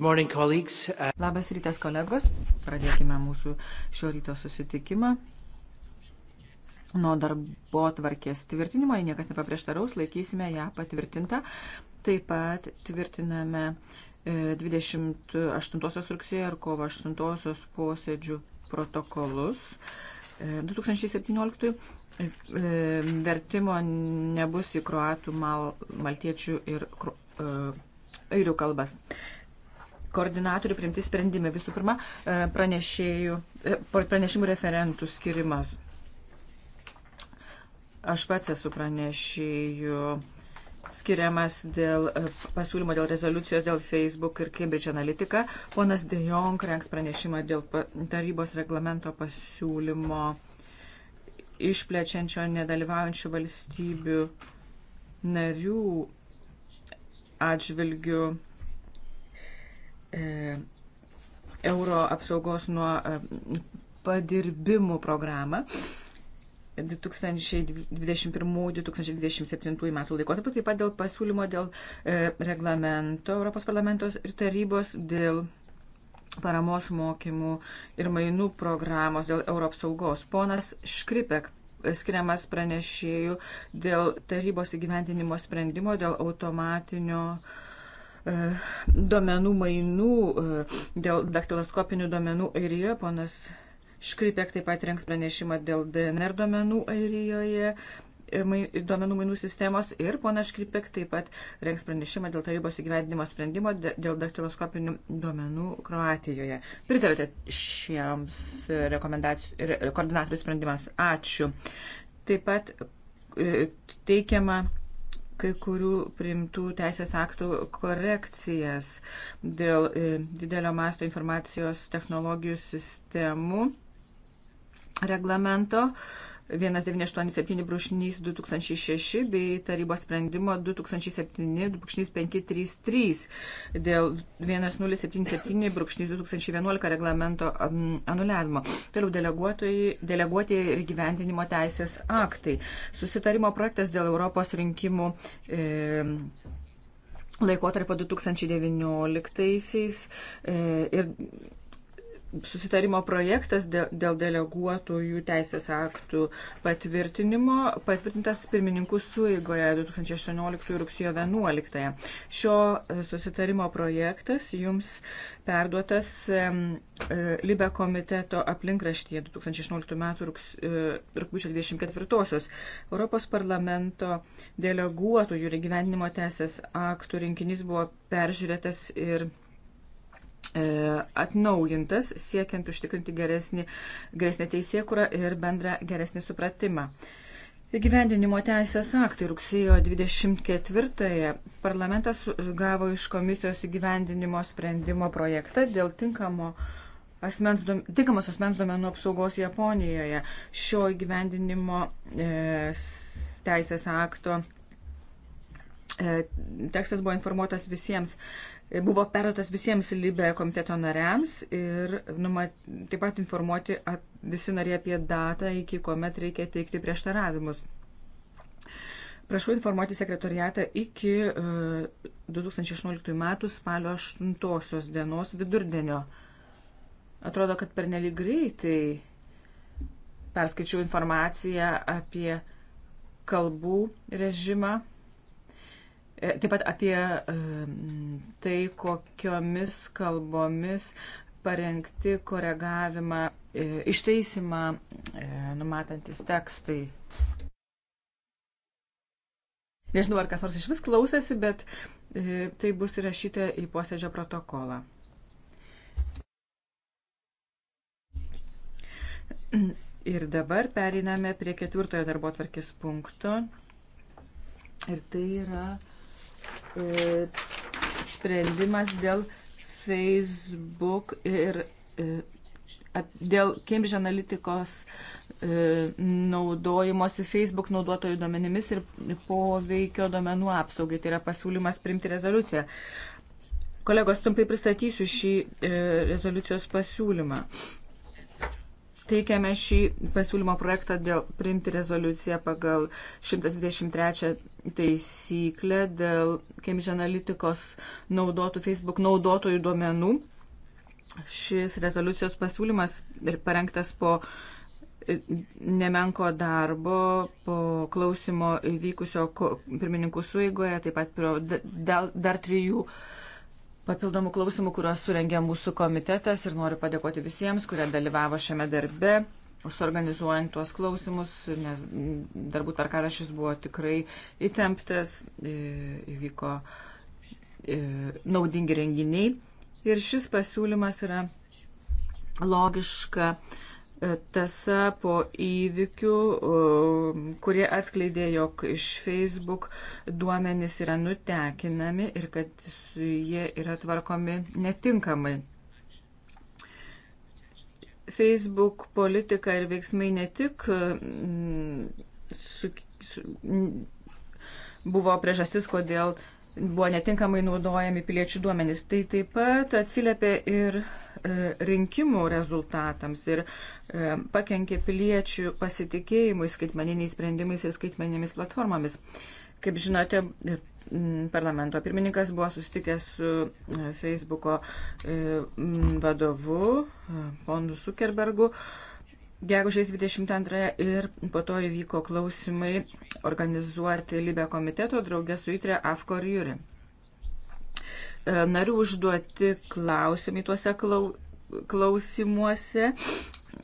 Morning, colleagues. Labas rytas, kolegos. Pradėkime mūsų šio ryto susitikimą. Nuo darbo tvarkės tvirtinimo, jei niekas nepaprieštaraus, laikysime ją patvirtintą. Taip pat tvirtiname 28 e, rugsėjo ir kovo 8 posėdžių protokolus. 2017 e, e, vertimo nebus į kroatų, mal, maltiečių ir airių kalbas koordinatorių primti sprendimai. Visų pirma, e, pranešėjų, e, pranešimų referentų skirimas. Aš pats esu pranešėjų skiriamas dėl e, pasiūlymo dėl rezoliucijos dėl Facebook ir Cambridge Analytica. Ponas De Jong renks pranešimą dėl tarybos reglamento pasiūlymo išplečiančio nedalyvaujančių valstybių narių atžvilgių E, euro apsaugos nuo e, padirbimų programą 2021-2027 metų laikotarpiu, taip pat dėl pasiūlymo dėl e, reglamento Europos parlamentos ir tarybos dėl paramos mokymų ir mainų programos dėl Europos saugos. Ponas Škripek e, skiriamas pranešėjų dėl tarybos įgyventinimo sprendimo dėl automatinio e, E, duomenų mainų, e, dėl daktiloskopinių duomenų Airijoje. Ponas Škripek taip pat renks pranešimą dėl DNR duomenų Airijoje e, duomenų mainų sistemos ir ponas Škripek taip pat renks pranešimą dėl tarybos įgyvendinimo sprendimo dėl daktiloskopinių duomenų Kroatijoje. Pritarate šiems rekomendacijų ir koordinatorių sprendimams. Ačiū. Taip pat teikiama kai kurių primtų teisės aktų korekcijas dėl e, didelio masto informacijos technologijų sistemų reglamento. E, 1987-2006 bei tarybos sprendimo 2007-533 dėl 1077-2011 reglamento anuliavimo. Toliau deleguoti ir gyventinimo teisės aktai. Susitarimo projektas dėl Europos rinkimų. E, Laikotarpio 2019 e, ir susitarimo projektas dėl deleguotųjų teisės aktų patvirtinimo patvirtintas pirmininkų sueigoje 2018 rugsėjo 11. Šio e, susitarimo projektas jums perduotas e, Libe komiteto aplinkraštyje 2018 m. E, rugpjūčio 24-osios Europos parlamento deleguotųjų ir gyvenimo teisės aktų rinkinys buvo peržiūrėtas ir E, atnaujintas, siekiant užtikrinti geresnį, geresnį teisėkurą ir bendrą geresnį supratimą. Įgyvendinimo teisės aktai rugsėjo 24-ąją parlamentas gavo iš komisijos įgyvendinimo sprendimo projektą dėl tinkamo asmens, tinkamos asmens duomenų apsaugos Japonijoje. Šio įgyvendinimo e, teisės akto e, tekstas buvo informuotas visiems buvo perduotas visiems Libė komiteto nariams ir numat, taip pat informuoti ap, visi nariai apie datą, iki kuomet reikia teikti prieštaravimus. Prašau informuoti sekretoriatą iki e, uh, 2018 metų spalio 8 dienos vidurdienio. Atrodo, kad per nelik greitai perskaičiau informaciją apie kalbų režimą E, taip pat apie e, tai, kokiomis kalbomis parengti koregavimą, e, išteisimą numatantis tekstai. Nežinau, ar kas nors iš vis klausėsi, bet tai bus įrašyta į posėdžio protokolą. Ir dabar periname prie ketvirtojo darbo tvarkės punkto. Ir tai yra E, sprendimas dėl Facebook ir e, dėl Cambridge Analyticos e, naudojimosi Facebook naudotojų duomenimis ir poveikio duomenų apsaugai. Tai yra pasiūlymas primti rezoliuciją. Kolegos, trumpai pristatysiu šį rezoliucijos pasiūlymą teikiame šį pasiūlymo projektą dėl priimti rezoliuciją pagal 123 taisyklę dėl Cambridge Analyticos naudotų Facebook naudotojų duomenų. Šis rezoliucijos pasiūlymas ir parengtas po e, nemenko darbo po klausimo įvykusio pirmininkų suigoje, taip pat dar trijų uh, papildomų klausimų, kuriuos surengė mūsų komitetas ir noriu padėkoti visiems, kurie dalyvavo šiame darbe, užsorganizuojant tuos klausimus, nes darbų tarkarašys buvo tikrai įtemptas, e, įvyko e, naudingi renginiai. Ir šis pasiūlymas yra logiška tasa po įvykių, e, kurie atskleidė, jog iš Facebook duomenys yra nutekinami ir kad jie yra tvarkomi netinkamai. Facebook politika ir veiksmai ne tik mm, su, su, buvo priežastis, kodėl buvo netinkamai naudojami piliečių duomenys. Tai taip pat atsiliepia ir e, rinkimų rezultatams ir e, pakenkė piliečių pasitikėjimui skaitmeniniais sprendimais ir skaitmeninėmis platformomis. Kaip žinote, parlamento pirmininkas buvo susitikęs su e, Facebooko vadovu, ponu Zuckerbergu, Gegužės 22 ir po to įvyko klausimai organizuoti Libė komiteto draugė su Itrė Afko ir Jūri. E, narių užduoti klausimai tuose klau, klausimuose.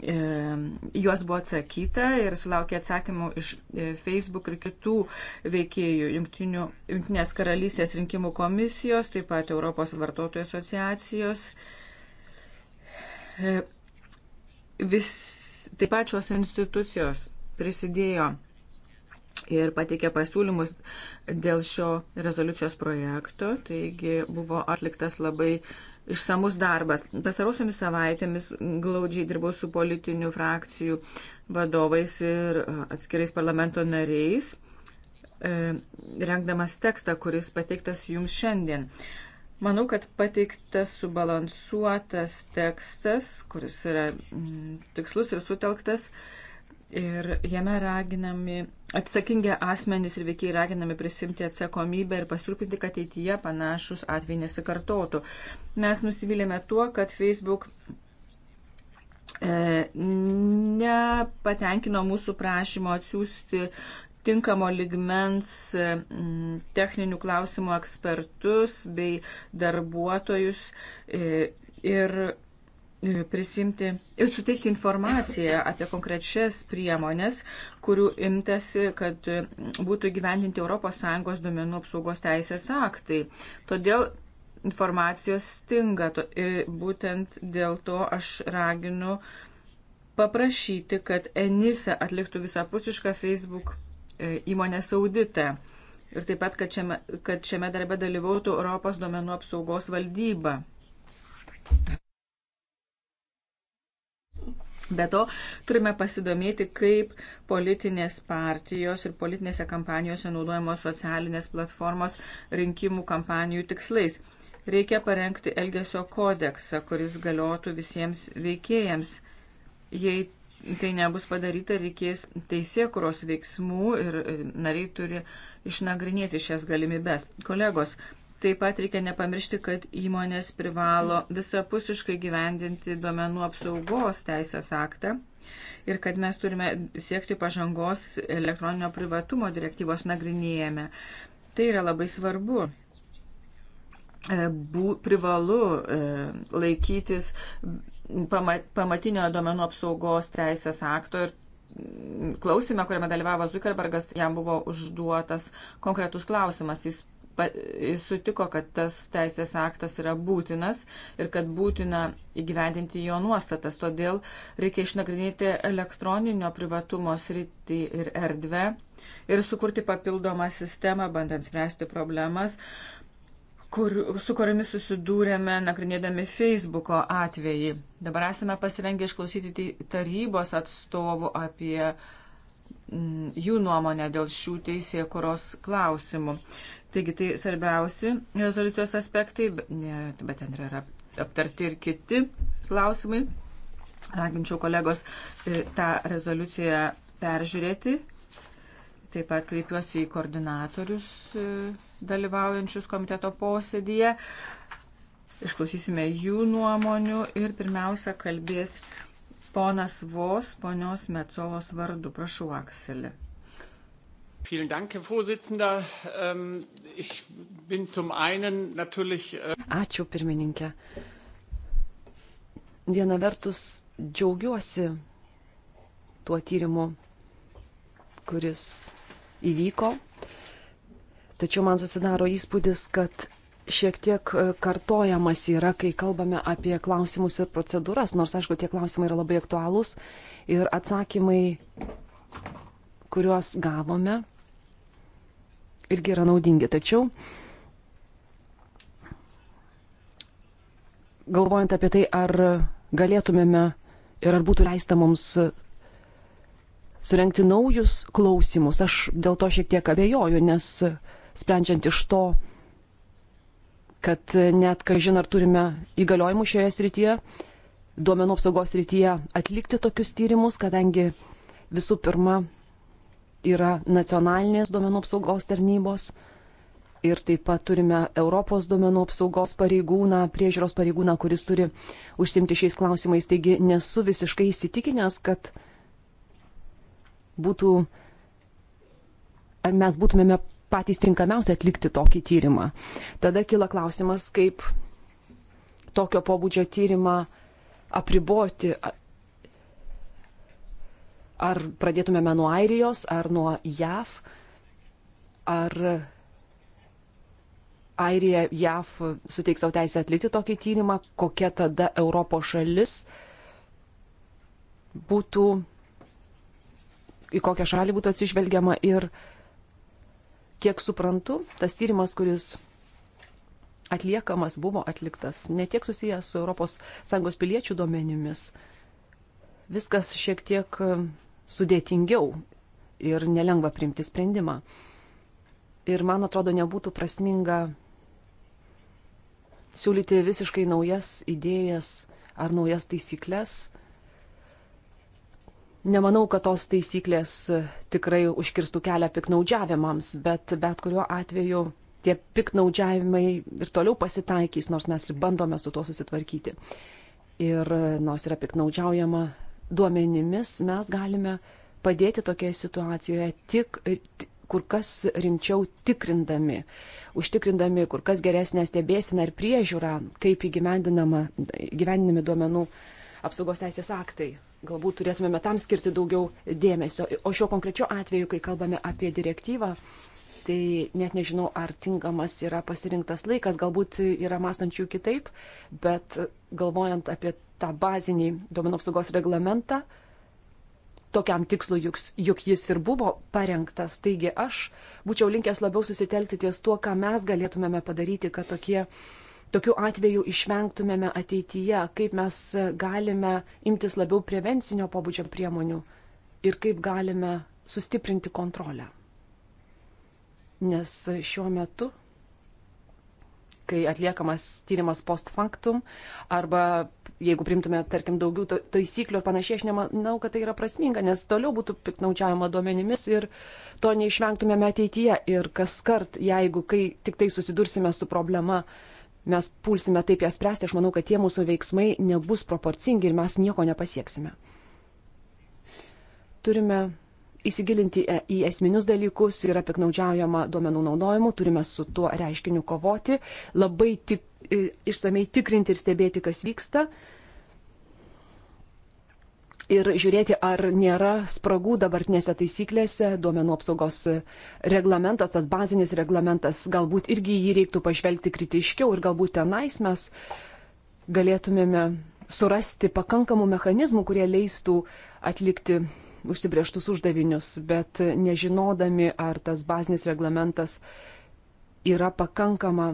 E, juos buvo atsakyta ir sulaukė atsakymų iš e, Facebook ir kitų veikėjų Junktinių, Junktinės karalystės rinkimų komisijos, taip pat Europos vartotojų asociacijos. E, vis, Taip pat šios institucijos prisidėjo ir pateikė pasiūlymus dėl šio rezoliucijos projekto, taigi buvo atliktas labai išsamus darbas. Pastarosiomis savaitėmis glaudžiai dirbau su politinių frakcijų vadovais ir e, atskirais parlamento nariais, e, rengdamas tekstą, kuris pateiktas jums šiandien. Manau, kad pateiktas subalansuotas tekstas, kuris yra mm, tikslus ir sutelktas, ir jame raginami atsakingi asmenys ir veikiai raginami prisimti atsakomybę ir pasirūpinti, kad ateityje panašus atvejai nesikartotų. Mes nusivylėme tuo, kad Facebook e, nepatenkino mūsų prašymo atsiųsti tinkamo ligmens mm, techninių klausimų ekspertus bei darbuotojus e, ir e, prisimti ir suteikti informaciją apie konkrečias priemonės, kurių imtasi, kad mm, būtų įgyvendinti ES duomenų apsaugos teisės aktai. Todėl informacijos stinga ir e, būtent dėl to aš raginu paprašyti, kad Enisa atliktų visapusišką Facebook E, įmonės auditą. Ir taip pat, kad šiame, kad šiame darbe dalyvautų Europos domenų apsaugos valdyba. Be to, turime pasidomėti, kaip politinės partijos ir politinėse kampanijose naudojamos socialinės platformos rinkimų kampanijų tikslais. Reikia parengti Elgesio kodeksą, kuris galiotų visiems veikėjams. Jei tai nebus padaryta, reikės teisėkuros veiksmų ir e, nariai turi išnagrinėti šias galimybės. Kolegos, taip pat reikia nepamiršti, kad įmonės privalo visapusiškai gyvendinti duomenų apsaugos teisės aktą ir kad mes turime siekti pažangos elektroninio privatumo direktyvos nagrinėjame. Tai yra labai svarbu. E, bū, privalu e, laikytis pamatinio domenų apsaugos teisės akto ir klausime, kuriame dalyvavo Zuckerbergas, jam buvo užduotas konkretus klausimas. Jis, jis sutiko, kad tas teisės aktas yra būtinas ir kad būtina įgyvendinti jo nuostatas. Todėl reikia išnagrinėti elektroninio privatumo sritį ir erdvę ir sukurti papildomą sistemą, bandant spręsti problemas, kur, su kuriomis susidūrėme nagrinėdami Facebooko atvejį. Dabar esame pasirengę išklausyti tai tarybos atstovų apie m, mm, jų nuomonę dėl šių teisėkuros klausimų. Taigi tai svarbiausi rezoliucijos aspektai, bet ten yra aptarti ir kiti klausimai. Raginčiau kolegos e, tą rezoliuciją peržiūrėti Taip pat kreipiuosi į koordinatorius e, dalyvaujančius komiteto posėdėje. Išklausysime jų nuomonių ir pirmiausia kalbės ponas Vos, ponios Metsolos vardu. Prašau, Akselį. Ähm, äh, Ačiū, pirmininkė. Viena vertus džiaugiuosi tuo tyrimu, kuris įvyko. Tačiau man susidaro įspūdis, kad šiek tiek e, kartojamas yra, kai kalbame apie klausimus ir procedūras, nors aišku, tie klausimai yra labai aktualūs ir atsakymai, kuriuos gavome, irgi yra naudingi. Tačiau galvojant apie tai, ar galėtumėme ir ar būtų leista mums surenkti naujus klausimus. Aš dėl to šiek tiek abejoju, nes sprendžiant iš to, kad net, kai žin, ar turime įgaliojimų šioje srityje, duomenų apsaugos srityje atlikti tokius tyrimus, kadangi visų pirma yra nacionalinės duomenų apsaugos tarnybos ir taip pat turime Europos duomenų apsaugos pareigūną, priežiūros pareigūną, kuris turi užsimti šiais klausimais. Taigi nesu visiškai įsitikinęs, kad būtų, ar mes būtumėme patys tinkamiausia atlikti tokį tyrimą. Tada kyla klausimas, kaip tokio pobūdžio tyrimą apriboti. Ar pradėtumėme nuo Airijos, ar nuo JAV, ar Airija, JAV suteiks savo teisę atlikti tokį tyrimą, kokia tada Europos šalis būtų į kokią šalį būtų atsižvelgiama ir, kiek suprantu, tas tyrimas, kuris atliekamas buvo atliktas, netiek susijęs su ES piliečių duomenimis. Viskas šiek tiek e, sudėtingiau ir nelengva priimti sprendimą. Ir man atrodo, nebūtų prasminga siūlyti visiškai naujas idėjas ar naujas taisyklės Nemanau, kad tos taisyklės e, tikrai užkirstų kelią piknaudžiavimams, bet bet kuriuo atveju tie piknaudžiavimai ir toliau pasitaikys, nors mes ir bandome su tuo susitvarkyti. Ir e, nors yra piknaudžiaujama duomenimis, mes galime padėti tokioje situacijoje tik e, kur kas rimčiau tikrindami, užtikrindami kur kas geresnę stebėsiną ir priežiūrą, kaip įgyvendinami duomenų apsaugos teisės aktai galbūt turėtumėme tam skirti daugiau dėmesio. O šiuo konkrečiu atveju, kai kalbame apie direktyvą, tai net nežinau, ar tinkamas yra pasirinktas laikas, galbūt yra mąstančių kitaip, bet galvojant apie tą bazinį duomenų apsaugos reglamentą, tokiam tikslui juk, juk jis ir buvo parengtas, taigi aš būčiau linkęs labiau susitelkti ties tuo, ką mes galėtumėme padaryti, kad tokie uh, tokių atvejų išvengtumėme ateityje, kaip mes galime imtis labiau prevencinio pobūdžio priemonių ir kaip galime sustiprinti kontrolę. Nes šiuo metu, kai atliekamas tyrimas post factum arba jeigu primtume, tarkim, daugiau taisyklių ir panašiai, aš nemanau, kad tai yra prasminga, nes toliau būtų piknaudžiavimo duomenimis ir to neišvengtumėme ateityje. Ir kas kart, jeigu kai tik tai susidursime su problema, uh, mes pulsime taip jas spręsti, aš manau, kad tie mūsų veiksmai nebus proporcingi ir mes nieko nepasieksime. Turime įsigilinti į esminius dalykus, yra piknaudžiaujama duomenų naudojimu, turime su tuo reiškiniu kovoti, labai tik, išsamei tikrinti ir stebėti, kas vyksta ir žiūrėti, ar nėra spragų dabartinėse taisyklėse, duomenų apsaugos reglamentas, tas bazinis reglamentas, galbūt irgi jį reiktų pažvelgti kritiškiau ir galbūt tenais mes galėtumėme surasti pakankamų mechanizmų, kurie leistų atlikti užsibrieštus uždavinius, bet nežinodami, ar tas bazinis reglamentas yra pakankama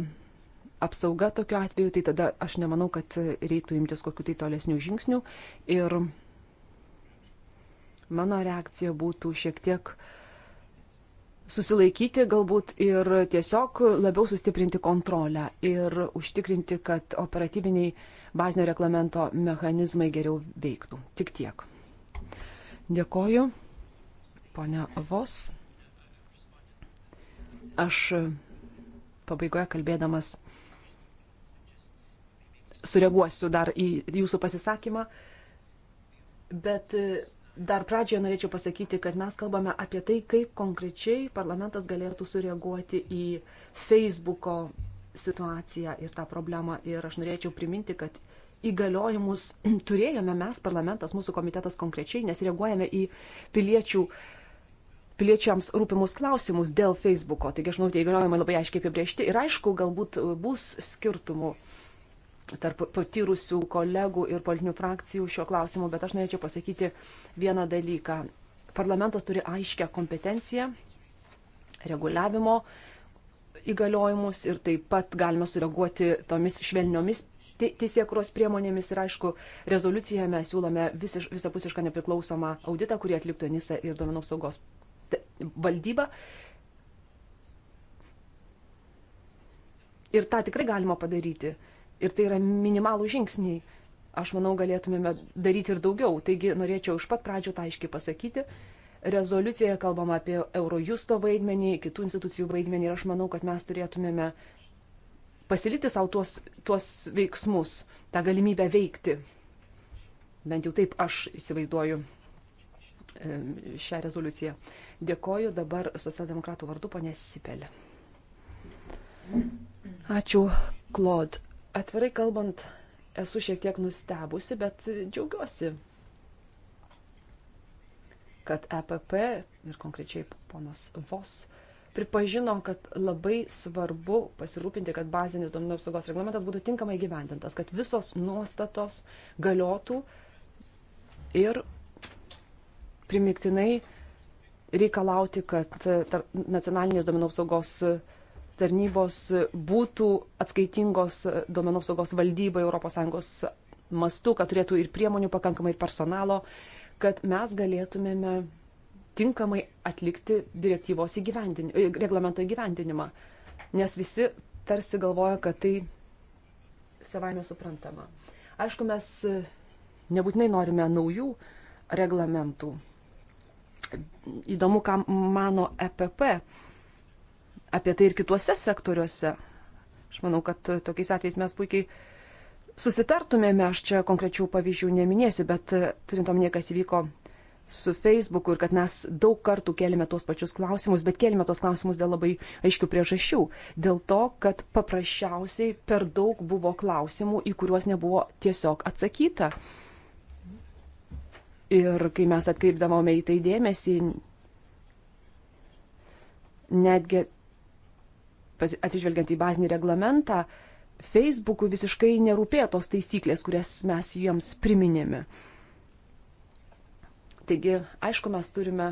apsauga tokiu atveju, tai tada aš nemanau, kad reiktų imtis kokiu tai tolesnių žingsnių ir mano reakcija būtų šiek tiek susilaikyti galbūt ir tiesiog labiau sustiprinti kontrolę ir užtikrinti, kad operatyviniai bazinio reglamento mechanizmai geriau veiktų. Tik tiek. Dėkoju, ponia Vos. Aš pabaigoje kalbėdamas sureaguosiu dar į jūsų pasisakymą, bet Dar pradžioje norėčiau pasakyti, kad mes kalbame apie tai, kaip konkrečiai parlamentas galėtų sureaguoti į Facebooko situaciją ir tą problemą. Ir aš norėčiau priminti, kad įgaliojimus turėjome mes, parlamentas, mūsų komitetas konkrečiai, nes reaguojame į piliečių, piliečiams rūpimus klausimus dėl Facebooko. Taigi aš manau, tie įgaliojimai labai aiškiai apibriežti ir aišku, galbūt bus skirtumų tarp patyrusių kolegų ir politinių frakcijų šiuo klausimu, bet aš norėčiau pasakyti vieną dalyką. Parlamentas turi aiškę kompetenciją, reguliavimo įgaliojimus ir taip pat galime sureaguoti tomis švelniomis teisėkuros priemonėmis ir aišku, rezoliucijoje mes siūlome visiš, visapusišką nepriklausomą auditą, kurį atliktų NISA ir duomenų apsaugos valdyba. Ir tą tikrai galima padaryti ir tai yra minimalų žingsniai. Aš manau, galėtumėme daryti ir daugiau. Taigi norėčiau iš pat pradžių tai aiškiai pasakyti. Rezoliucijoje kalbama apie Eurojusto vaidmenį, kitų institucijų vaidmenį ir aš manau, kad mes turėtumėme pasiliti savo tuos, tuos veiksmus, tą galimybę veikti. Bent jau taip aš įsivaizduoju šią rezoliuciją. Dėkoju dabar socialdemokratų vardu ponė Sipelė. Ačiū, Klod. Atvirai kalbant, esu šiek tiek nustebusi, bet džiaugiuosi, kad EPP ir konkrečiai ponas Vos pripažino, kad labai svarbu pasirūpinti, kad bazinis duomenų apsaugos reglamentas būtų tinkamai gyvendintas, kad visos nuostatos galiotų ir primiktinai reikalauti, kad nacionalinės duomenų apsaugos reglamentas tarnybos būtų atskaitingos duomenų apsaugos valdybai ES mastu, kad turėtų ir priemonių pakankamai ir personalo, kad mes galėtumėme tinkamai atlikti direktyvos įgyvendin... E, reglamento įgyvendinimą. Nes visi tarsi galvoja, kad tai savaime suprantama. Aišku, mes nebūtinai norime naujų reglamentų. Įdomu, ką mano EPP apie tai ir kituose sektoriuose. Aš manau, kad tokiais atvejais mes puikiai susitartumėme, aš čia konkrečių pavyzdžių neminėsiu, bet e, turint omenyje, kas įvyko su Facebooku ir kad mes daug kartų kėlėme tuos pačius klausimus, bet kėlėme tuos klausimus dėl labai aiškių priežasčių. Dėl to, kad paprasčiausiai per daug buvo klausimų, į kuriuos nebuvo tiesiog atsakyta. Ir kai mes atkreipdavome į tai dėmesį, netgi atsižvelgiant į bazinį reglamentą, Facebookui visiškai nerūpėjo tos taisyklės, kurias mes jiems priminėme. Taigi, aišku, mes turime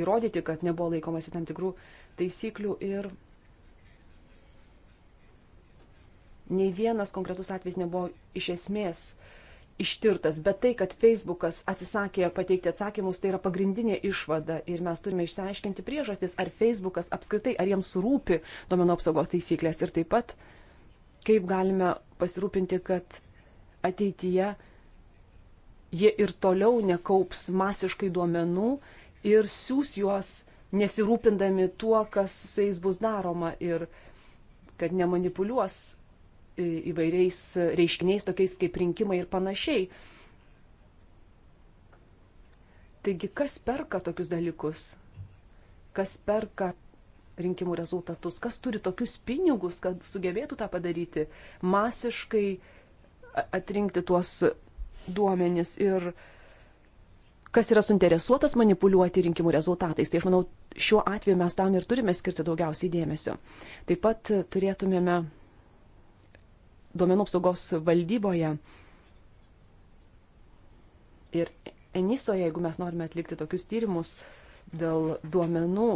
įrodyti, kad nebuvo laikomasi tam tikrų taisyklių ir nei vienas konkretus atvejs nebuvo iš esmės uh, ištirtas, bet tai, kad Facebookas atsisakė pateikti atsakymus, tai yra pagrindinė išvada ir mes turime išsiaiškinti priežastis, ar Facebookas apskritai, ar jiems rūpi domenų apsaugos taisyklės ir taip pat, kaip galime pasirūpinti, kad ateityje jie ir toliau nekaups masiškai duomenų ir siūs juos nesirūpindami tuo, kas su jais bus daroma ir kad nemanipuliuos įvairiais reiškiniais, tokiais kaip rinkimai ir panašiai. Taigi, kas perka tokius dalykus? Kas perka rinkimų rezultatus? Kas turi tokius pinigus, kad sugebėtų tą padaryti? Masiškai atrinkti tuos duomenis ir kas yra suinteresuotas manipuliuoti rinkimų rezultatais. Tai aš manau, šiuo atveju mes tam ir turime skirti daugiausiai dėmesio. Taip pat turėtumėme duomenų apsaugos valdyboje ir Enisoje, jeigu mes norime atlikti tokius tyrimus dėl duomenų,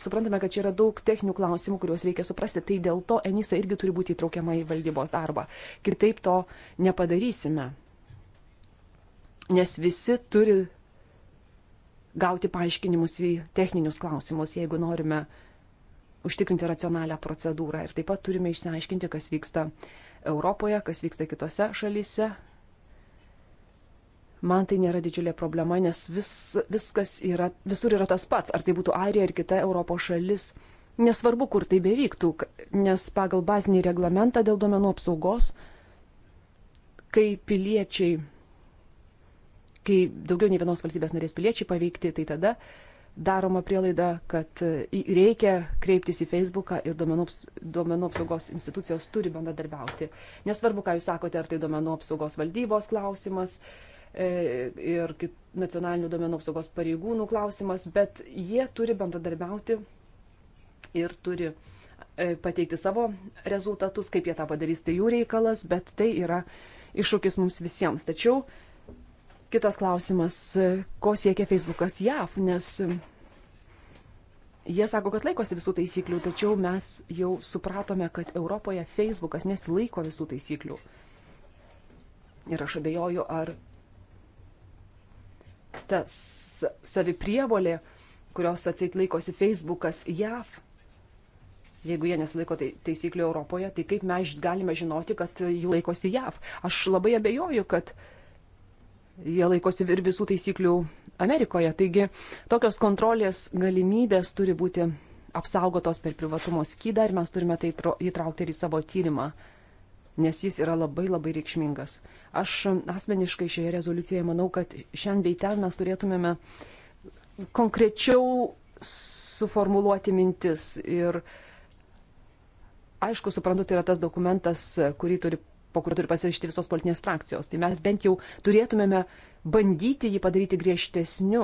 suprantame, kad čia yra daug techninių klausimų, kuriuos reikia suprasti. Tai dėl to Enisa irgi turi būti įtraukiama į valdybos darbą. Kitaip to nepadarysime. Nes visi turi gauti paaiškinimus į techninius klausimus, jeigu norime užtikrinti racionalią procedūrą. Ir taip pat turime išsiaiškinti, kas vyksta uh, Europoje, kas vyksta kitose šalyse. Man tai nėra didžiulė problema, nes vis, viskas yra, visur yra tas pats, ar tai būtų Airija ar kita Europos šalis. Nesvarbu, kur tai bevyktų, nes pagal bazinį reglamentą dėl duomenų apsaugos, kai piliečiai, kai daugiau nei vienos valstybės narės piliečiai paveikti, tai tada uh, daroma prielaida, kad e, reikia kreiptis į Facebooką ir duomenų, duomenų apsaugos institucijos turi bendradarbiauti. Nesvarbu, ką jūs sakote, ar tai duomenų apsaugos valdybos klausimas e, ir nacionalinių duomenų apsaugos pareigūnų klausimas, bet jie turi bendradarbiauti ir turi e, pateikti savo rezultatus, kaip jie tą padarys, tai jų reikalas, bet tai yra iššūkis mums visiems. Tačiau Kitas klausimas, ko siekia Facebookas JAV, nes jie sako, kad laikosi visų taisyklių, tačiau mes jau supratome, kad Europoje Facebookas nesilaiko visų taisyklių. Ir aš abejoju, ar ta saviprievolė, kurios atseit laikosi Facebookas JAV, jeigu jie nesilaiko tai-, taisyklių Europoje, tai kaip mes galime žinoti, kad jų laikosi JAV. Aš labai abejoju, kad uh, jie laikosi ir visų taisyklių Amerikoje. Taigi tokios kontrolės galimybės turi būti apsaugotos per privatumo skydą ir mes turime tai įtraukti ir į savo tyrimą, nes jis yra labai labai reikšmingas. Aš asmeniškai šioje rezoliucijoje manau, kad šiandien bei ten mes turėtumėme konkrečiau suformuluoti mintis ir aišku, suprantu, tai yra tas dokumentas, kurį turi po kur turi pasirašyti visos politinės frakcijos. Tai mes bent jau turėtumėme bandyti jį padaryti griežtesniu,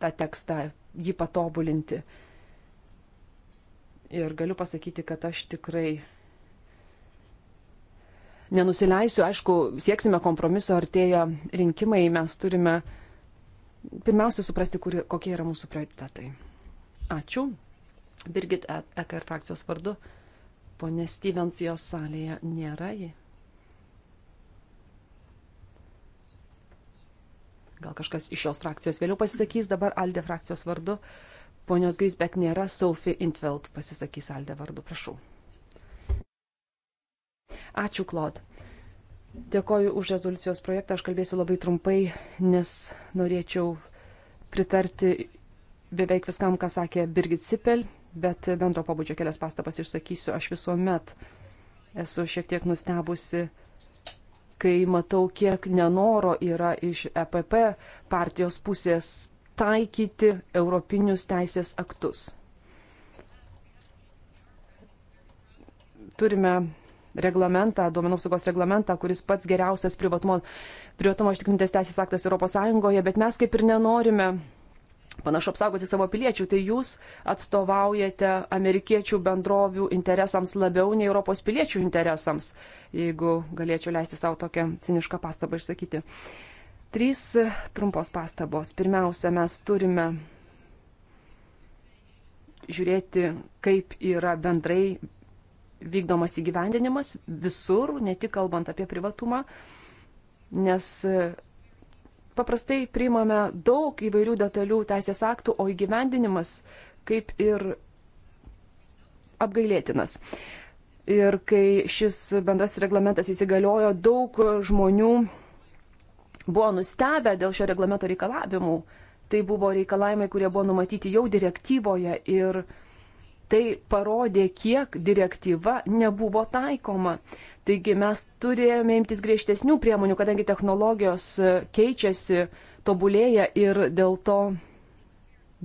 tą tekstą, jį patobulinti. Ir galiu pasakyti, kad aš tikrai nenusileisiu. Aišku, sieksime kompromiso, artėja rinkimai, mes turime pirmiausia suprasti, kuri, kokie yra mūsų prioritetai. Ačiū. Birgit e- Eker frakcijos vardu. Pone Stevens jos salėje nėra. Jie. Gal kažkas iš šios frakcijos vėliau pasisakys, dabar Alde frakcijos vardu. Ponios Grisbek nėra, Sophie Intveld pasisakys Alde vardu, prašau. Ačiū, Klod. Dėkoju už rezoliucijos projektą, aš kalbėsiu labai trumpai, nes norėčiau pritarti beveik viskam, ką sakė Birgit Sipel, bet bendro pabudžio kelias pastabas išsakysiu, aš visuomet esu šiek tiek nustebusi kai matau, kiek nenoro yra iš EPP partijos pusės taikyti europinius teisės aktus. Turime reglamentą, duomenų apsaugos reglamentą, kuris pats geriausias privatumo, privatumo ištikrintas teisės aktas ES, bet mes kaip ir nenorime panašu apsaugoti savo piliečių, tai jūs atstovaujate amerikiečių bendrovių interesams labiau nei Europos piliečių interesams, jeigu galėčiau leisti savo tokią cinišką pastabą išsakyti. Trys trumpos pastabos. Pirmiausia, mes turime žiūrėti, kaip yra bendrai vykdomas įgyvendinimas visur, ne tik kalbant apie privatumą, nes paprastai priimame daug įvairių detalių teisės aktų, o įgyvendinimas kaip ir apgailėtinas. Ir kai šis bendrasis reglamentas įsigaliojo, daug žmonių buvo nustebę dėl šio reglamento reikalavimų. Tai buvo reikalavimai, kurie buvo numatyti jau direktyvoje ir direktyvoje Tai parodė, kiek direktyva nebuvo taikoma. Taigi mes turėjome imtis griežtesnių priemonių, kadangi technologijos e, keičiasi, tobulėja ir dėl to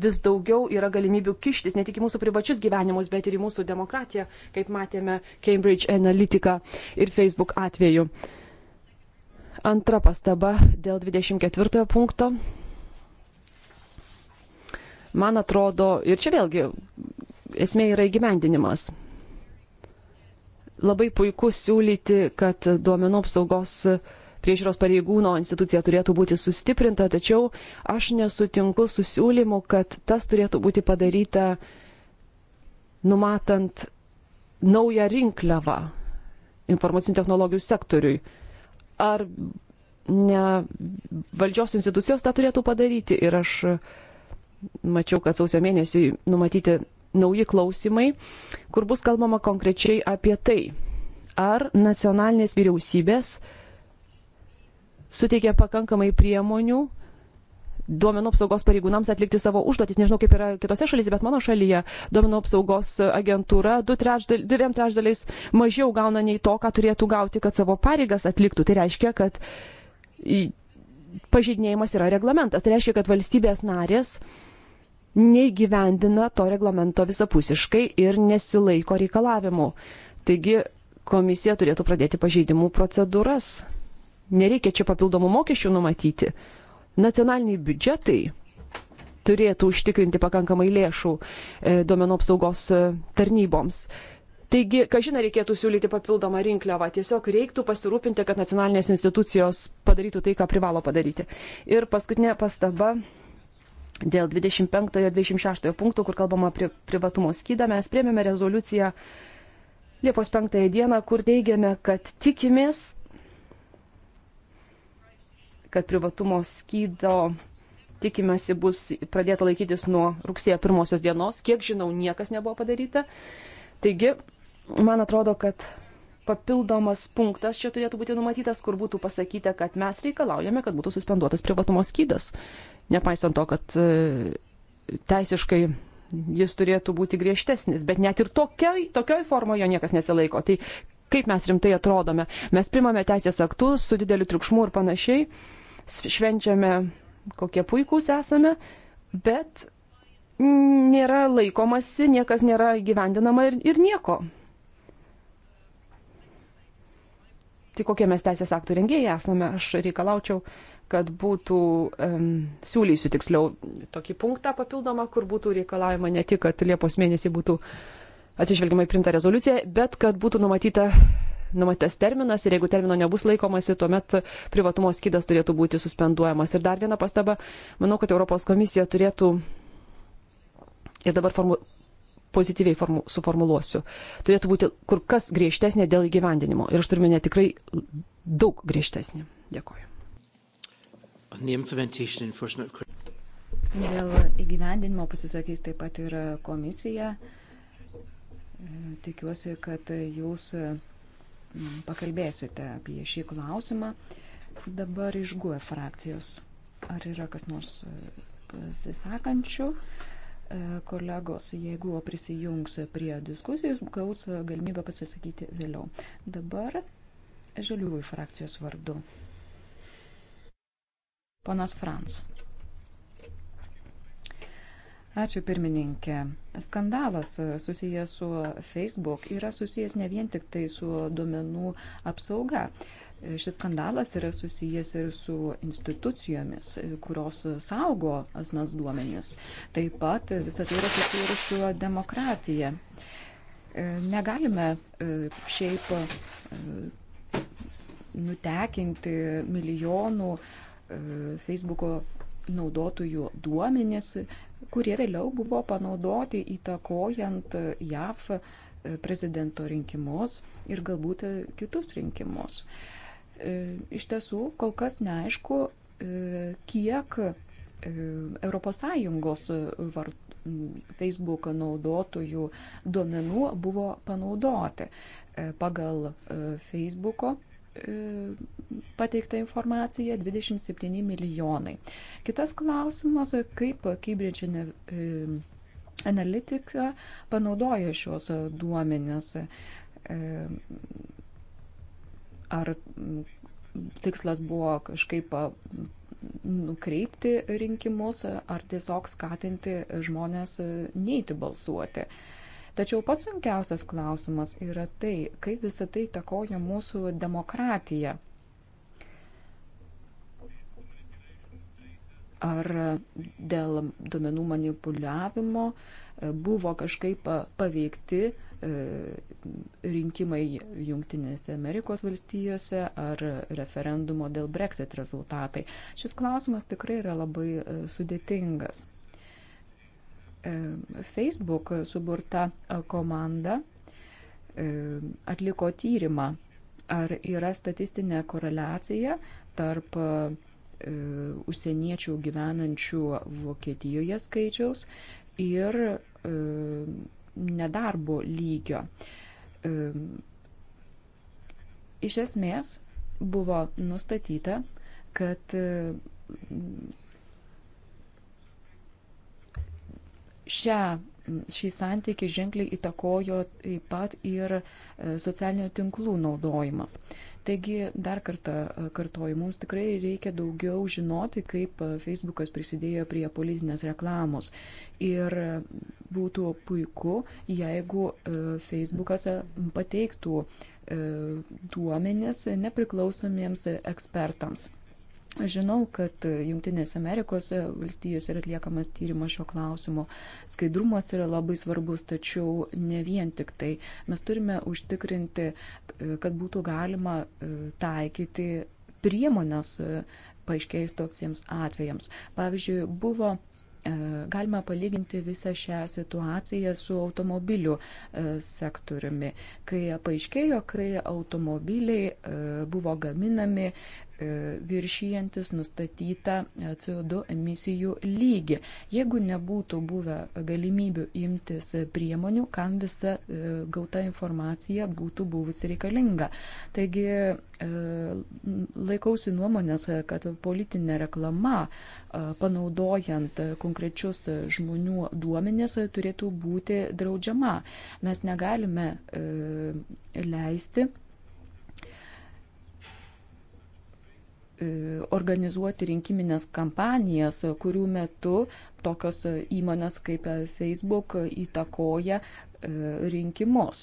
vis daugiau yra galimybių kištis ne tik į mūsų privačius gyvenimus, bet ir į mūsų demokratiją, kaip matėme Cambridge Analytica ir Facebook atveju. Antra pastaba dėl 24 punkto. Man atrodo, ir čia vėlgi esmė yra įgyvendinimas. Labai puiku siūlyti, kad duomenų apsaugos priežiūros pareigūno institucija turėtų būti sustiprinta, tačiau aš nesutinku su siūlymu, kad tas turėtų būti padaryta numatant naują rinkliavą informacinių technologijų sektoriui. Ar ne valdžios institucijos tą turėtų padaryti ir aš mačiau, kad sausio mėnesį numatyti nauji klausimai, kur bus kalbama konkrečiai apie tai, ar nacionalinės vyriausybės suteikia pakankamai priemonių duomenų apsaugos pareigūnams atlikti savo užduotis. Nežinau, kaip yra kitose šalyse, bet mano šalyje duomenų apsaugos agentūra du trečdal, dviem trečdaliais mažiau gauna nei to, ką turėtų gauti, kad savo pareigas atliktų. Tai reiškia, kad pažydinėjimas yra reglamentas. Tai reiškia, kad valstybės narės uh, neįgyvendina to reglamento visapusiškai ir nesilaiko reikalavimų. Taigi komisija turėtų pradėti pažeidimų procedūras. Nereikia čia papildomų mokesčių numatyti. Nacionaliniai biudžetai turėtų užtikrinti pakankamai lėšų e, duomenų apsaugos e, tarnyboms. Taigi, kažina reikėtų siūlyti papildomą rinkliavą, tiesiog reiktų pasirūpinti, kad nacionalinės institucijos padarytų tai, ką privalo padaryti. Ir paskutinė pastaba Dėl 25-26 punktų, kur kalbama pri, privatumo skydą, mes priemėme rezoliuciją Liepos 5 dieną, kur teigiame, kad tikimės, kad privatumo skydo tikimasi bus pradėta laikytis nuo rugsėjo pirmosios dienos. Kiek žinau, niekas nebuvo padaryta. Taigi, man atrodo, kad papildomas punktas čia turėtų būti numatytas, kur būtų pasakyta, kad mes reikalaujame, kad būtų suspenduotas privatumo skydas nepaisant to, kad e, teisiškai jis turėtų būti griežtesnis, bet net ir tokioj, tokioj formoje niekas nesilaiko. Tai kaip mes rimtai atrodome? Mes primame teisės aktus su dideliu triukšmu ir panašiai, švenčiame, kokie puikūs esame, bet nėra laikomasi, niekas nėra gyvendinama ir, ir nieko. Tai kokie mes teisės aktų rengėjai esame, aš reikalaučiau kad būtų, um, siūlysiu tiksliau tokį punktą papildomą, kur būtų reikalavima ne tik, kad Liepos mėnesį būtų atsižvelgiamai primta rezoliucija, bet kad būtų numatyta numatytas terminas ir jeigu termino nebus laikomasi, tuomet privatumo skydas turėtų būti suspenduojamas. Ir dar viena pastaba, manau, kad Europos komisija turėtų ir dabar formu, pozityviai formu, suformuluosiu, turėtų būti kur kas griežtesnė dėl įgyvendinimo. Ir aš turime netikrai daug griežtesnį. Dėkuoju. Dėl įgyvendinimo pasisakys taip pat ir komisija. Tikiuosi, kad jūs mm, pakalbėsite apie šį klausimą. Dabar išguoja e frakcijos. Ar yra kas nors e, pasisakančių? E, kolegos, jeigu prisijungs prie diskusijos, gaus galimybę pasisakyti vėliau. Dabar žaliųjų frakcijos vardu. Ponas Frans. Ačiū pirmininkė. Skandalas e, susijęs su Facebook yra susijęs ne vien tik tai su duomenų apsauga. E, šis skandalas yra susijęs ir su institucijomis, e, kurios saugo asmens duomenys. Taip pat visą tai yra susiję ir su demokratija. Negalime šiaip nutekinti milijonų E, Facebook'o naudotojų duomenys, kurie vėliau buvo panaudoti įtakojant JAV e, prezidento rinkimus ir galbūt e, kitus rinkimus. Iš tiesų, kol kas neaišku, kiek ES Facebook naudotojų duomenų buvo panaudoti pagal Facebook'o pateikta informacija 27 milijonai. Kitas klausimas, kaip kybridžinė e, analitika panaudoja šios duomenis. E, ar tikslas buvo kažkaip e, nukreipti rinkimus, ar tiesiog skatinti žmonės neiti balsuoti. Uh, Tačiau pats sunkiausias klausimas yra tai, kaip visą tai takoja mūsų demokratija. Ar dėl duomenų manipuliavimo e, buvo kažkaip paveikti e, rinkimai Junktinėse Amerikos valstijose ar referendumo dėl Brexit rezultatai. Šis klausimas tikrai yra labai e, sudėtingas. Facebook suburta e, komanda e, atliko tyrimą, ar yra statistinė koreliacija tarp e, užsieniečių gyvenančių Vokietijoje skaičiaus ir nedarbo lygio. Iš esmės buvo nustatyta, kad šią, šį santykį ženkliai įtakojo taip pat ir e, socialinių tinklų naudojimas. Taigi, dar kartą e, kartoju, mums tikrai reikia daugiau žinoti, kaip e, Facebookas prisidėjo prie politinės reklamos. Ir būtų puiku, jeigu Facebookas pateiktų duomenis nepriklausomiems ekspertams. Žinau, kad Junktinėse Amerikos valstijose yra atliekamas tyrimas šio klausimo. Skaidrumas yra labai svarbus, tačiau ne vien tik tai. Mes turime užtikrinti, kad būtų galima e, taikyti priemonės e, paaiškėjus toksiems atvejams. Pavyzdžiui, buvo e, galima palyginti visą šią situaciją su automobilių sektoriumi, kai paaiškėjo, kai automobiliai buvo gaminami E, viršijantis nustatytą e, CO2 emisijų lygį. Jeigu nebūtų buvę galimybių imtis priemonių, kam visa e, gauta informacija būtų buvusi reikalinga. Taigi laikausi nuomonės, kad politinė reklama, panaudojant konkrečius žmonių duomenės, turėtų būti draudžiama. Mes negalime leisti E, organizuoti rinkiminės kampanijas, kurių metu tokios įmonės kaip e, Facebook įtakoja e, rinkimus.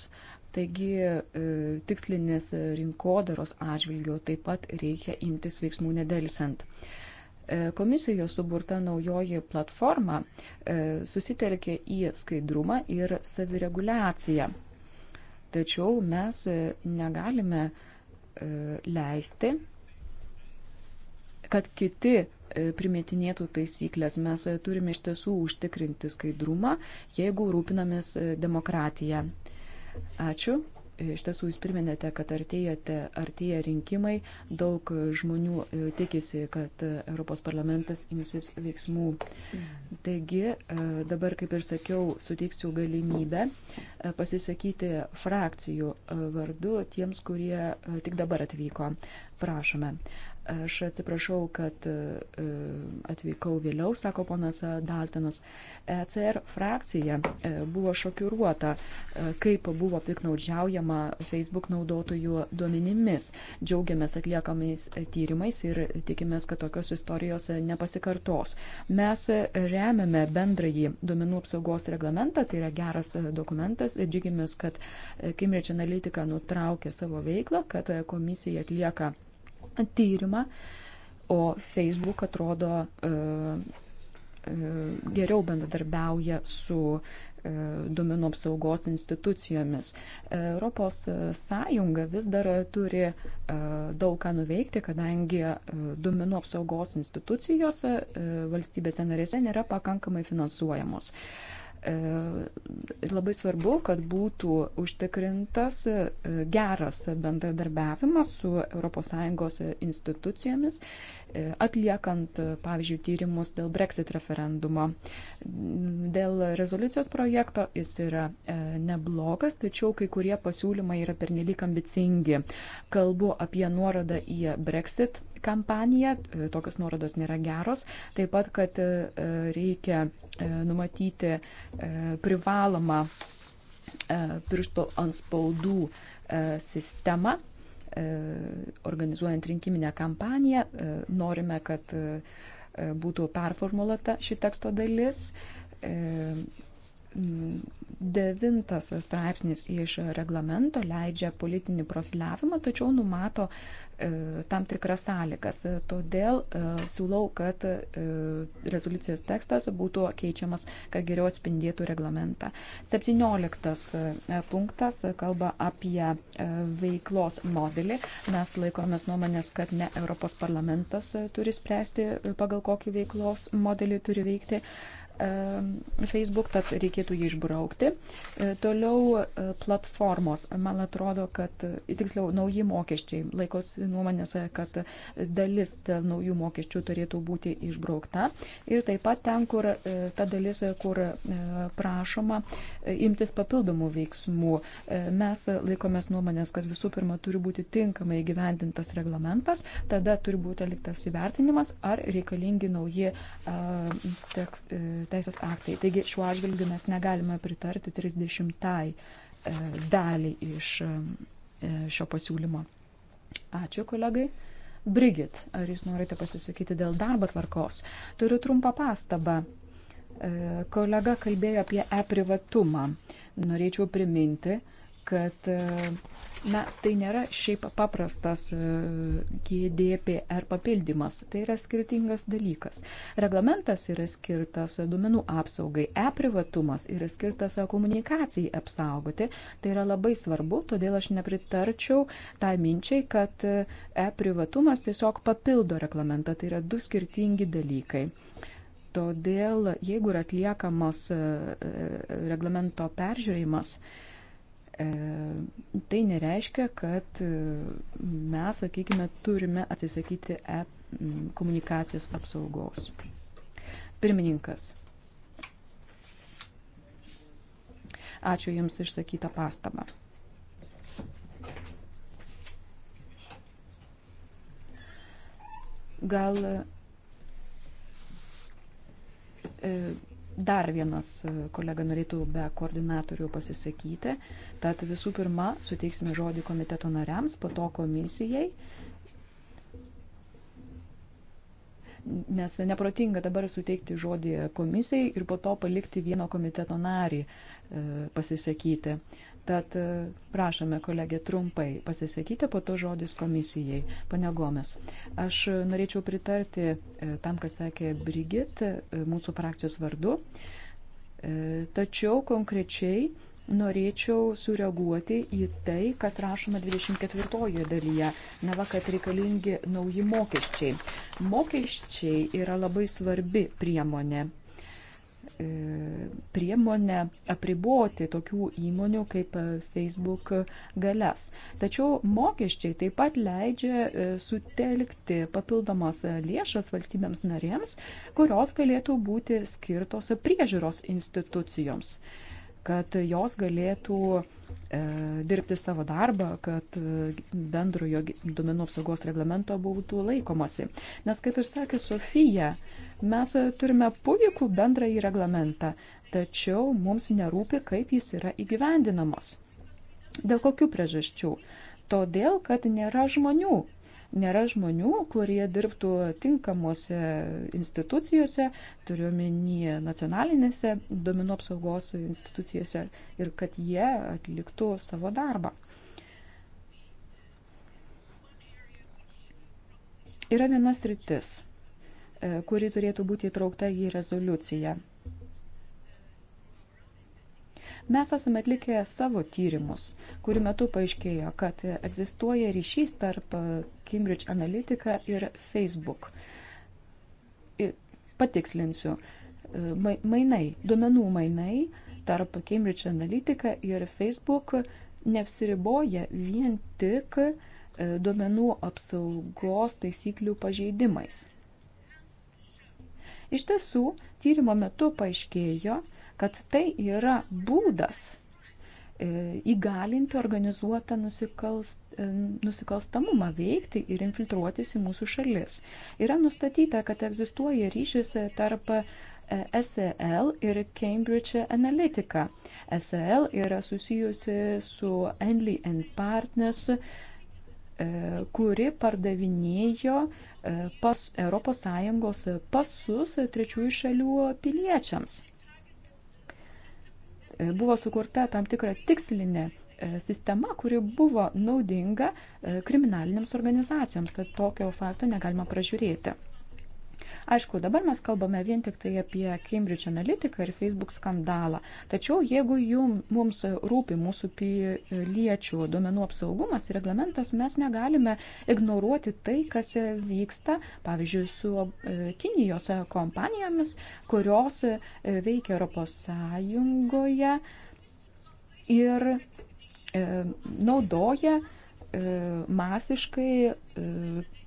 Taigi tikslinės rinkodaros atžvilgių taip pat reikia imtis veiksmų nedelsiant. Komisijoje suburta naujoji platforma susitelkė į skaidrumą ir savireguliaciją. Tačiau mes negalime leisti, kad kiti e, primetinėtų taisyklės. Mes e, turime iš tiesų užtikrinti skaidrumą, jeigu rūpinamės e, demokratiją. Ačiū. Iš tiesų jūs priminėte, kad artėjate, artėja rinkimai, daug žmonių tikisi, kad Europos parlamentas imsis veiksmų. Taigi, dabar, kaip ir sakiau, suteiksiu galimybę pasisakyti frakcijų vardu tiems, kurie tik dabar atvyko. Prašome. Aš atsiprašau, kad e, e, atvykau vėliau, sako ponas Daltonas. ECR frakcija e, buvo šokiruota, kaip buvo piknaudžiaujama Facebook naudotojų duomenimis. Džiaugiamės atliekamais tyrimais ir tikimės, kad tokios istorijos nepasikartos. Mes remiame bendrąjį duomenų apsaugos reglamentą, tai yra geras dokumentas. Džiaugiamės, kad Cambridge Analytica nutraukė savo veiklą, kad komisija atlieka tyrimą, o Facebook atrodo e, e, geriau bendradarbiauja su e, duomenų apsaugos institucijomis. Europos Sąjunga vis dar turi daug ką nuveikti, kadangi duomenų apsaugos institucijos valstybėse narėse nėra pakankamai finansuojamos. E, ir labai svarbu, kad būtų užtikrintas e, geras bendradarbiavimas su ES institucijomis, e, atliekant, pavyzdžiui, tyrimus dėl Brexit referendumo. Dėl rezoliucijos projekto jis yra neblogas, tačiau kai kurie pasiūlymai yra pernelyg ambicingi. Kalbu apie nuorodą į Brexit kampaniją, e, tokios nuorodos nėra geros, taip pat, kad e, reikia e, numatyti privalomą piršto anspaudų sistemą, organizuojant rinkiminę kampaniją. Norime, kad būtų performuluota ši teksto dalis. Devintas straipsnis iš reglamento leidžia politinį profiliavimą, tačiau numato E, tam tikras sąlygas. Todėl e, siūlau, kad e, rezoliucijos tekstas būtų keičiamas, kad geriau atspindėtų reglamentą. 17 punktas kalba apie veiklos modelį. Mes laikomės nuomonės, kad ne Europos parlamentas turi spręsti, pagal kokį veiklos modelį turi veikti Facebook, tad reikėtų jį išbraukti. E, toliau e, platformos. Man atrodo, kad, e, tiksliau, nauji mokesčiai. Laikosi nuomonės, kad dalis naujų mokesčių turėtų būti išbraukta. Ir taip pat ten, kur ta dalis, kur prašoma imtis papildomų veiksmų. Mes laikomės nuomonės, kad visų pirma turi būti tinkamai gyvendintas reglamentas, tada turi būti atliktas įvertinimas, ar reikalingi nauji tekst, teisės aktai. Taigi šiuo atžvilgiu mes negalime pritarti 30-ai e, daliai iš e, e, šio pasiūlymo. Ačiū kolegai. Brigit, ar jūs norite pasisakyti dėl darbo tvarkos? Turiu trumpą pastabą. Kolega kalbėjo apie e-privatumą. Norėčiau priminti, kad e, na, tai nėra šiaip paprastas e, GDPR papildymas, tai yra skirtingas dalykas. Reglamentas yra skirtas duomenų apsaugai, e-privatumas yra skirtas komunikacijai apsaugoti, tai yra labai svarbu, todėl aš nepritarčiau tai minčiai, kad e, e-privatumas tiesiog papildo reglamentą, tai yra du skirtingi dalykai. Todėl, jeigu yra atliekamas reglamento peržiūrėjimas, E, tai nereiškia, kad e, mes, sakykime, turime atsisakyti e komunikacijos apsaugos. Pirmininkas. Ačiū Jums išsakytą pastabą. Gal e, Dar vienas e, kolega norėtų be koordinatorių pasisakyti. Tad visų pirma, suteiksime žodį komiteto nariams, po to komisijai. Nes neprotinga dabar suteikti žodį komisijai ir po to palikti vieno komiteto narį e, pasisakyti. Tad e, prašome kolegė trumpai pasisakyti, po to žodis komisijai. Pane Gomes, aš norėčiau pritarti e, tam, kas sakė Brigit e, mūsų frakcijos vardu, tačiau konkrečiai norėčiau sureaguoti į tai, kas rašoma 24 dalyje, na va, kad reikalingi nauji mokesčiai. Mokesčiai yra labai svarbi priemonė E, priemonę apriboti tokių įmonių kaip e, Facebook galias. Tačiau mokesčiai taip pat leidžia e, sutelkti papildomas lėšas valstybėms narėms, kurios galėtų būti skirtos priežiūros institucijoms, kad jos galėtų dirbti savo darbą, kad bendrojo duomenų apsaugos reglamento būtų laikomasi. Nes kaip ir sakė Sofija, Mes turime puikų bendrąjį reglamentą, tačiau mums nerūpi, kaip jis yra įgyvendinamas. Dėl kokių priežasčių? Todėl, kad nėra žmonių. Nėra žmonių, kurie dirbtų tinkamuose institucijose, turiuomenyje nacionalinėse domino apsaugos institucijose ir kad jie atliktų savo darbą. Yra vienas rytis, E, kuri turėtų būti įtraukta į rezoliuciją. Mes esame atlikę savo tyrimus, kurių metu paaiškėjo, kad egzistuoja ryšys tarp e, Cambridge Analytica ir Facebook. Patikslinsiu, e, mainai, duomenų mainai tarp Cambridge Analytica ir Facebook neapsiriboja vien tik duomenų apsaugos taisyklių pažeidimais. Iš tiesų, tyrimo metu paaiškėjo, kad tai yra būdas e, įgalinti organizuotą nusikalst, e, nusikalstamumą veikti ir infiltruotis į mūsų šalis. Yra nustatyta, kad egzistuoja ryšys tarp e, SEL ir Cambridge Analytica. SEL yra susijusi su Enly and Partners E, kuri pardavinėjo e, pas ES pasus trečiųjų šalių piliečiams. E, buvo sukurta tam tikra tikslinė sistema, kuri buvo naudinga kriminalinėms organizacijoms, tad tokio fakto negalima pražiūrėti. Aišku, dabar mes kalbame vien tik tai apie Cambridge Analytica ir Facebook skandalą. Tačiau jeigu jum, mums rūpi mūsų piliečių duomenų apsaugumas ir reglamentas, mes negalime ignoruoti tai, kas vyksta, pavyzdžiui, su e, Kinijos kompanijomis, kurios e, veikia Europos Sąjungoje ir e, naudoja E, masiškai e,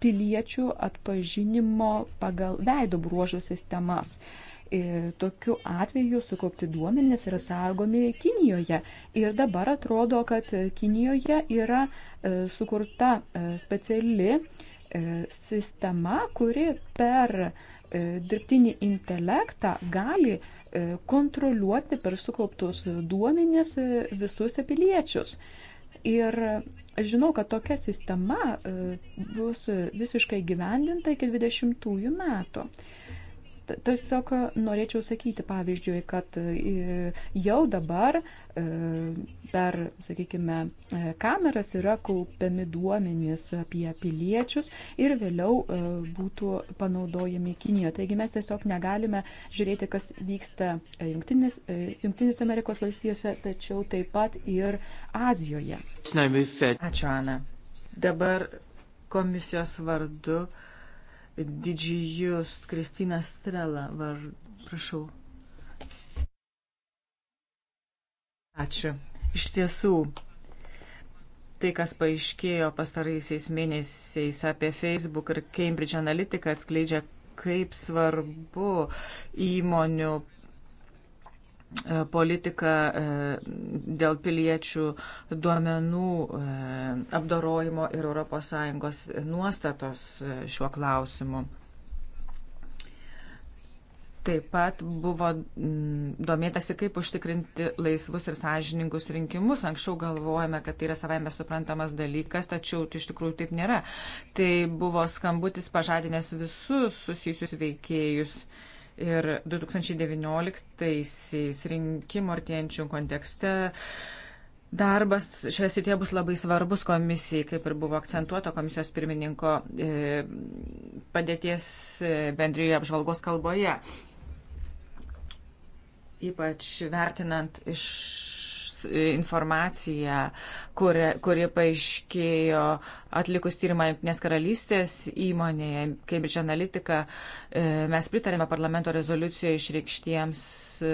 piliečių atpažinimo pagal veido bruožų sistemas. E, tokiu atveju sukaupti duomenys yra saugomi Kinijoje. Ir dabar atrodo, kad Kinijoje yra sukurta speciali sistema, kuri per dirbtinį intelektą gali kontroliuoti per sukauptus duomenis visus piliečius. Ir Aš žinau, kad tokia sistema e, bus visiškai gyvendinta iki 20 metų. Tiesiog norėčiau sakyti, pavyzdžiui, kad e, jau dabar e, per, sakykime, e, kameras yra kaupiami duomenys apie piliečius ir vėliau būtų panaudojami Kinijoje. Taigi mes tiesiog negalime žiūrėti, kas vyksta Junktinės, Junktinės Amerikos valstijose, tačiau taip pat ir Azijoje. Ačiū, Ana. Dabar komisijos vardu uh, didžius Kristina Strela. Var, prašau. Ačiū. Iš tiesų, tai, kas paaiškėjo pastaraisiais mėnesiais apie Facebook ir Cambridge Analytica atskleidžia, kaip svarbu įmonių E, politika e, dėl piliečių duomenų e, apdorojimo ir ES nuostatos šiuo klausimu. Taip pat buvo mm, domėtasi, kaip užtikrinti laisvus ir sąžiningus rinkimus. Anksčiau galvojame, kad tai yra savaime suprantamas dalykas, tačiau tai iš tikrųjų taip nėra. Tai buvo skambutis pažadinęs visus susijusius veikėjus. Uh, Ir 2019-aisiais rinkimų artėjančių kontekste darbas šioje srityje bus labai svarbus komisijai, kaip ir buvo akcentuota komisijos pirmininko e, padėties e, bendrijoje apžvalgos kalboje. Ypač vertinant iš informacija, kuri, kuri paaiškėjo atlikus tyrimą Junktinės karalystės įmonėje Cambridge Analytica. E, mes pritarėme parlamento rezoliucijoje išreikštiems e,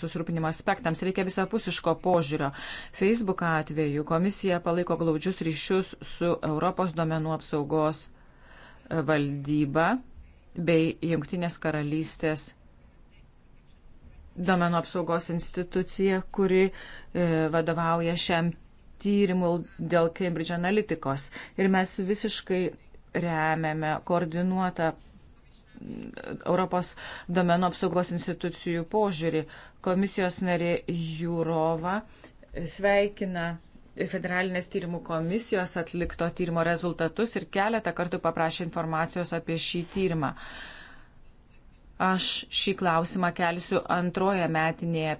susirūpinimo aspektams. Reikia visapusiško požiūrio. Facebook atveju komisija palaiko glaudžius ryšius su Europos domenų apsaugos valdyba bei Junktinės karalystės domenų apsaugos institucija, kuri e, vadovauja šiam tyrimų dėl Cambridge Analyticos. Ir mes visiškai remiame koordinuotą mm, Europos domenų apsaugos institucijų požiūrį. Komisijos narė Jūrova sveikina federalinės tyrimų komisijos atlikto tyrimo rezultatus ir keletą kartų paprašė informacijos apie šį tyrimą. Uh, Aš šį klausimą kelsiu antroje metinėje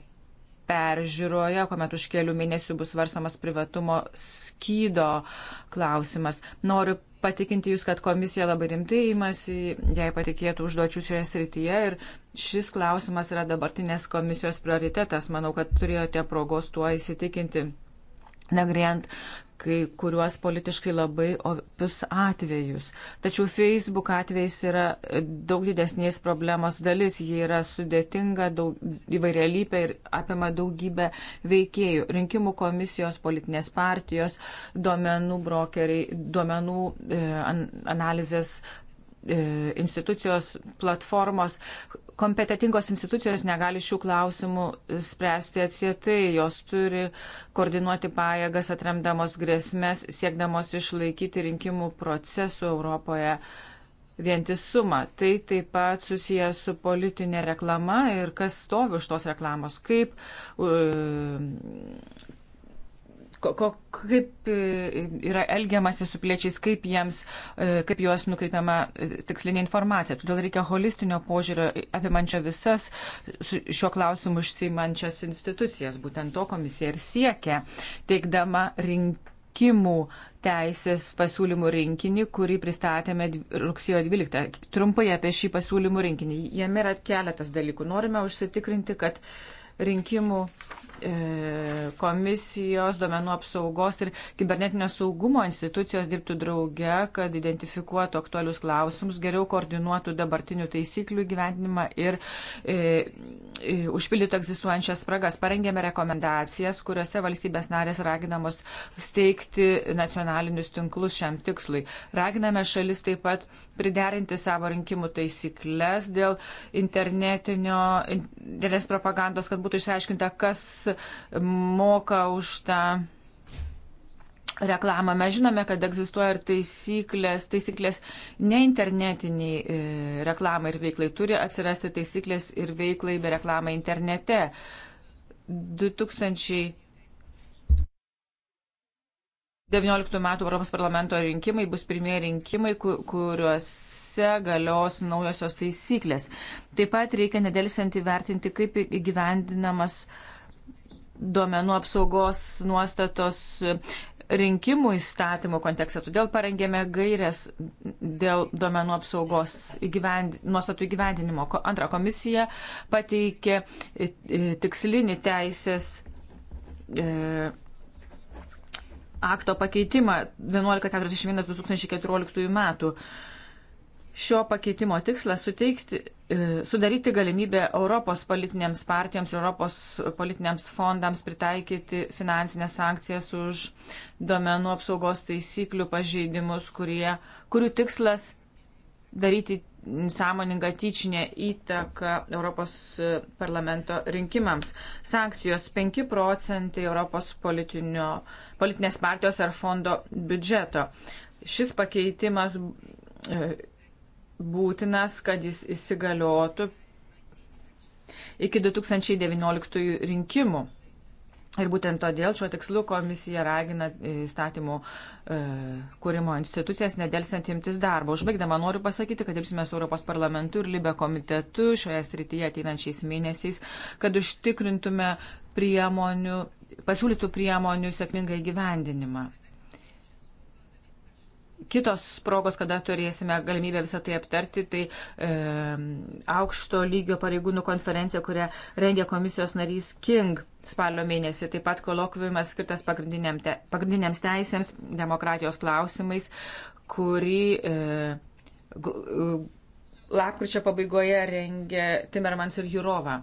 peržiūroje, kuomet už kelių mėnesių bus varsomas privatumo skydo klausimas. Noriu patikinti Jūs, kad komisija labai rimtai įmasi, jai patikėtų užduočių šioje srityje ir šis klausimas yra dabartinės komisijos prioritetas. Manau, kad turėjote progos tuo įsitikinti. Nagrėjant kai kuriuos politiškai labai opius atvejus. Tačiau Facebook atvejais yra daug didesnės problemos dalis. Jie yra sudėtinga, daug, įvairialypė ir apima daugybę veikėjų. Rinkimų komisijos, politinės partijos, duomenų brokeriai, duomenų e, analizės e, institucijos, platformos. Kompetitingos institucijos negali šių klausimų spręsti atsietai, jos turi koordinuoti pajėgas, atremdamos grėsmės, siekdamos išlaikyti rinkimų procesų Europoje vientisumą. Tai taip pat susijęs su politinė reklama ir kas stovi už tos reklamos, kaip uh, ko, ko, kaip e, yra elgiamasi su piliečiais, kaip, jiems, e, kaip juos nukreipiama e, tikslinė informacija. Todėl reikia holistinio požiūrio apimančio visas šiuo klausimu išsimančias institucijas. Būtent to komisija ir siekia, teikdama rinkimų teisės pasiūlymų rinkinį, kurį pristatėme rugsėjo 12. Trumpai apie šį pasiūlymų rinkinį. Jame yra keletas dalykų. Norime užsitikrinti, kad rinkimų E, komisijos duomenų apsaugos ir kibernetinio saugumo institucijos dirbtų drauge, kad identifikuotų aktualius klausimus, geriau koordinuotų dabartinių taisyklių gyvenimą ir e, e, užpildytų egzistuojančias spragas. Parengėme rekomendacijas, kuriuose valstybės narės raginamos steigti nacionalinius tinklus šiam tikslui. Raginame šalis taip pat priderinti savo rinkimų taisyklės dėl internetinio, dėlės propagandos, kad būtų išsiaiškinta, kas moka už tą reklamą. Mes žinome, kad egzistuoja ir taisyklės, taisyklės ne internetiniai e, reklamai ir veiklai. Turi atsirasti taisyklės ir veiklai be reklamai internete. 2000. 19 metų Europos parlamento rinkimai bus pirmieji rinkimai, kuriuose galios naujosios taisyklės. Taip pat reikia nedėlisant įvertinti, kaip įgyvendinamas uh, duomenų apsaugos nuostatos rinkimų įstatymų kontekste. Todėl parengėme gairias dėl duomenų apsaugos įgyvend... nuostatų įgyvendinimo. Antra komisija pateikė e, e, tikslinį teisės e, akto pakeitimą 1141-2014 metų. Šio pakeitimo tikslas suteikti, e, sudaryti galimybę Europos politinėms partijoms, Europos politinėms fondams pritaikyti finansinės sankcijas už domenų apsaugos taisyklių pažeidimus, kurie, kurių tikslas daryti sąmoningą tyčinę įtaką Europos e, parlamento rinkimams. Sankcijos 5 procentai Europos politinės partijos ar fondo biudžeto. Šis pakeitimas e, būtinas, kad jis įsigaliotų iki 2019 rinkimų. Ir būtent todėl šiuo tikslu komisija ragina įstatymų e, kūrimo institucijas nedelsiant imtis darbo. Užbaigdama noriu pasakyti, kad dirbsime su Europos parlamentu ir Libe komitetu šioje srityje ateinančiais mėnesiais, kad užtikrintume priemonių, pasiūlytų priemonių sėkmingą įgyvendinimą kitos progos, kada turėsime galimybę visą tai aptarti, tai e, aukšto lygio pareigūnų konferencija, kurią rengia komisijos narys King spalio mėnesį, taip pat kolokviumas skirtas pagrindiniam te, pagrindiniams teisėms, demokratijos klausimais, kurį e, e, lapkričio pabaigoje rengia Timermans ir Jurova.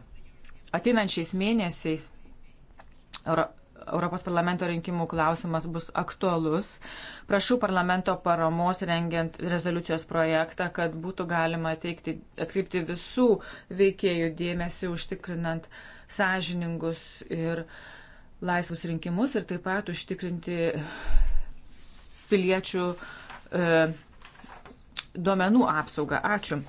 Ateinančiais mėnesiais Euro, Europos parlamento rinkimų klausimas bus aktualus. Prašau parlamento paramos rengiant rezoliucijos projektą, kad būtų galima teikti, atkreipti visų veikėjų dėmesį, užtikrinant sąžiningus ir laisvus rinkimus ir taip pat užtikrinti piliečių e, duomenų apsaugą. Ačiū.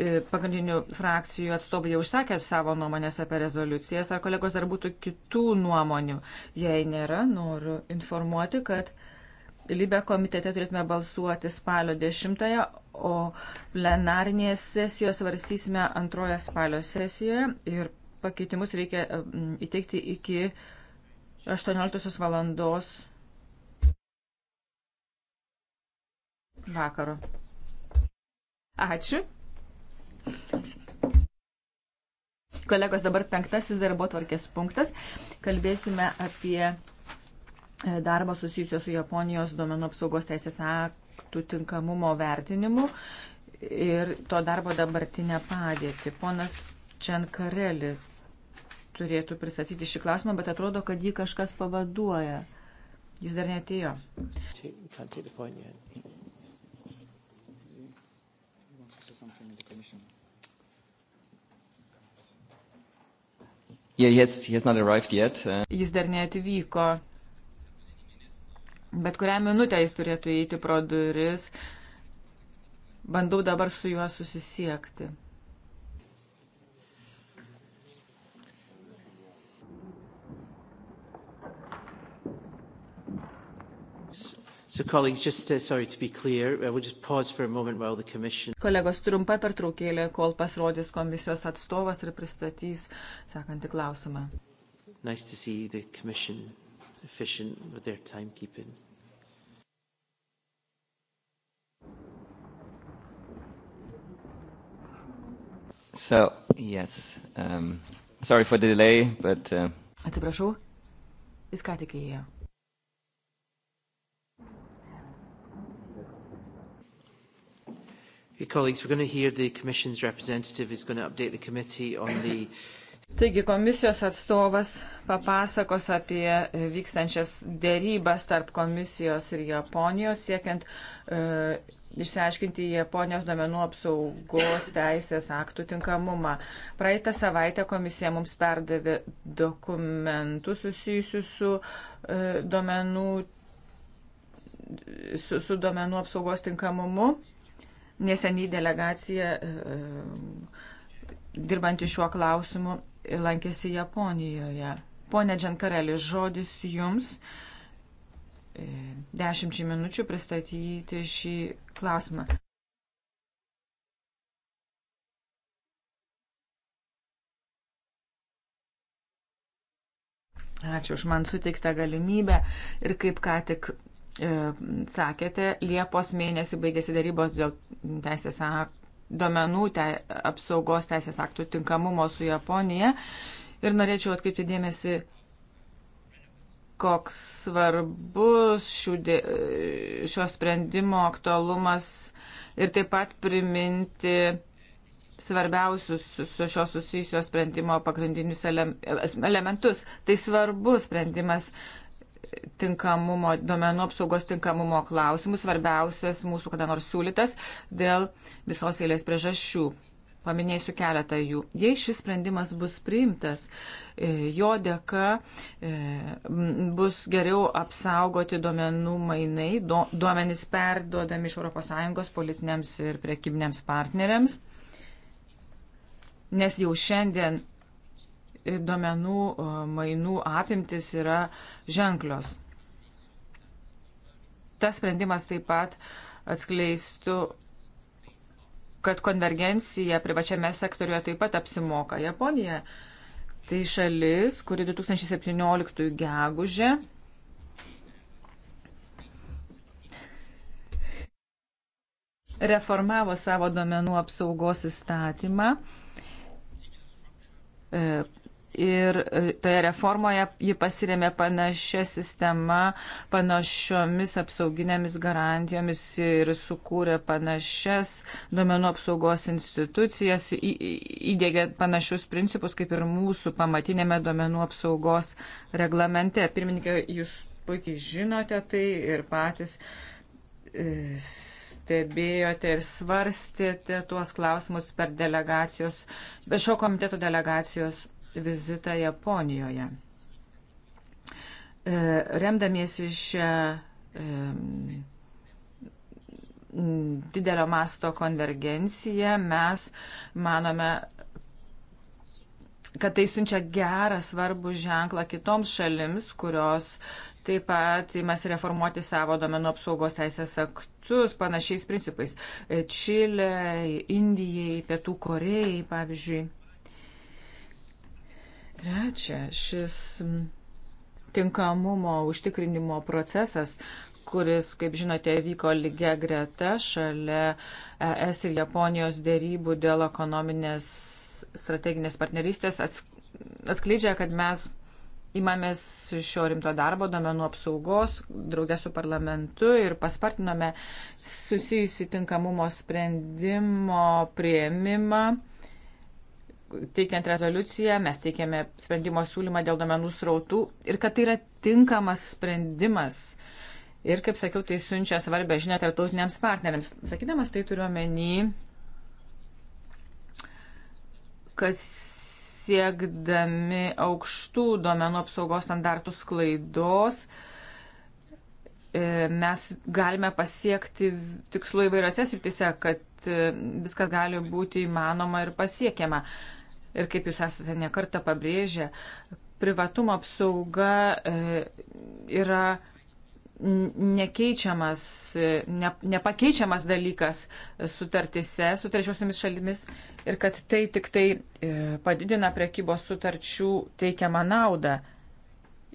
E, pagrindinių frakcijų atstovai jau išsakė savo nuomonės apie rezoliucijas, ar kolegos dar būtų kitų nuomonių. Jei nėra, noriu informuoti, kad Libe komitete turėtume balsuoti spalio 10, o plenarinėje sesijoje svarstysime antroje spalio sesijoje ir pakeitimus reikia e, įteikti iki 18 valandos vakaro. Ačiū. Kolegos, dabar penktasis darbo tvarkės punktas. Kalbėsime apie e, darbą susijusio su Japonijos duomenų apsaugos teisės aktų tinkamumo vertinimu ir to darbo dabartinę padėtį. Ponas Čenkareli turėtų pristatyti šį klausimą, bet atrodo, kad jį kažkas pavaduoja. Jis dar netėjo. Yeah, he has, he has not arrived yet. Uh... Jis dar neatvyko. Bet kurią minutę jis turėtų įeiti pro duris. Bandau dabar su juo susisiekti. So, colleagues, just to, sorry to be clear, uh, we'll just pause for a moment while the commission. Kolegos, trumpa pertraukėlė, kol pasirodys komisijos atstovas ir pristatys sekantį klausimą. Nice to see the commission efficient with their timekeeping. So, yes, um, sorry for the delay, but... Uh... Atsiprašau, jis ką tik įėjo. Hey, colleagues, we're going to hear the Commission's representative is going to update the committee on the Taigi komisijos atstovas papasakos apie e, vykstančias dėrybas tarp komisijos ir Japonijos, siekiant e, išsiaiškinti Japonijos domenų apsaugos teisės aktų tinkamumą. Praeitą savaitę komisija mums perdavė dokumentų susijusių su e, domenų su, su domenų apsaugos tinkamumu. Neseniai delegacija e, e, dirbanti šiuo klausimu lankėsi Japonijoje. Pone Džankarelį, žodis jums e, dešimčiai minučių pristatyti šį klausimą. Ačiū už man suteiktą galimybę ir kaip ką tik E, sakėte, Liepos mėnesį baigėsi darybos dėl teisės aktų duomenų te, apsaugos teisės aktų tinkamumo su Japonija. Ir norėčiau atkreipti dėmesį, koks svarbus dė, šio sprendimo aktualumas ir taip pat priminti svarbiausius su šio susijusio sprendimo pagrindinius ele, elementus. Tai svarbus sprendimas tinkamumo, domenų apsaugos tinkamumo klausimų, svarbiausias mūsų kada nors siūlytas dėl visos eilės priežasčių. Paminėsiu keletą jų. Jei šis sprendimas bus priimtas, e, jo dėka e, bus geriau apsaugoti duomenų mainai, duomenys perduodami iš ES politiniams ir prekybiniams partneriams, nes jau šiandien duomenų mainų apimtis yra ženklios. Tas sprendimas taip pat atskleistų, kad konvergencija privačiame sektoriuje taip pat apsimoka. Japonija tai šalis, kuri 2017 gegužė reformavo savo domenų apsaugos įstatymą, e, ir e, toje reformoje ji pasiremė panašia sistema, panašiomis apsauginėmis garantijomis ir sukūrė panašias duomenų apsaugos institucijas, į, įdėgė panašius principus kaip ir mūsų pamatinėme duomenų apsaugos reglamente. Pirmininkė, jūs puikiai žinote tai ir patys e, stebėjote ir svarstėte tuos klausimus per delegacijos, be šio komiteto delegacijos vizitą Japonijoje. E, remdamiesi šią e, didelio masto konvergenciją, mes manome, kad tai siunčia gerą svarbų ženklą kitoms šalims, kurios taip pat įmasi reformuoti savo domenų apsaugos teisės aktus panašiais principais. E, Čilė, Indijai, Pietų Korejai, pavyzdžiui. Trečia, šis tinkamumo užtikrinimo procesas, kuris, kaip žinote, vyko lygia greta šalia ES ir Japonijos dėrybų dėl ekonominės strateginės partnerystės, atskleidžia, kad mes Įmamės šio rimto darbo domenų apsaugos draugę su parlamentu ir paspartinome susijusi tinkamumo sprendimo prieimimą teikiant rezoliuciją, mes teikėme sprendimo siūlymą dėl domenų srautų ir kad tai yra tinkamas sprendimas. Ir, kaip sakiau, tai siunčia svarbę žinę tarptautiniams partneriams. Sakydamas tai turiu omeny, kad siekdami aukštų domenų apsaugos standartų sklaidos, e, mes galime pasiekti tikslų įvairiose srityse, kad e, viskas gali būti įmanoma ir pasiekiama ir kaip jūs esate nekarta pabrėžę, privatumo apsauga e, yra nekeičiamas, e, ne, nepakeičiamas dalykas sutartise su trečiosiomis šalimis ir kad tai tik tai e, padidina prekybos sutarčių teikiamą naudą.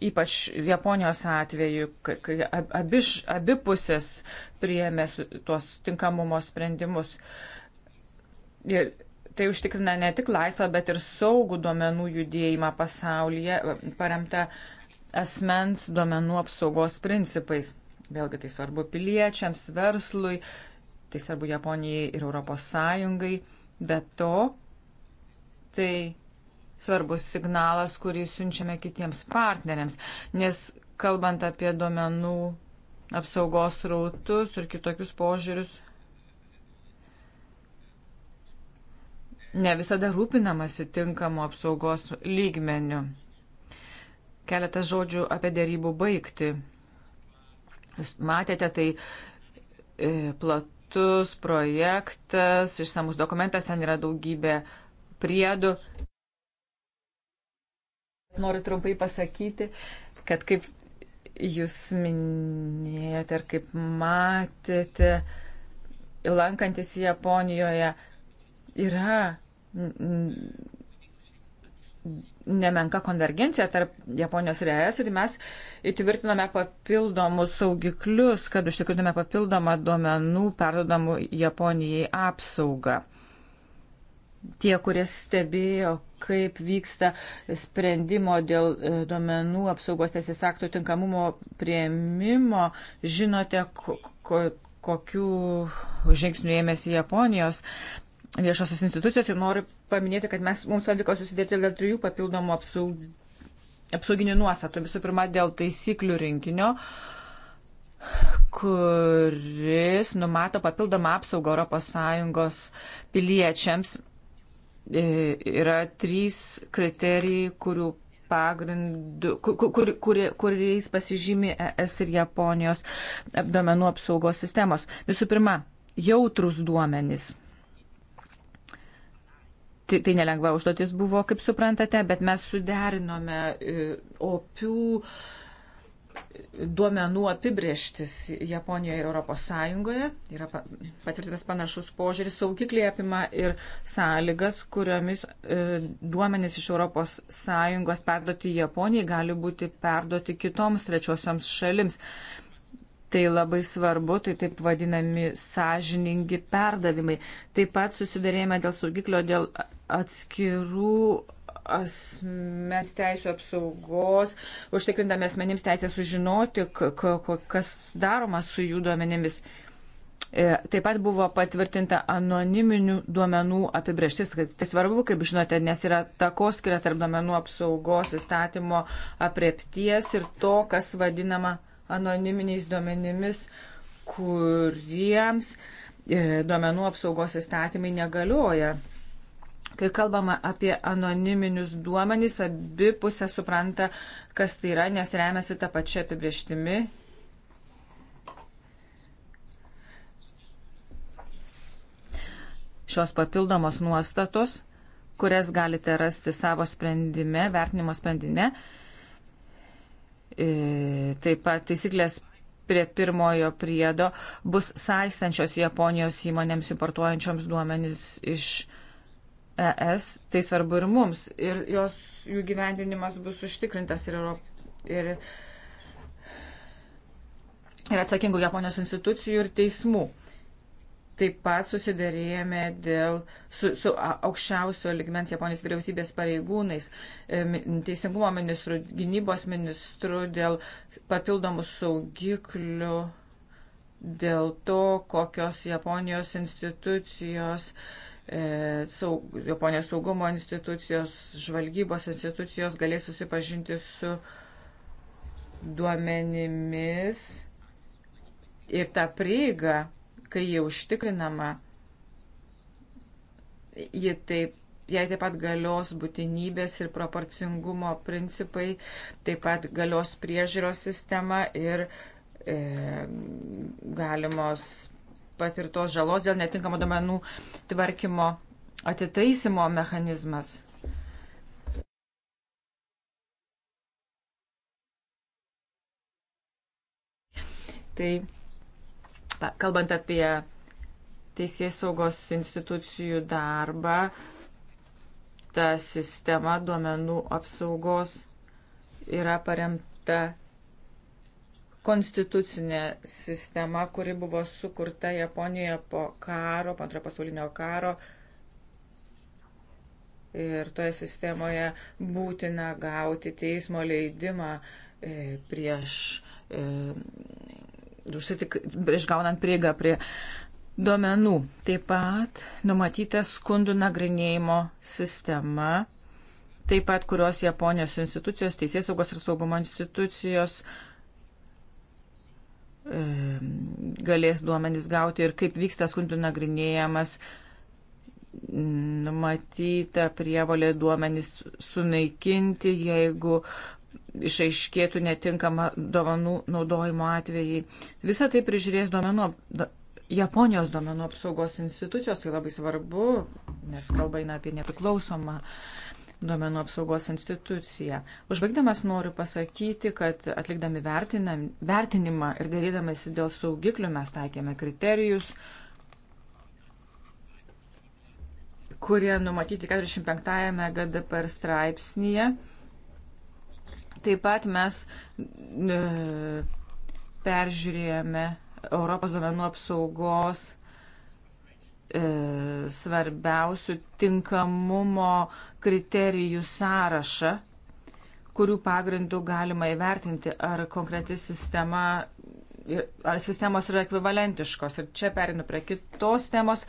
Ypač Japonijos atveju, kai abi, abi pusės priėmė tuos tinkamumo sprendimus. Ir Tai užtikrina ne tik laisvą, bet ir saugų duomenų judėjimą pasaulyje, paremta asmens duomenų apsaugos principais. Vėlgi tai svarbu piliečiams, verslui, tai svarbu Japonijai ir Europos Sąjungai. Be to, tai svarbus signalas, kurį siunčiame kitiems partneriams, nes kalbant apie duomenų apsaugos rautus ir kitokius požiūrius, ne visada rūpinamasi tinkamu apsaugos lygmeniu. Keletas žodžių apie dėrybų baigti. Jūs matėte, tai e, platus projektas, išsamus dokumentas, ten yra daugybė priedų. Noriu trumpai pasakyti, kad kaip jūs minėjote ir kaip matėte, lankantis Japonijoje, yra nemenka konvergencija tarp Japonijos ir ES ir mes įtvirtiname papildomus saugiklius, kad užtikrintume papildomą duomenų perdodamų Japonijai apsaugą. Tie, kurie stebėjo, kaip vyksta sprendimo dėl e, duomenų apsaugos teisės aktų tinkamumo prieimimo, žinote, kokių žingsnių ėmėsi Japonijos viešosios institucijos ir noriu paminėti, kad mes, mums pavyko susidėti dėl trijų papildomų apsaug, apsauginių nuostatų. Visų pirma, dėl taisyklių rinkinio, kuris numato papildomą apsaugą ES piliečiams. E, yra trys kriterijai, kurių pagrindu, kur, kur, kur, kuriais pasižymi ES ir Japonijos duomenų apsaugos sistemos. Visų pirma, jautrus duomenys tai nelengva užduotis buvo, kaip suprantate, bet mes suderinome e, opių e, duomenų apibrieštis Japonijoje ir Europos Sąjungoje. Yra patvirtintas panašus požiūris, saugikliai apima ir sąlygas, kuriomis e, duomenys iš Europos Sąjungos perduoti Japonijai gali būti perduoti kitoms trečiosioms šalims. Tai labai svarbu, tai taip vadinami sąžiningi perdavimai. Taip pat susidarėjame dėl saugiklio, dėl atskirų asmens teisų apsaugos, užtikrindami asmenims teisę sužinoti, kas daroma su jų duomenimis. E, taip pat buvo patvirtinta anoniminių duomenų apibrieštis, kad tai svarbu, kaip žinote, nes yra takos skiria tarp duomenų apsaugos įstatymo apriepties ir to, kas vadinama anoniminiais duomenimis, kuriems e, duomenų apsaugos įstatymai negalioja. Kai kalbama apie anoniminius duomenys, abi pusės supranta, kas tai yra, nes remiasi tą pačią apibrieštimi. Šios papildomos nuostatos, kurias galite rasti savo sprendime, vertinimo sprendime, E, taip pat taisyklės prie pirmojo priedo bus saistančios Japonijos įmonėms importuojančioms duomenys iš ES. Tai svarbu ir mums. Ir jos jų gyvendinimas bus užtikrintas ir, ir, ir atsakingų Japonijos institucijų ir teismų. Taip pat susidarėjome dėl, su, su aukščiausio ligmens Japonijos vyriausybės pareigūnais, e, teisingumo ministru, gynybos ministru dėl papildomų saugiklių, dėl to, kokios Japonijos institucijos e, saug, Japonijos saugumo institucijos, žvalgybos institucijos galės susipažinti su duomenimis ir tą prieigą kai jie užtikrinama, jie taip, jai taip pat galios būtinybės ir proporcingumo principai, taip pat galios priežiūros sistema ir e, galimos patirtos žalos dėl netinkamo domenų tvarkymo atitaisimo mechanizmas. Tai kalbant apie teisės saugos institucijų darbą, ta sistema duomenų apsaugos yra paremta konstitucinė sistema, kuri buvo sukurta Japonijoje po karo, po antrojo pasaulinio karo. Ir toje sistemoje būtina gauti teismo leidimą e, prieš e, užsitik, tai išgaunant prieigą prie duomenų. Taip pat numatyta skundų nagrinėjimo sistema, taip pat kurios Japonijos institucijos, Teisės saugos ir saugumo institucijos e, galės duomenys gauti ir kaip vyksta skundų nagrinėjimas numatyta prievalė duomenys sunaikinti, jeigu išaiškėtų netinkama dovanų naudojimo atvejai. Visą tai prižiūrės duomenų, da, Japonijos duomenų apsaugos institucijos, tai labai svarbu, nes kalba eina apie nepriklausomą duomenų apsaugos instituciją. Užbaigdamas noriu pasakyti, kad atlikdami vertinam, vertinimą ir dėrydamasi dėl saugiklių mes taikėme kriterijus, kurie numatyti 45-ame GDPR straipsnėje Taip pat mes e, peržiūrėjome Europos duomenų apsaugos e, svarbiausių tinkamumo kriterijų sąrašą, kurių pagrindų galima įvertinti, ar konkreti sistema, ar sistemos yra ekvivalentiškos. Ir čia perinu prie kitos temos.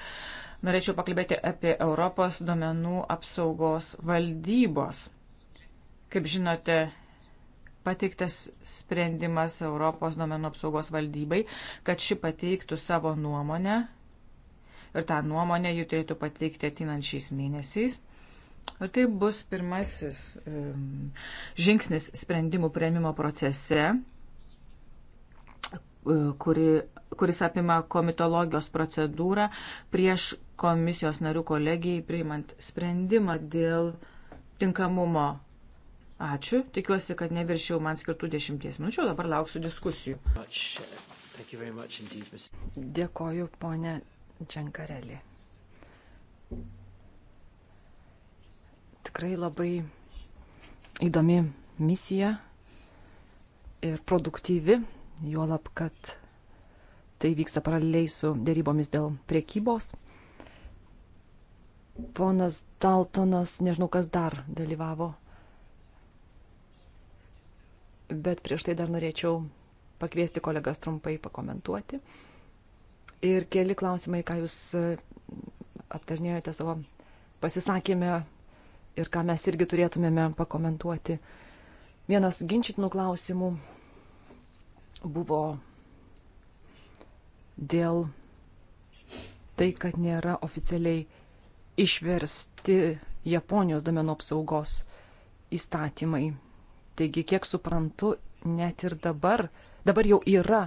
Norėčiau pakalbėti apie Europos duomenų apsaugos valdybos. Kaip žinote, pateiktas sprendimas Europos duomenų apsaugos valdybai, kad ši pateiktų savo nuomonę ir tą nuomonę jų turėtų pateikti ateinančiais mėnesiais. Ir tai bus pirmasis um, žingsnis sprendimų prieimimo procese, e, kuri, kuris apima komitologijos procedūrą prieš komisijos narių kolegijai priimant sprendimą dėl tinkamumo Ačiū. Tikiuosi, kad neviršiau man skirtų dešimties minučių, dabar lauksiu diskusijų. Dėkoju, ponė Džankarelė. Tikrai labai įdomi misija ir produktyvi, juolab, kad tai vyksta paraleliai su dėrybomis dėl priekybos. Ponas Daltonas, nežinau kas dar dalyvavo bet prieš tai dar norėčiau pakviesti kolegas trumpai pakomentuoti. Ir keli klausimai, ką jūs e, aptarnėjote savo pasisakymę ir ką mes irgi turėtumėme pakomentuoti. Vienas ginčytinų klausimų buvo dėl tai, kad nėra oficialiai išversti Japonijos domenų apsaugos įstatymai Taigi, kiek suprantu, net ir dabar, dabar jau yra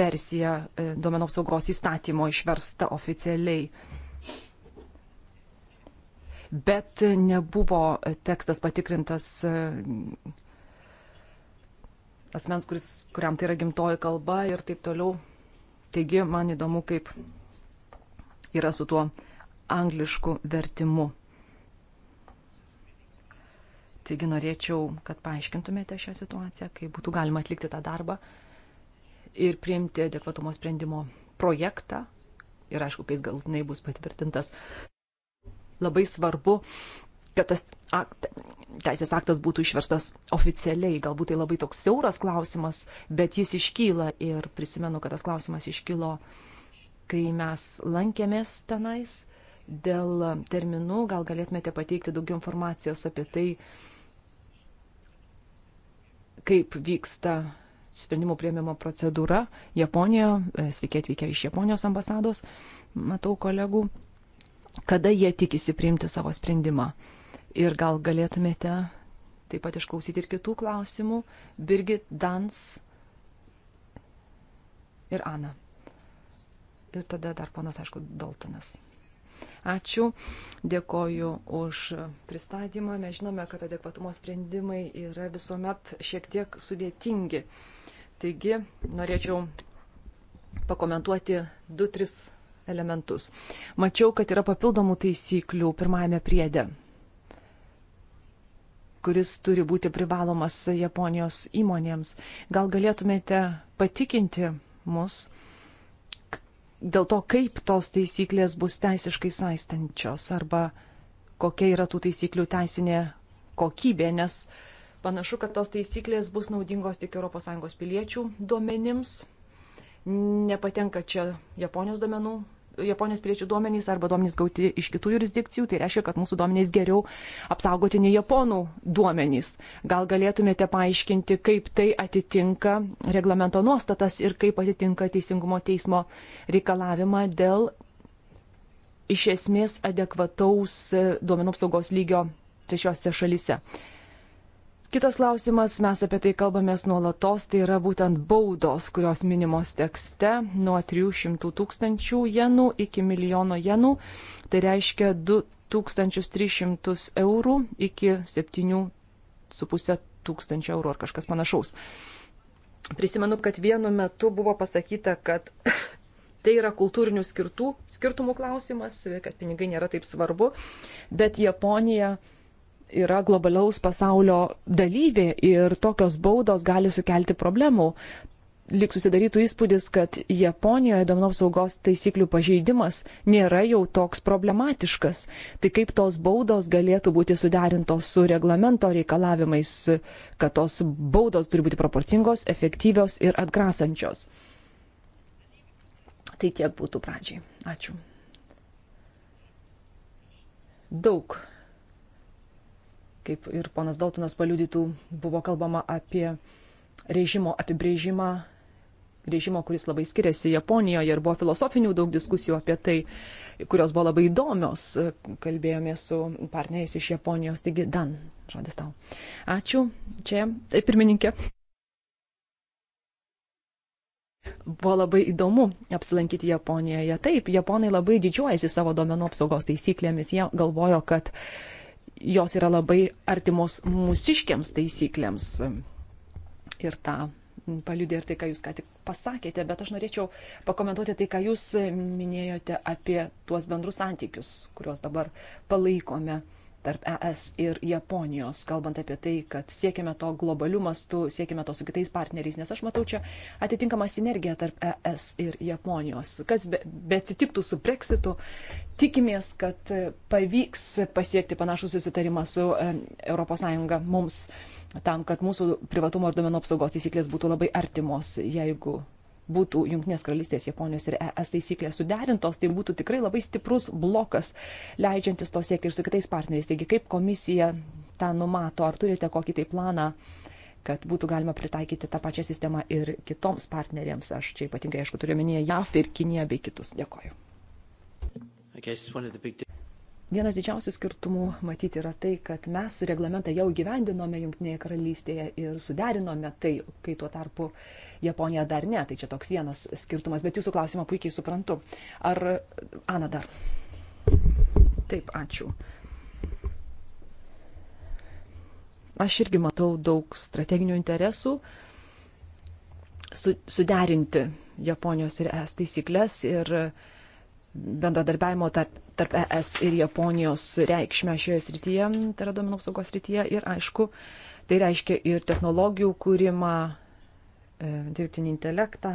versija e, duomenų apsaugos įstatymo išversta oficialiai. Bet nebuvo tekstas patikrintas e, asmens, kuris, kuriam tai yra gimtoji kalba ir taip toliau. Taigi, man įdomu, kaip yra su tuo anglišku vertimu. Taigi norėčiau, kad paaiškintumėte šią situaciją, kaip būtų galima atlikti tą darbą ir priimti adekvatumo sprendimo projektą. Ir aišku, kai jis galutinai bus patvirtintas, labai svarbu, kad tas akt, teisės aktas būtų išverstas oficialiai. Galbūt tai labai toks siauras klausimas, bet jis iškyla ir prisimenu, kad tas klausimas iškilo, kai mes lankėmės tenais dėl terminų, gal galėtumėte pateikti daugiau informacijos apie tai, kaip vyksta sprendimų prieimimo procedūra Japonijoje. Sveiki atvykę iš Japonijos ambasados, matau kolegų. Kada jie tikisi priimti savo sprendimą? Ir gal galėtumėte taip pat išklausyti ir kitų klausimų. Birgit, Dans ir Ana. Ir tada dar ponas, aišku, Daltonas. Ačiū, dėkoju už pristatymą. Mes žinome, kad adekvatumo sprendimai yra visuomet šiek tiek sudėtingi. Taigi, norėčiau pakomentuoti 2-3 elementus. Mačiau, kad yra papildomų taisyklių pirmajame priede, kuris turi būti privalomas Japonijos įmonėms. Gal galėtumėte patikinti mus, dėl to, kaip tos taisyklės bus teisiškai saistančios arba kokia yra tų taisyklių teisinė kokybė, nes panašu, kad tos taisyklės bus naudingos tik ES piliečių duomenims, nepatenka čia Japonijos duomenų Japonijos piliečių duomenys arba duomenys gauti iš kitų jurisdikcijų, tai reiškia, kad mūsų duomenys geriau apsaugoti nei Japonų duomenys. Gal galėtumėte paaiškinti, kaip tai atitinka reglamento nuostatas ir kaip atitinka Teisingumo teismo reikalavimą dėl iš esmės adekvataus duomenų apsaugos lygio trečiosiose šalyse. Kitas klausimas, mes apie tai kalbamės nuolatos, tai yra būtent baudos, kurios minimos tekste nuo 300 tūkstančių jenų iki milijono jenų, tai reiškia 2300 eurų iki 7,5 tūkstančio eurų ar kažkas panašaus. Prisimenu, kad vienu metu buvo pasakyta, kad tai yra kultūrinių skirtų, skirtumų klausimas, kad pinigai nėra taip svarbu, bet Japonija yra globaliaus pasaulio dalyvė ir tokios baudos gali sukelti problemų. Lik susidarytų įspūdis, kad Japonijoje duomenų apsaugos taisyklių pažeidimas nėra jau toks problematiškas. Tai kaip tos baudos galėtų būti suderintos su reglamento reikalavimais, kad tos baudos turi būti proporcingos, efektyvios ir atgrasančios. Tai tiek būtų pradžiai. Ačiū. Daug kaip ir ponas Daltonas paliudytų, buvo kalbama apie režimo apibrėžimą, režimo, kuris labai skiriasi Japonijoje ir buvo filosofinių daug diskusijų apie tai, kurios buvo labai įdomios, kalbėjome su partneriais iš Japonijos, taigi Dan, žodis tau. Ačiū, čia tai pirmininkė. Buvo labai įdomu apsilankyti Japonijoje. Taip, japonai labai didžiuojasi savo domenų apsaugos taisyklėmis. Jie galvojo, kad uh, jos yra labai artimos mūsiškiams taisyklėms. Ir tą paliudė ir tai, ką jūs ką tik pasakėte, bet aš norėčiau pakomentuoti tai, ką jūs minėjote apie tuos bendrus santykius, kuriuos dabar palaikome. Uh, tarp ES ir Japonijos, kalbant apie tai, kad siekime to globaliu mastu, siekime to su kitais partneriais, nes aš matau čia atitinkamą sinergiją tarp ES ir Japonijos. Kas be, be atsitiktų su Brexitu, tikimės, kad pavyks pasiekti panašų susitarimą su ES mums tam, kad mūsų privatumo ir domenų apsaugos taisyklės būtų labai artimos, jeigu būtų Junktinės karalystės, Japonijos ir ES taisyklės suderintos, tai būtų tikrai labai stiprus blokas, leidžiantis to siekti ir su kitais partneriais. Taigi, kaip komisija tą numato, ar turite kokį tai planą, kad būtų galima pritaikyti tą pačią sistemą ir kitoms partneriams? Aš čia ypatingai, aišku, turiu minėję JAF ir Kiniją bei kitus. Dėkoju. Vienas didžiausių skirtumų matyti yra tai, kad mes reglamentą jau gyvendinome Junktinėje karalystėje ir suderinome tai, kai tuo tarpu Japonija dar ne. Tai čia toks vienas skirtumas, bet jūsų klausimą puikiai suprantu. Ar Ana dar? Taip, ačiū. Aš irgi matau daug strateginių interesų su, suderinti Japonijos ir ES taisyklės ir uh, bendradarbiavimo tarp, tarp ES ir Japonijos reikšmę šioje srityje, tai yra duomenų apsaugos srityje. Ir aišku, tai reiškia ir technologijų kūrimą, e, dirbtinį intelektą,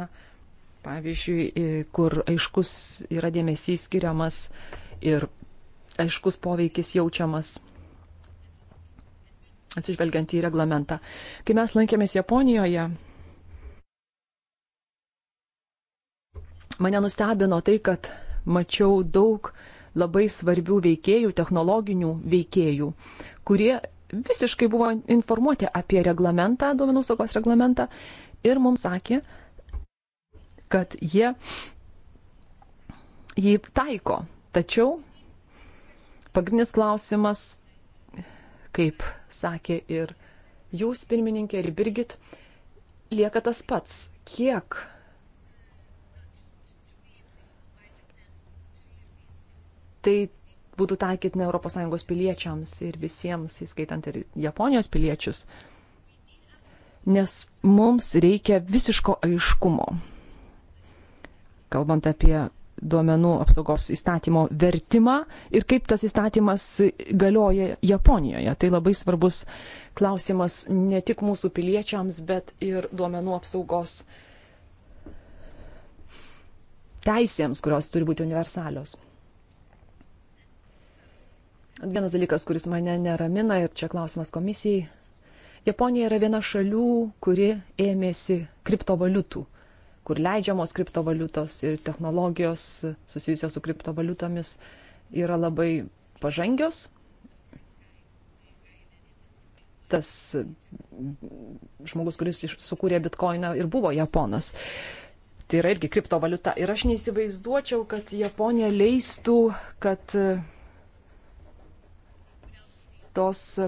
pavyzdžiui, e, kur aiškus yra dėmesys skiriamas ir aiškus poveikis jaučiamas atsižvelgiant į reglamentą. Kai mes lankėmės Japonijoje, mane nustebino tai, kad mačiau daug labai svarbių veikėjų, technologinių veikėjų, kurie visiškai buvo informuoti apie reglamentą, duomenų saugos reglamentą ir mums sakė, kad jie jį taiko. Tačiau pagrindinis klausimas, kaip sakė ir jūs pirmininkė, ir Birgit, lieka tas pats, kiek tai būtų taikytina ES piliečiams ir visiems, įskaitant ir Japonijos piliečius. Nes mums reikia visiško aiškumo, kalbant apie duomenų apsaugos įstatymo vertimą ir kaip tas įstatymas galioja Japonijoje. Tai labai svarbus klausimas ne tik mūsų piliečiams, bet ir duomenų apsaugos teisėms, kurios turi būti universalios. Vienas dalykas, kuris mane neramina ir čia klausimas komisijai. Japonija yra viena šalių, kuri ėmėsi kriptovaliutų, kur leidžiamos kriptovaliutos ir technologijos susijusios su kriptovaliutomis yra labai pažangios. Tas žmogus, kuris sukūrė bitkoiną ir buvo Japonas. Tai yra irgi kriptovaliuta. Ir aš neįsivaizduočiau, kad Japonija leistų, kad tos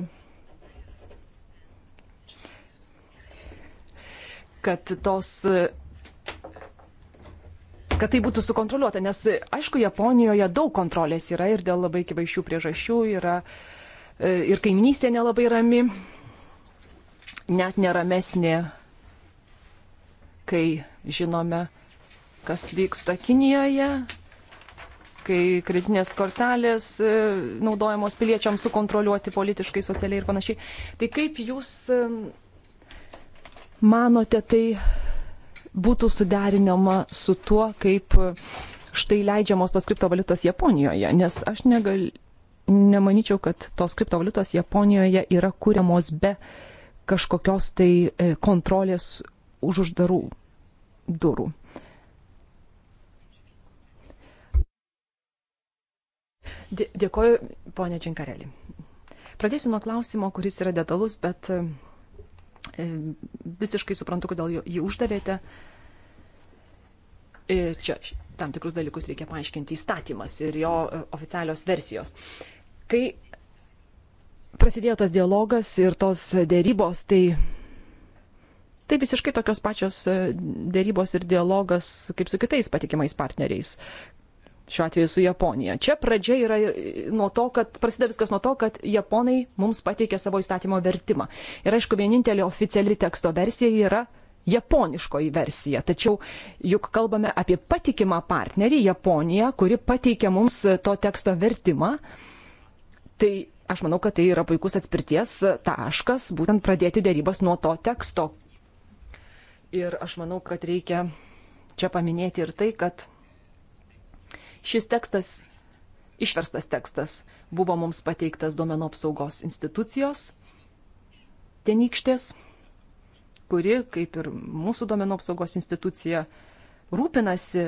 kad tos kad tai būtų sukontroliuota, nes aišku, Japonijoje daug kontrolės yra ir dėl labai kivaišių priežasčių yra e, ir kaiminystė nelabai rami, net neramesnė, kai žinome, kas vyksta Kinijoje, kai kreditinės kortelės e, naudojamos piliečiams sukontroliuoti politiškai, socialiai ir panašiai. Tai kaip jūs e, manote, tai būtų suderinama su tuo, kaip štai leidžiamos tos kriptovaliutos Japonijoje? Nes aš negal, nemanyčiau, kad tos kriptovaliutos Japonijoje yra kūriamos be kažkokios tai e, kontrolės už uždarų durų. Dėkoju, ponė Činkarelį. Pradėsiu nuo klausimo, kuris yra detalus, bet e, e, visiškai suprantu, kodėl jį uždavėte. E, čia tam tikrus dalykus reikia paaiškinti įstatymas ir jo oficialios versijos. Kai prasidėjo tas dialogas ir tos dėrybos, tai tai visiškai tokios pačios dėrybos ir dialogas kaip su kitais patikimais partneriais šiuo atveju su Japonija. Čia pradžia yra nuo to, kad prasideda viskas nuo to, kad japonai mums pateikė savo įstatymo vertimą. Ir aišku, vienintelė oficiali teksto versija yra japoniškoji versija. Tačiau juk kalbame apie patikimą partnerį Japoniją, kuri pateikė mums to teksto vertimą. Tai aš manau, kad tai yra puikus atspirties taškas, būtent pradėti dėrybas nuo to teksto. Ir aš manau, kad reikia čia paminėti ir tai, kad Šis tekstas, išverstas tekstas, buvo mums pateiktas duomenų apsaugos institucijos tenykštės, kuri, kaip ir mūsų duomenų apsaugos institucija, rūpinasi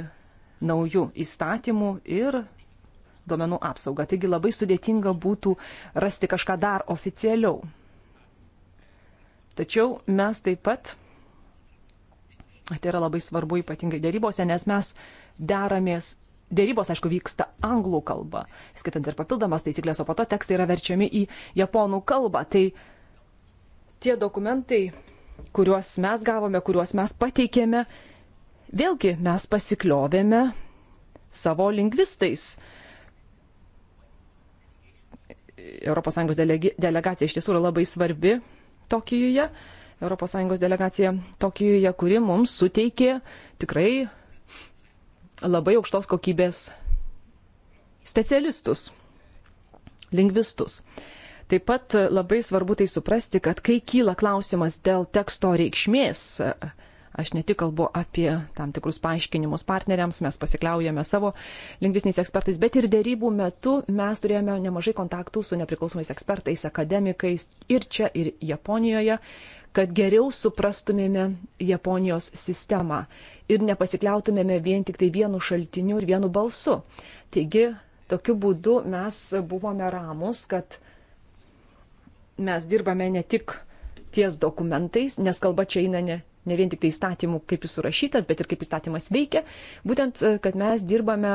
naujų įstatymų ir duomenų apsaugą. Taigi labai sudėtinga būtų rasti kažką dar oficialiau. Tačiau mes taip pat, tai yra labai svarbu ypatingai dėrybose, nes mes deramės Dėrybos, aišku, vyksta anglų kalba, skaitant ir papildomas taisyklės, o po to tekstai yra verčiami į japonų kalbą. Tai tie dokumentai, kuriuos mes gavome, kuriuos mes pateikėme, vėlgi mes pasikliovėme savo lingvistais. ES delegi, delegacija iš tiesų yra labai svarbi Tokijuje. ES delegacija Tokijuje, kuri mums suteikė tikrai labai aukštos kokybės specialistus, lingvistus. Taip pat labai svarbu tai suprasti, kad kai kyla klausimas dėl teksto reikšmės, aš ne tik kalbu apie tam tikrus paaiškinimus partneriams, mes pasikliaujame savo lingvisniais ekspertais, bet ir dėrybų metu mes turėjome nemažai kontaktų su nepriklausomais ekspertais, akademikais ir čia, ir Japonijoje, kad geriau suprastumėme Japonijos sistemą ir nepasikliautumėme vien tik tai vienu šaltiniu ir vienu balsu. Taigi, tokiu būdu mes buvome ramus, kad mes dirbame ne tik ties dokumentais, nes kalba čia eina ne, ne vien tik tai įstatymų, kaip jis surašytas, bet ir kaip įstatymas veikia, būtent, e, kad mes dirbame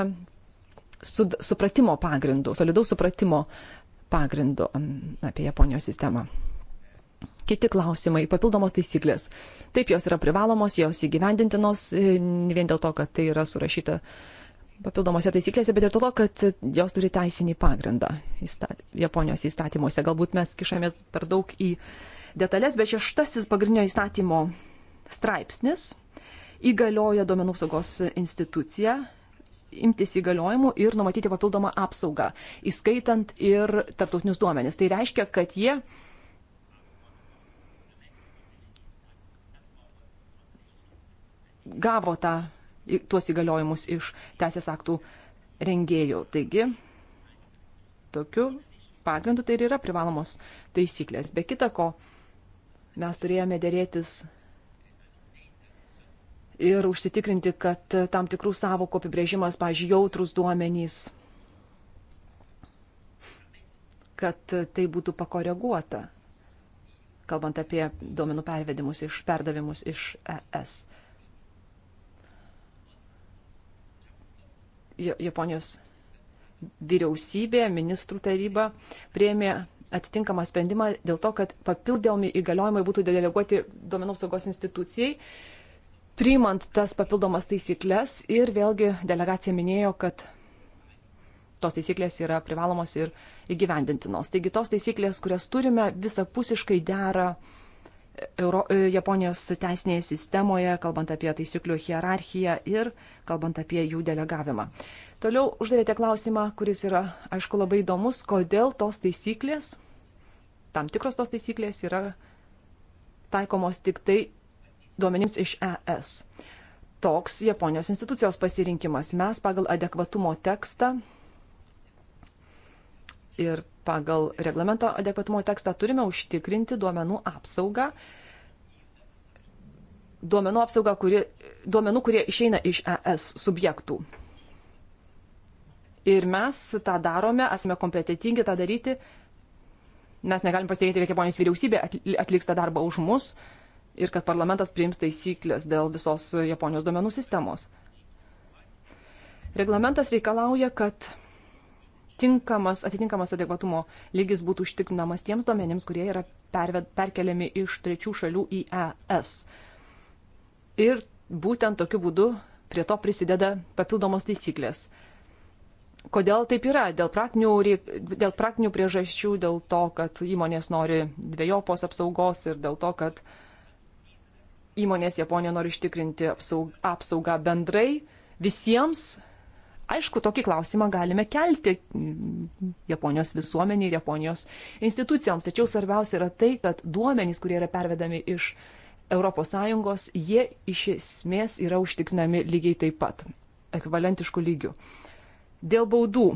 su, supratimo pagrindu, solidaus supratimo pagrindu apie Japonijos sistemą. Kiti klausimai - papildomos taisyklės. Taip, jos yra privalomos, jos įgyvendintinos, e, ne vien dėl to, kad tai yra surašyta papildomose taisyklėse, bet ir dėl to, kad jos turi teisinį pagrindą įsta Japonijos įstatymuose. Galbūt mes kišamės per daug į detalės, bet šeštasis pagrindinio įstatymo straipsnis įgalioja duomenų apsaugos instituciją imtis įgaliojimų ir numatyti papildomą apsaugą, įskaitant ir tarptautinius duomenis. Tai reiškia, kad jie gavo tą, tuos įgaliojimus iš teisės aktų rengėjų. Taigi, tokiu pagrindu tai ir yra privalomos taisyklės. Be kita ko, mes turėjome dėrėtis ir užsitikrinti, kad tam tikrų savokų apibrėžimas, pažiūrėjau, jautrus duomenys, kad tai būtų pakoreguota, kalbant apie duomenų pervedimus iš perdavimus iš ES. Japonijos vyriausybė, ministrų taryba prieimė atitinkamą sprendimą dėl to, kad papildomi įgaliojimai būtų deleguoti duomenų apsaugos institucijai, priimant tas papildomas taisyklės ir vėlgi delegacija minėjo, kad tos taisyklės yra privalomos ir įgyvendintinos. Taigi tos taisyklės, kurias turime, visapusiškai dera uh, Euro, e, Japonijos teisinėje sistemoje, kalbant apie taisyklių hierarchiją ir kalbant apie jų delegavimą. Toliau uždavėte klausimą, kuris yra, aišku, labai įdomus, kodėl tos taisyklės, tam tikros tos taisyklės yra taikomos tik tai duomenims iš ES. Toks Japonijos institucijos pasirinkimas. Mes pagal adekvatumo tekstą ir pagal reglamento adekvatumo tekstą turime užtikrinti duomenų apsaugą. Duomenų apsauga, kuri, duomenų, kurie išeina iš ES subjektų. Ir mes tą darome, esame kompetitingi tą daryti. Mes negalim pasitikėti, kad Japonijos vyriausybė atliks tą darbą už mus ir kad parlamentas priims taisyklės dėl visos Japonijos duomenų sistemos. Reglamentas reikalauja, kad tinkamas, atitinkamas adekvatumo lygis būtų užtikrinamas tiems duomenims, kurie yra perved, perkeliami iš trečių šalių į ES. Ir būtent tokiu būdu prie to prisideda papildomos taisyklės. Kodėl taip yra? Dėl praktinių, dėl praktinių priežasčių, dėl to, kad įmonės nori dviejopos apsaugos ir dėl to, kad įmonės Japonija nori ištikrinti apsaugą bendrai visiems Aišku, tokį klausimą galime kelti mm, Japonijos visuomeniai ir Japonijos institucijoms, tačiau svarbiausia yra tai, kad duomenys, kurie yra pervedami iš ES, jie iš esmės yra užtikrinami lygiai taip pat, ekvivalentiškų lygių. Dėl baudų.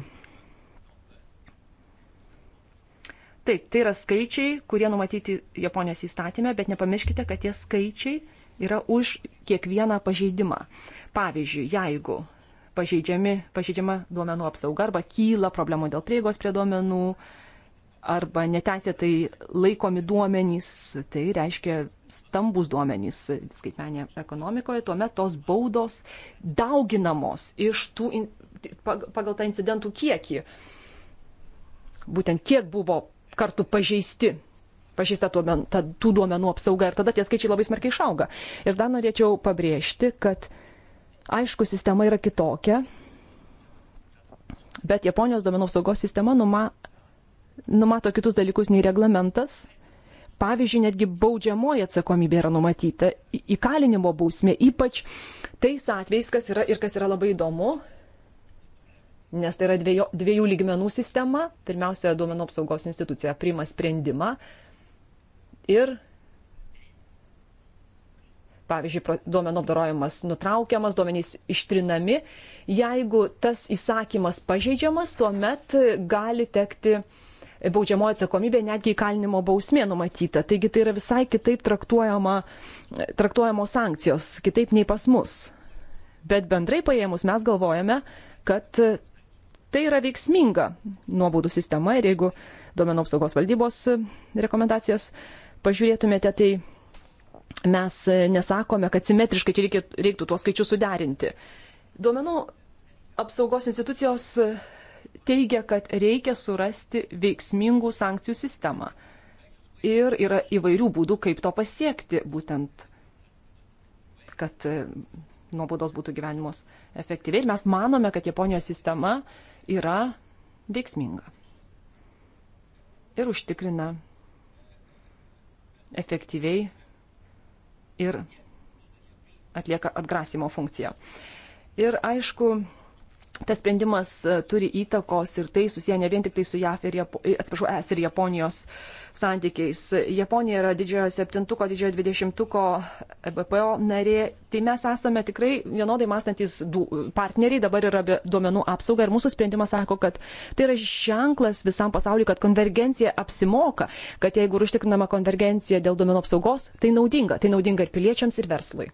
Taip, tai yra skaičiai, kurie numatyti Japonijos įstatymė, bet nepamirškite, kad tie skaičiai yra už kiekvieną pažeidimą. Pavyzdžiui, jeigu pažeidžiama duomenų apsauga arba kyla problemų dėl prieigos prie duomenų arba neteisėtai laikomi duomenys, tai reiškia stambus duomenys skaitmenėje ekonomikoje, tuomet tos baudos dauginamos iš tų in, pagal tą incidentų kiekį. Būtent kiek buvo kartų pažeisti pažįsta duomen, ta, tų duomenų apsauga ir tada tie skaičiai labai smarkiai išauga. Ir dar norėčiau pabrėžti, kad uh, Aišku, sistema yra kitokia, bet Japonijos duomenų apsaugos sistema numa, numato kitus dalykus nei reglamentas. Pavyzdžiui, netgi baudžiamoji atsakomybė yra numatyta, įkalinimo bausmė, ypač tais atvejais, kas yra ir kas yra labai įdomu, nes tai yra dviejų, dviejų lygmenų sistema. Pirmiausia, duomenų apsaugos institucija priima sprendimą ir pavyzdžiui, duomenų apdorojimas nutraukiamas, duomenys ištrinami. Jeigu tas įsakymas pažeidžiamas, tuomet gali tekti baudžiamoji atsakomybė, netgi įkalinimo bausmė numatyta. Taigi tai yra visai kitaip traktuojamos sankcijos, kitaip nei pas mus. Bet bendrai paėmus mes galvojame, kad tai yra veiksminga nuobaudų sistema ir jeigu duomenų apsaugos valdybos rekomendacijas pažiūrėtumėte, tai mes e, nesakome, kad simetriškai čia reikėtų, reiktų tuos skaičius suderinti. Duomenų apsaugos institucijos e, teigia, kad reikia surasti veiksmingų sankcijų sistemą. Ir yra įvairių būdų, kaip to pasiekti, būtent, kad e, nuobodos būtų gyvenimos efektyviai. Ir mes manome, kad Japonijos sistema yra veiksminga. Ir užtikrina efektyviai ir atlieka atgrasimo funkciją. Ir aišku, tas sprendimas e, turi įtakos ir tai susiję ne vien tik tai su JAF ir, Japo, e, atsiprašau, ES ir Japonijos santykiais. Japonija yra didžiojo septintuko, didžiojo dvidešimtuko e BPO narė. Tai mes esame tikrai vienodai mąstantis partneriai, dabar yra duomenų apsauga ir mūsų sprendimas sako, kad tai yra ženklas visam pasauliu, kad konvergencija apsimoka, kad jeigu užtikrinama konvergencija dėl duomenų apsaugos, tai naudinga, tai naudinga ir piliečiams, ir verslui.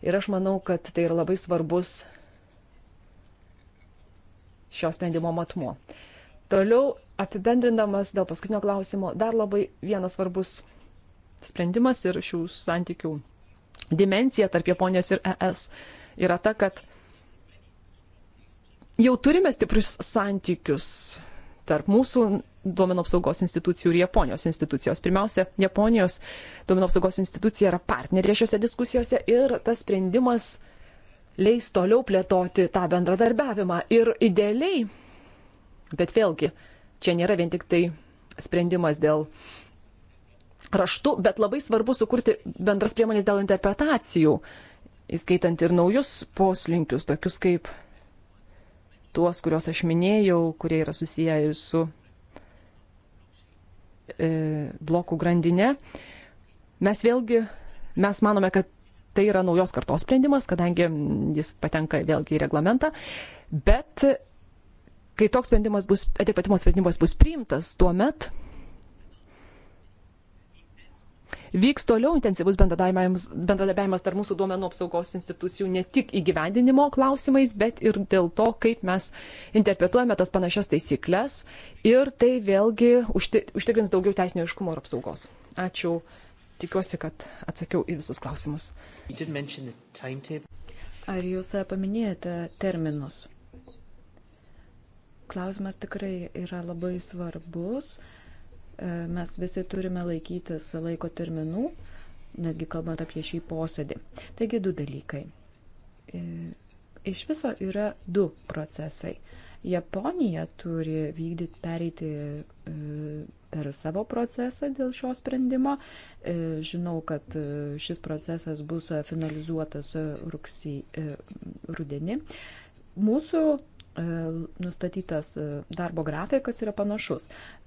Ir aš manau, kad tai yra labai svarbus šio sprendimo matmuo. Toliau, apibendrindamas dėl paskutinio klausimo, dar labai vienas svarbus sprendimas ir šių santykių dimencija tarp Japonijos ir ES yra ta, kad jau turime stiprius santykius tarp mūsų duomenų apsaugos institucijų ir Japonijos institucijos. Pirmiausia, Japonijos duomenų apsaugos institucija yra partnerė šiuose diskusijose ir tas sprendimas leis toliau plėtoti tą bendradarbiavimą. Ir idealiai, bet vėlgi, čia nėra vien tik tai sprendimas dėl raštų, bet labai svarbu sukurti bendras priemonės dėl interpretacijų, įskaitant ir naujus poslinkius, tokius kaip tuos, kuriuos aš minėjau, kurie yra susiję ir su e, blokų grandinė. Mes vėlgi, mes manome, kad tai yra naujos kartos sprendimas, kadangi jis patenka vėlgi į reglamentą, bet kai toks sprendimas bus, adekvatimo sprendimas bus priimtas, tuo met vyks toliau intensyvus bendradarbiavimas, bendradarbiavimas tarp mūsų duomenų apsaugos institucijų ne tik įgyvendinimo klausimais, bet ir dėl to, kaip mes interpretuojame tas panašias taisyklės ir tai vėlgi užtikrins daugiau teisinio iškumo ir apsaugos. Ačiū Tikiuosi, kad atsakiau į visus klausimus. Ar jūs e, paminėjote terminus? Klausimas tikrai yra labai svarbus. E, mes visi turime laikytis laiko terminų, netgi kalbant apie šį posėdį. Taigi du dalykai. E, iš viso yra du procesai. Japonija turi vykdyti, pereiti per savo procesą dėl šio sprendimo. E, žinau, kad e, šis procesas bus finalizuotas rugsį e, rudenį. Mūsų nustatytas darbo grafikas yra panašus.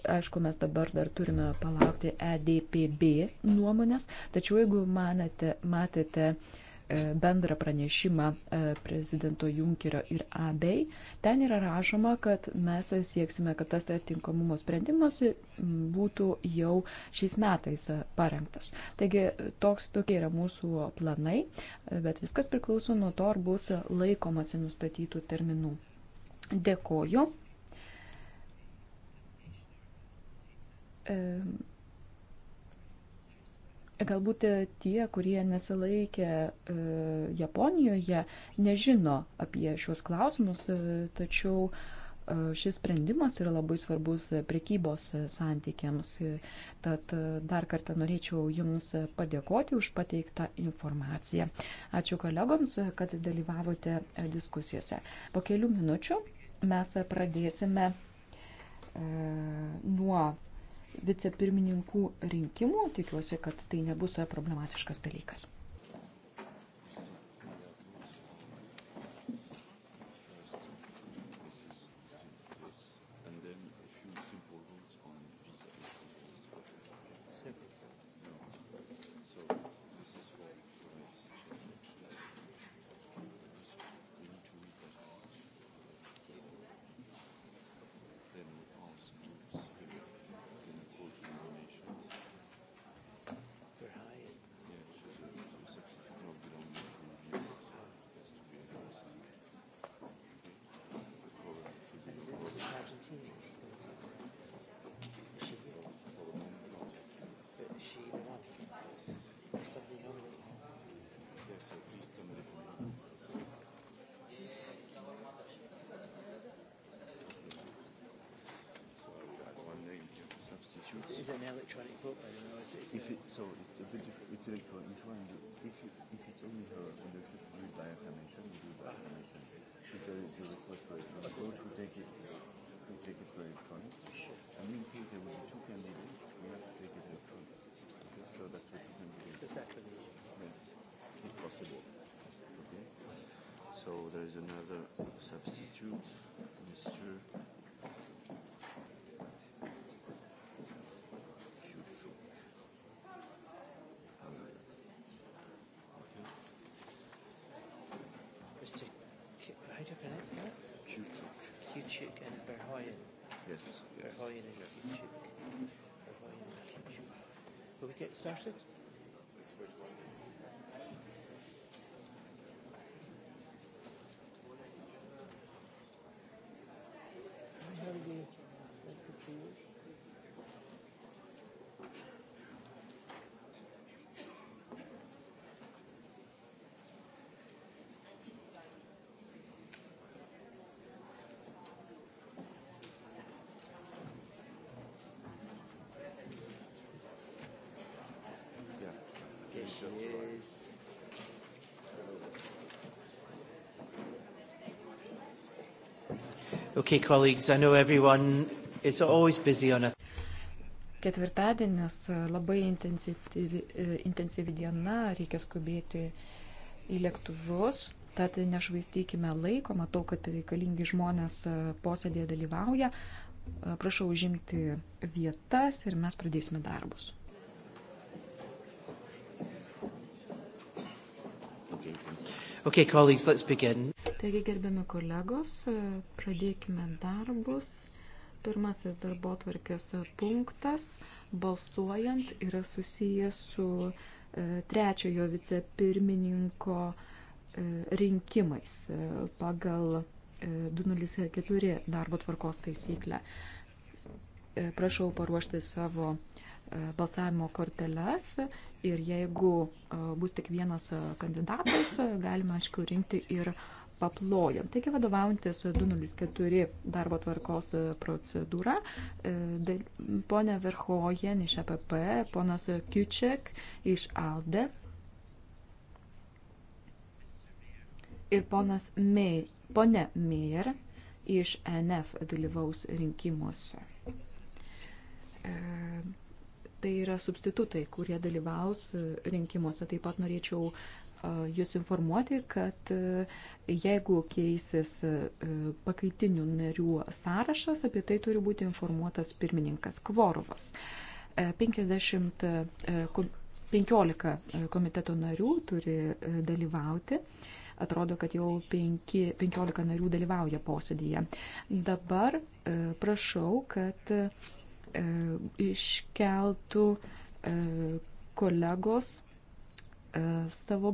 Aišku, mes dabar dar turime palaukti EDPB nuomonės, tačiau jeigu manate, matėte, matėte E, bendrą pranešimą e, prezidento Junkerio ir Abei, ten yra rašoma, kad mes sieksime, kad tas atinkamumo sprendimas e, būtų jau šiais metais parengtas. Taigi toks tokie yra mūsų planai, bet viskas priklauso nuo to, ar bus laikomasi nustatytų terminų. Dėkoju. Um Galbūt e, tie, kurie nesilaikė e, Japonijoje, nežino apie šios klausimus, e, tačiau šis sprendimas yra labai svarbus prekybos santykiams. Tad dar kartą norėčiau Jums padėkoti už pateiktą informaciją. Ačiū kolegoms, kad dalyvavote diskusijose. Po kelių minučių mes pradėsime nuo vicepirmininkų rinkimų. Tikiuosi, kad tai nebus problematiškas dalykas. It's, it's an electronic book, I don't know. It's, it's if a, it, so it's a bit different. It's electronic. If, you, if it's only her and they accept to read by affirmation, we do it by affirmation. If there is a request for electronic vote, we take it. We take it for electronic. Sure. And in case there will be two candidates, we have to take it electronic. Okay? So that's what you can do. Exactly. Yeah. If possible. Okay. So there is another substitute, Mr. started. Jesus Christ. Okay, colleagues, I know everyone is always busy on a Ketvirtadienis e, labai intensyvi, e, intensyvi diena, reikia skubėti į lėktuvus, tad nešvaistykime laiko, matau, kad reikalingi žmonės e, posėdėje dalyvauja. Prašau užimti vietas ir mes pradėsime darbus. Okay, colleagues, let's begin. Taigi, gerbiami kolegos, pradėkime darbus. Pirmasis darbo tvarkės punktas balsuojant yra susijęs su e, trečiojo vicepirmininko e, rinkimais e, pagal e, 204 darbo tvarkos taisyklę. E, prašau paruošti savo e, balsavimo korteles ir jeigu e, bus tik vienas e, kandidatas, e, galima, aišku, rinkti ir paplojant. Taigi vadovaujantis 204 darbo tvarkos procedūra, ponia Verhojen iš APP, ponas Kiuček iš ALDE ir ponas Mei, ponia Meijer iš NF dalyvaus rinkimuose. Tai yra substitutai, kurie dalyvaus e, rinkimuose. Taip pat norėčiau e, jūs informuoti, kad e, jeigu keisis pakaitinių narių sąrašas, apie tai turi būti informuotas pirmininkas Kvorovas. 50, 15 komiteto narių turi dalyvauti. Atrodo, kad jau 5, 15 narių dalyvauja posėdėje. Dabar prašau, kad E, iškeltų e, kolegos e, savo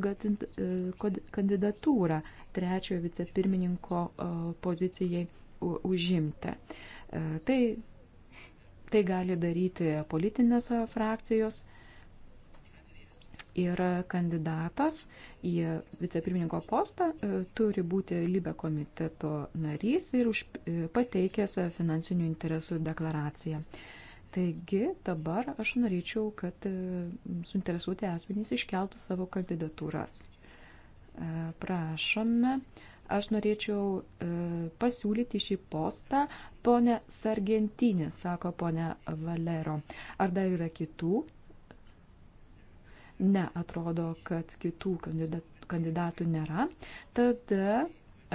kandidatūrą trečiojo vicepirmininko pozicijai užimti. Tai, tai gali daryti politinės frakcijos yra kandidatas į vicepirmininko postą, e, turi būti Libe komiteto narys ir už, e, pateikęs finansinių interesų deklaraciją. Taigi dabar aš norėčiau, kad e, suinteresuoti asmenys iškeltų savo kandidatūras. Prašome aš norėčiau e, pasiūlyti šį postą ponę Sargentinį, sako ponė Valero. Ar dar yra kitų Ne, atrodo, kad kitų kandidatų nėra. Tada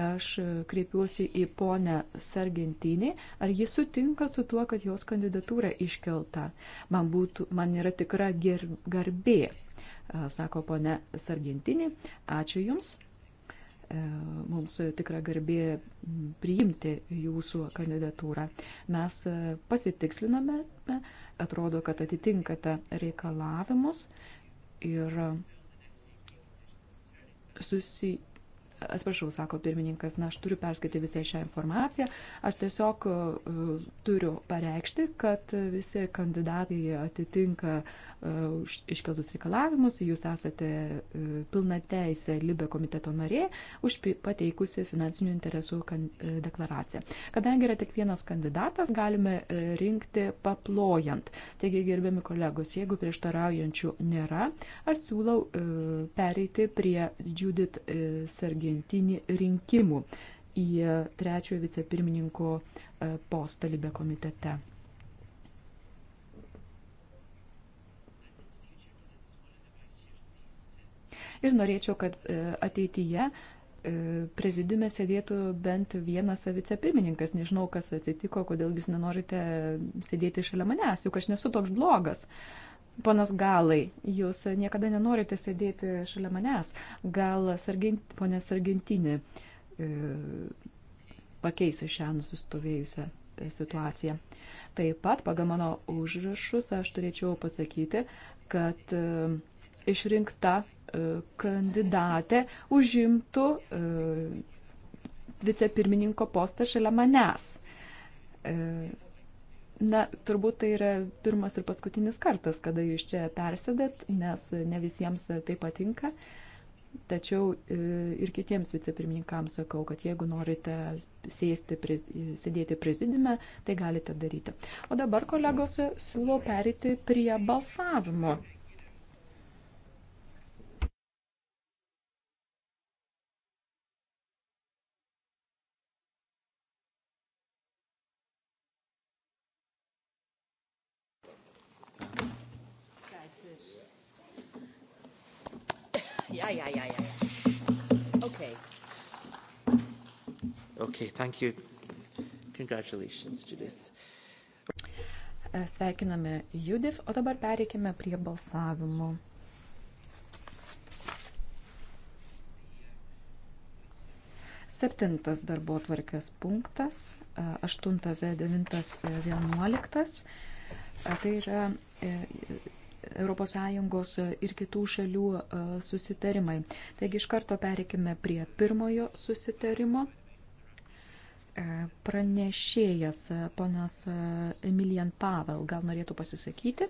aš kreipiuosi į ponę Sargentinį, ar ji sutinka su tuo, kad jos kandidatūra iškelta. Man, būtų, man yra tikra ger, garbė, sako ponė Sargentinį. Ačiū Jums. E, mums tikra garbė priimti jūsų kandidatūrą. Mes e, pasitiksliname, e, atrodo, kad atitinkate reikalavimus ir susiję Atsiprašau, sako pirmininkas, na, aš turiu perskaityti visą šią informaciją. Aš tiesiog e, turiu pareikšti, kad visi kandidatai atitinka e, iškeltus reikalavimus. Jūs esate e, pilna teisė Libe komiteto narė už pateikusi finansinių interesų deklaraciją. Kadangi yra tik vienas kandidatas, galime rinkti paplojant. Taigi, gerbiami kolegos, jeigu prieštaraujančių nėra, aš siūlau pereiti prie Judith Sergin greitinį rinkimų į trečiojo vicepirmininko e, postą Libe komitete. Ir norėčiau, kad e, ateityje e, prezidiume sėdėtų bent vienas vicepirmininkas. Nežinau, kas atsitiko, kodėl jūs nenorite sėdėti šalia manęs, juk aš nesu toks blogas. Uh, Ponas Galai, jūs niekada nenorite sėdėti šalia manęs. Gal sargint, ponė Sargentinė e, pakeisi šią nusistovėjusią e, situaciją. Taip pat pagal mano užrašus aš turėčiau pasakyti, kad e, išrinkta e, kandidatė užimtų e, vicepirmininko postą šalia manęs. E, Na, turbūt tai yra pirmas ir paskutinis kartas, kada jūs čia persėdat, nes ne visiems tai patinka. Tačiau e, ir kitiems vicepirmininkams sakau, kad jeigu norite sėsti, sėdėti prezidime, tai galite daryti. O dabar, kolegos, siūlau perėti prie balsavimo. Okay, thank you. Congratulations, Judith. E, sveikiname Judith, o dabar pereikime prie balsavimo. Septintas darbo tvarkės punktas, e, aštuntas, e, devintas, vienuoliktas. Tai yra ES ir kitų šalių susitarimai. Taigi iš karto pereikime prie pirmojo susitarimo. Pranešėjas, ponas e, Emilian Pavel, gal norėtų pasisakyti.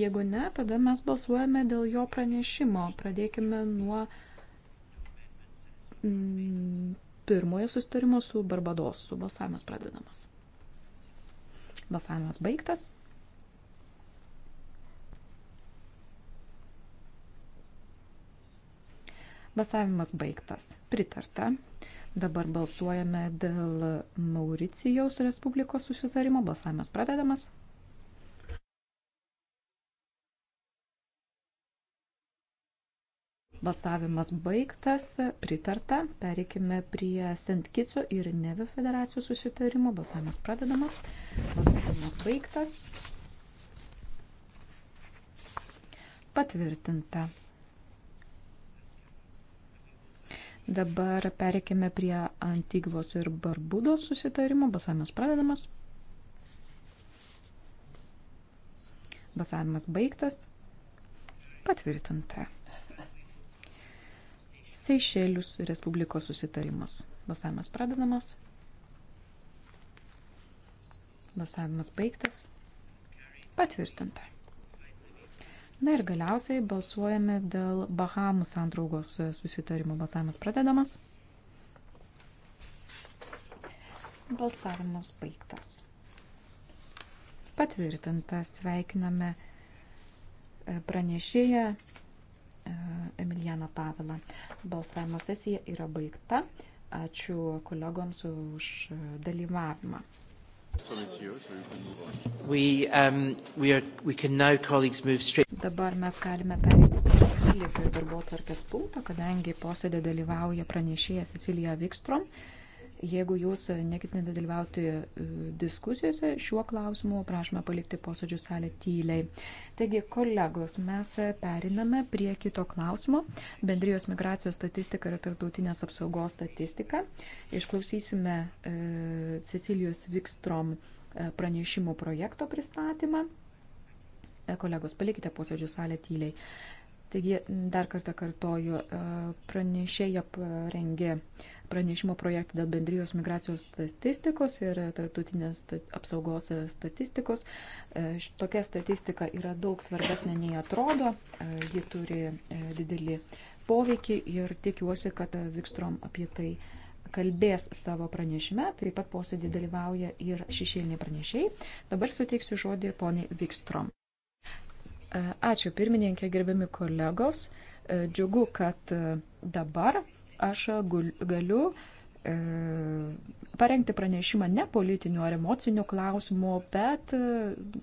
Jeigu ne, tada mes balsuojame dėl jo pranešimo. Pradėkime nuo mm, pirmojo sustarimo su Barbados, su balsavimas pradedamas. Balsavimas baigtas. Balsavimas baigtas. Pritarta. Dabar balsuojame dėl Mauricijos Respublikos susitarimo. Balsavimas pradedamas. Balsavimas baigtas, pritarta. Pereikime prie St. Kitso ir Nevi federacijų susitarimo. Balsavimas pradedamas. Balsavimas baigtas. Patvirtinta. Dabar pereikime prie Antigvos ir Barbudos susitarimo. Balsavimas pradedamas. Balsavimas baigtas. Patvirtinta. Seišelius Respublikos susitarimas. Balsavimas pradedamas. Balsavimas baigtas. Patvirtinta. Na ir galiausiai balsuojame dėl Bahamų santraugos susitarimo. Balsavimas pradedamas. Balsavimas baigtas. Patvirtinta, sveikiname e, pranešėją e, Emilijaną Pavilą. Balsavimo sesija yra baigta. Ačiū kolegoms už dalyvavimą. We, um, we are, we now, Dabar mes galime pereiti prie 12 darbo tvarkės punkto, kadangi posėdė dalyvauja pranešėja Cecilija Vikstrom. Uh, Jeigu jūs neketinate dalyvauti e, diskusijose šiuo klausimu, prašome palikti posėdžių salę tyliai. Taigi, kolegos, mes periname prie kito klausimo - bendrijos migracijos statistika ir tarptautinės apsaugos statistika. Išklausysime e, Cecilijos Vikstrom e, pranešimų projekto pristatymą. E, kolegos, palikite posėdžių salę tyliai. Taigi, dar kartą kartoju, e, pranešėja parengė pranešimo projektą dėl bendrijos migracijos statistikos ir tarptautinės apsaugos statistikos. E, tokia statistika yra daug svarbesnė nei atrodo, e, ji turi didelį poveikį ir tikiuosi, kad Vikstrom apie tai kalbės savo pranešime, taip pat posėdį dalyvauja ir šešėliniai pranešiai. Dabar suteiksiu žodį poniai Vikstrom. E, ačiū pirmininkė, gerbiami kolegos. E, džiugu, kad e, dabar aš galiu parengti pranešimą ne politiniu ar emociniu klausimu, bet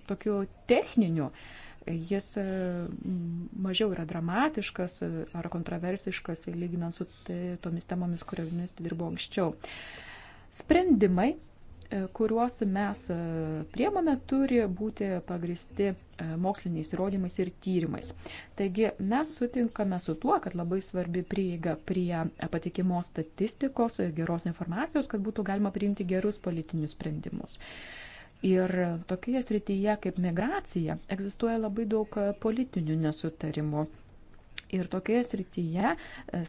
tokiu techniniu. Jis mažiau yra dramatiškas ar kontroversiškas, lyginant su tomis temomis, kuriomis dirbau anksčiau. Sprendimai E, kuriuos mes e, priemame, turi būti pagristi e, moksliniais įrodymais ir tyrimais. Taigi mes sutinkame su tuo, kad labai svarbi prieiga prie patikimos statistikos, geros informacijos, kad būtų galima priimti gerus politinius sprendimus. Ir tokioje srityje kaip migracija egzistuoja labai daug politinių nesutarimų. Ir tokioje srityje e,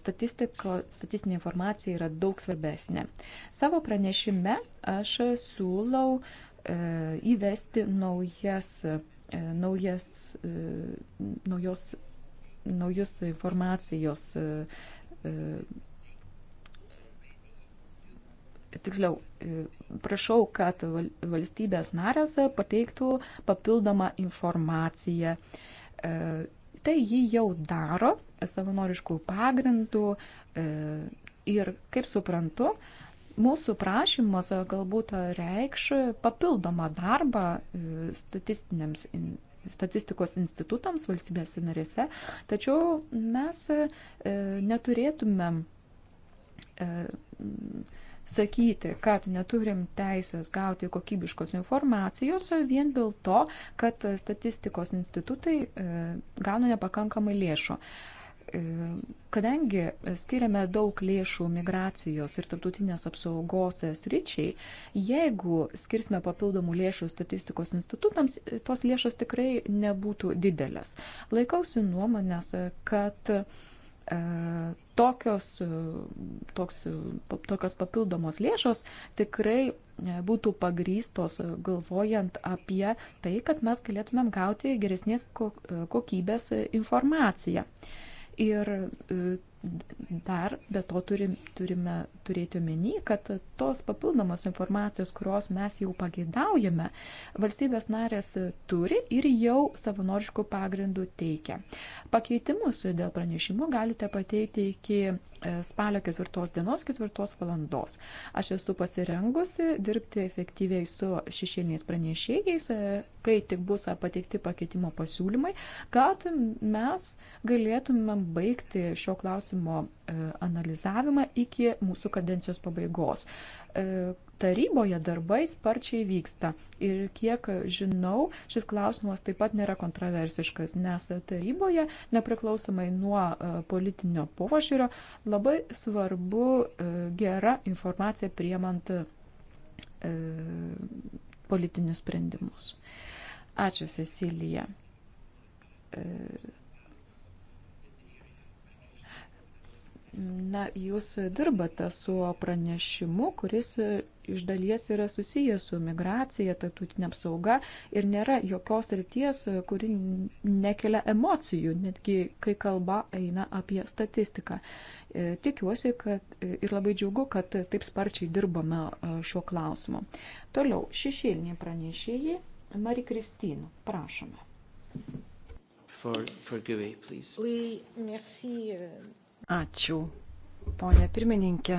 statistinė informacija yra daug svarbesnė. Savo pranešime aš siūlau e, įvesti naujas, e, naujas, e, naujos, naujus informacijos, e, e, tiksliau, e, prašau, kad valstybės narės pateiktų papildomą informaciją. E, Tai ji jau daro savanoriškų pagrindų e, ir, kaip suprantu, mūsų prašymas e, galbūt e, reikš papildomą darbą statistiniams statistikos institutams valstybėse narėse, tačiau mes neturėtumėm sakyti, kad neturim teisės gauti kokybiškos informacijos vien dėl to, kad statistikos institutai e, gauna nepakankamai lėšų. E, kadangi skiriame daug lėšų migracijos ir tarptautinės apsaugos sričiai, jeigu skirsime papildomų lėšų statistikos institutams, tos lėšos tikrai nebūtų didelės. Laikausi nuomonės, kad e, tokios, e, toks, e, tokios papildomos lėšos tikrai e, būtų pagrystos galvojant apie tai, kad mes galėtumėm gauti geresnės kokybės informaciją. Ir dar be to turim, turime turėti omeny, kad tos papildomos informacijos, kurios mes jau pageidaujame, valstybės narės turi ir jau savanoriškų pagrindų teikia. Pakeitimus dėl pranešimų galite pateikti iki e, spalio 4 dienos 4 valandos. Aš esu pasirengusi dirbti efektyviai su šešėliniais pranešėjais e, kai tik bus pateikti pakeitimo pasiūlymai, kad mes galėtumėm baigti šio klausimo e, analizavimą iki mūsų kadencijos pabaigos. E, taryboje darbai sparčiai vyksta ir kiek žinau, šis klausimas taip pat nėra kontroversiškas, nes taryboje, nepriklausomai nuo e, politinio požiūrio, labai svarbu gera informacija priemant politinius sprendimus. Ačiū, Cecilija. E, na, jūs dirbate su pranešimu, kuris iš dalies yra susijęs su migracija, tarptautinė apsauga ir nėra jokios ryties, kuri nekelia emocijų, netgi kai kalba eina apie statistiką. E, tikiuosi, kad ir labai džiugu, kad taip sparčiai dirbame e, šiuo klausimu. Toliau, šešėliniai pranešėjai Mari Kristina, prašome. For, for GUE, oui, merci. Euh. Ačiū, ponė pirmininkė.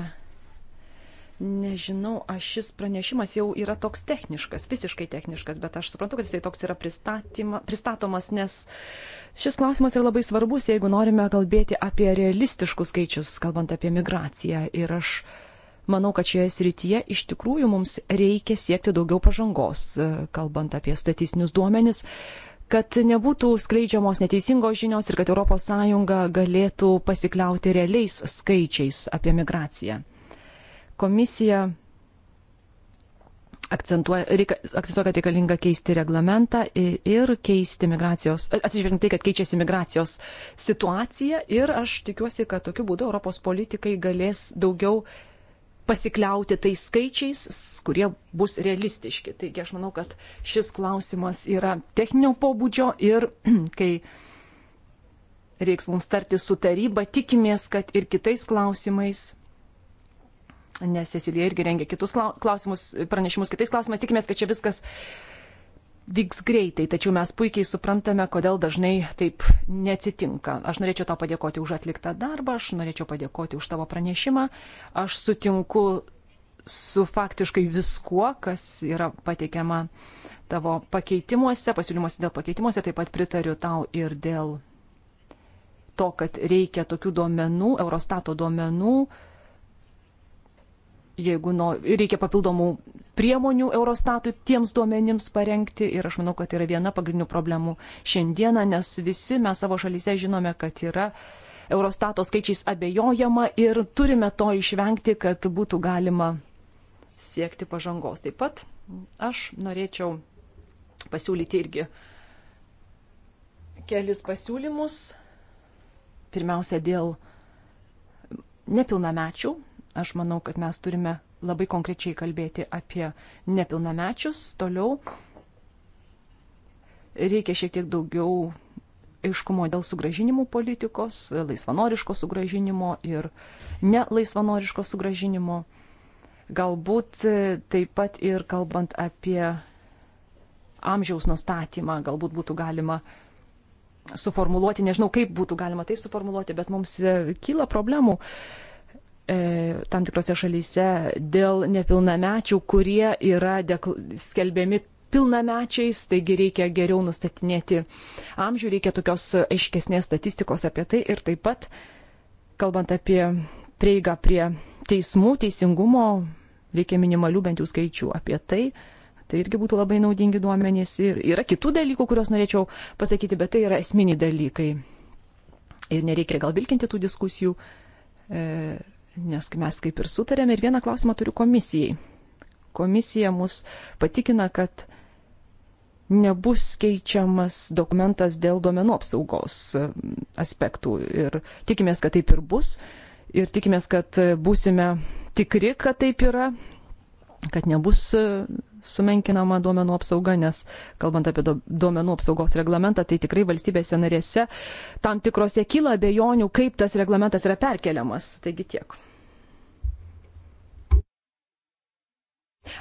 Nežinau, aš šis pranešimas jau yra toks techniškas, visiškai techniškas, bet aš suprantu, kad jisai toks yra pristatomas, nes šis klausimas yra labai svarbus, jeigu norime kalbėti apie realistiškus skaičius, kalbant apie migraciją. Ir aš uh, manau, kad šioje srityje iš tikrųjų mums reikia siekti daugiau pažangos, e, kalbant apie statistinius duomenis, kad nebūtų skleidžiamos neteisingos žinios ir kad ES galėtų pasikliauti realiais skaičiais apie migraciją. Komisija akcentuoja, reika, akcentuoja, kad reikalinga keisti reglamentą ir, ir keisti migracijos, atsižvelgiant tai, kad keičiasi migracijos situacija ir aš tikiuosi, kad tokiu būdu Europos politikai galės daugiau pasikliauti tais skaičiais, kurie bus realistiški. Taigi aš manau, kad šis klausimas yra techninio pobūdžio ir kai reiks mums tarti su taryba, tikimės, kad ir kitais klausimais. Nes Cecilija irgi rengia kitus klausimus, pranešimus kitais klausimais. Tikimės, kad čia viskas vyks greitai, tačiau mes puikiai suprantame, kodėl dažnai taip neatsitinka. Aš norėčiau tau padėkoti už atliktą darbą, aš norėčiau padėkoti už tavo pranešimą. Aš sutinku su faktiškai viskuo, kas yra pateikiama tavo pakeitimuose, pasiūlymuose dėl pakeitimuose, taip pat pritariu tau ir dėl to, kad reikia tokių duomenų, Eurostato duomenų, uh, jeigu no, reikia papildomų priemonių Eurostatui tiems duomenims parengti. Ir aš manau, kad tai yra viena pagrindinių problemų šiandieną, nes visi mes savo šalyse žinome, kad yra Eurostato skaičiais abejojama ir turime to išvengti, kad būtų galima siekti pažangos. Taip pat aš norėčiau pasiūlyti irgi kelis pasiūlymus. Pirmiausia, dėl nepilnamečių Aš manau, kad mes turime labai konkrečiai kalbėti apie nepilnamečius. Toliau reikia šiek tiek daugiau aiškumo dėl sugražinimų politikos, laisvanoriško sugražinimo ir nelaisvanoriško sugražinimo. Galbūt taip pat ir kalbant apie amžiaus nustatymą, galbūt būtų galima suformuluoti, nežinau kaip būtų galima tai suformuluoti, bet mums e, kyla problemų E, tam tikrose šalyse dėl nepilnamečių, kurie yra skelbiami pilnamečiais, taigi reikia geriau nustatinėti amžių, reikia tokios aiškesnės statistikos apie tai ir taip pat, kalbant apie prieigą prie teismų, teisingumo, reikia minimalių bent jau skaičių apie tai. Tai irgi būtų labai naudingi duomenys ir yra kitų dalykų, kuriuos norėčiau pasakyti, bet tai yra esminiai dalykai. Ir nereikia gal vilkinti tų diskusijų. E, nes mes kaip ir sutarėme. Ir vieną klausimą turiu komisijai. Komisija mus patikina, kad nebus keičiamas dokumentas dėl duomenų apsaugos mm, aspektų. Ir tikimės, kad taip ir bus. Ir tikimės, kad būsime tikri, kad taip yra, kad nebus e, sumenkinama duomenų apsauga, nes kalbant apie duomenų apsaugos reglamentą, tai tikrai valstybėse narėse tam tikrose kyla abejonių, kaip tas reglamentas yra perkeliamas. Taigi tiek.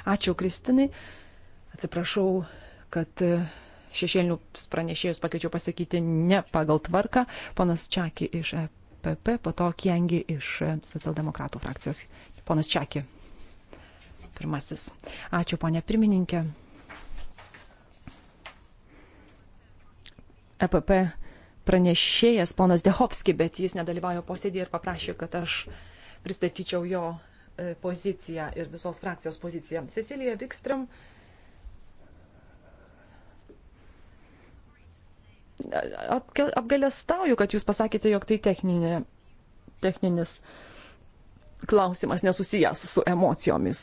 Ačiū Kristinai. Atsiprašau, kad e, šešėlinius pranešėjus pakeičiau pasakyti ne pagal tvarką. Ponas Čiaki iš EPP, po to Kiengi iš socialdemokratų frakcijos. Ponas Čiaki. Pirmasis. Ačiū, ponė pirmininkė. EPP pranešėjas ponas Dehovski, bet jis nedalyvavo posėdėje ir paprašė, kad aš pristatyčiau jo E, poziciją ir visos frakcijos poziciją. Cecilija Vikstrom apgalėstauju, kad jūs pasakėte, jog tai techninė, techninis klausimas nesusijęs su emocijomis.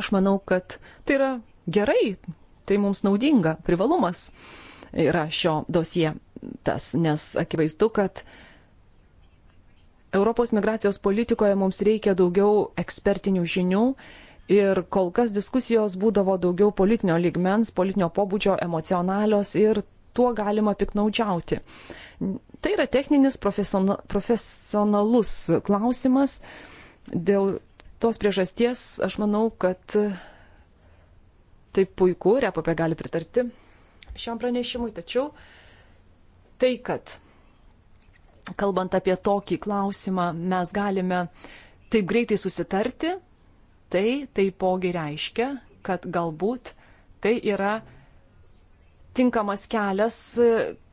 Aš manau, kad tai yra gerai, tai mums naudinga, privalumas yra šio dosie tas, nes akivaizdu, kad uh, Europos migracijos politikoje mums reikia daugiau ekspertinių žinių ir kol kas diskusijos būdavo daugiau politinio ligmens, politinio pobūdžio, emocionalios ir tuo galima piknaudžiauti. Tai yra techninis profesionalus klausimas. Dėl tos priežasties aš manau, kad tai puiku, REPAPE gali pritarti šiam pranešimui, tačiau tai, kad kalbant apie tokį klausimą, mes galime taip greitai susitarti, tai taipogi reiškia, kad galbūt tai yra tinkamas kelias,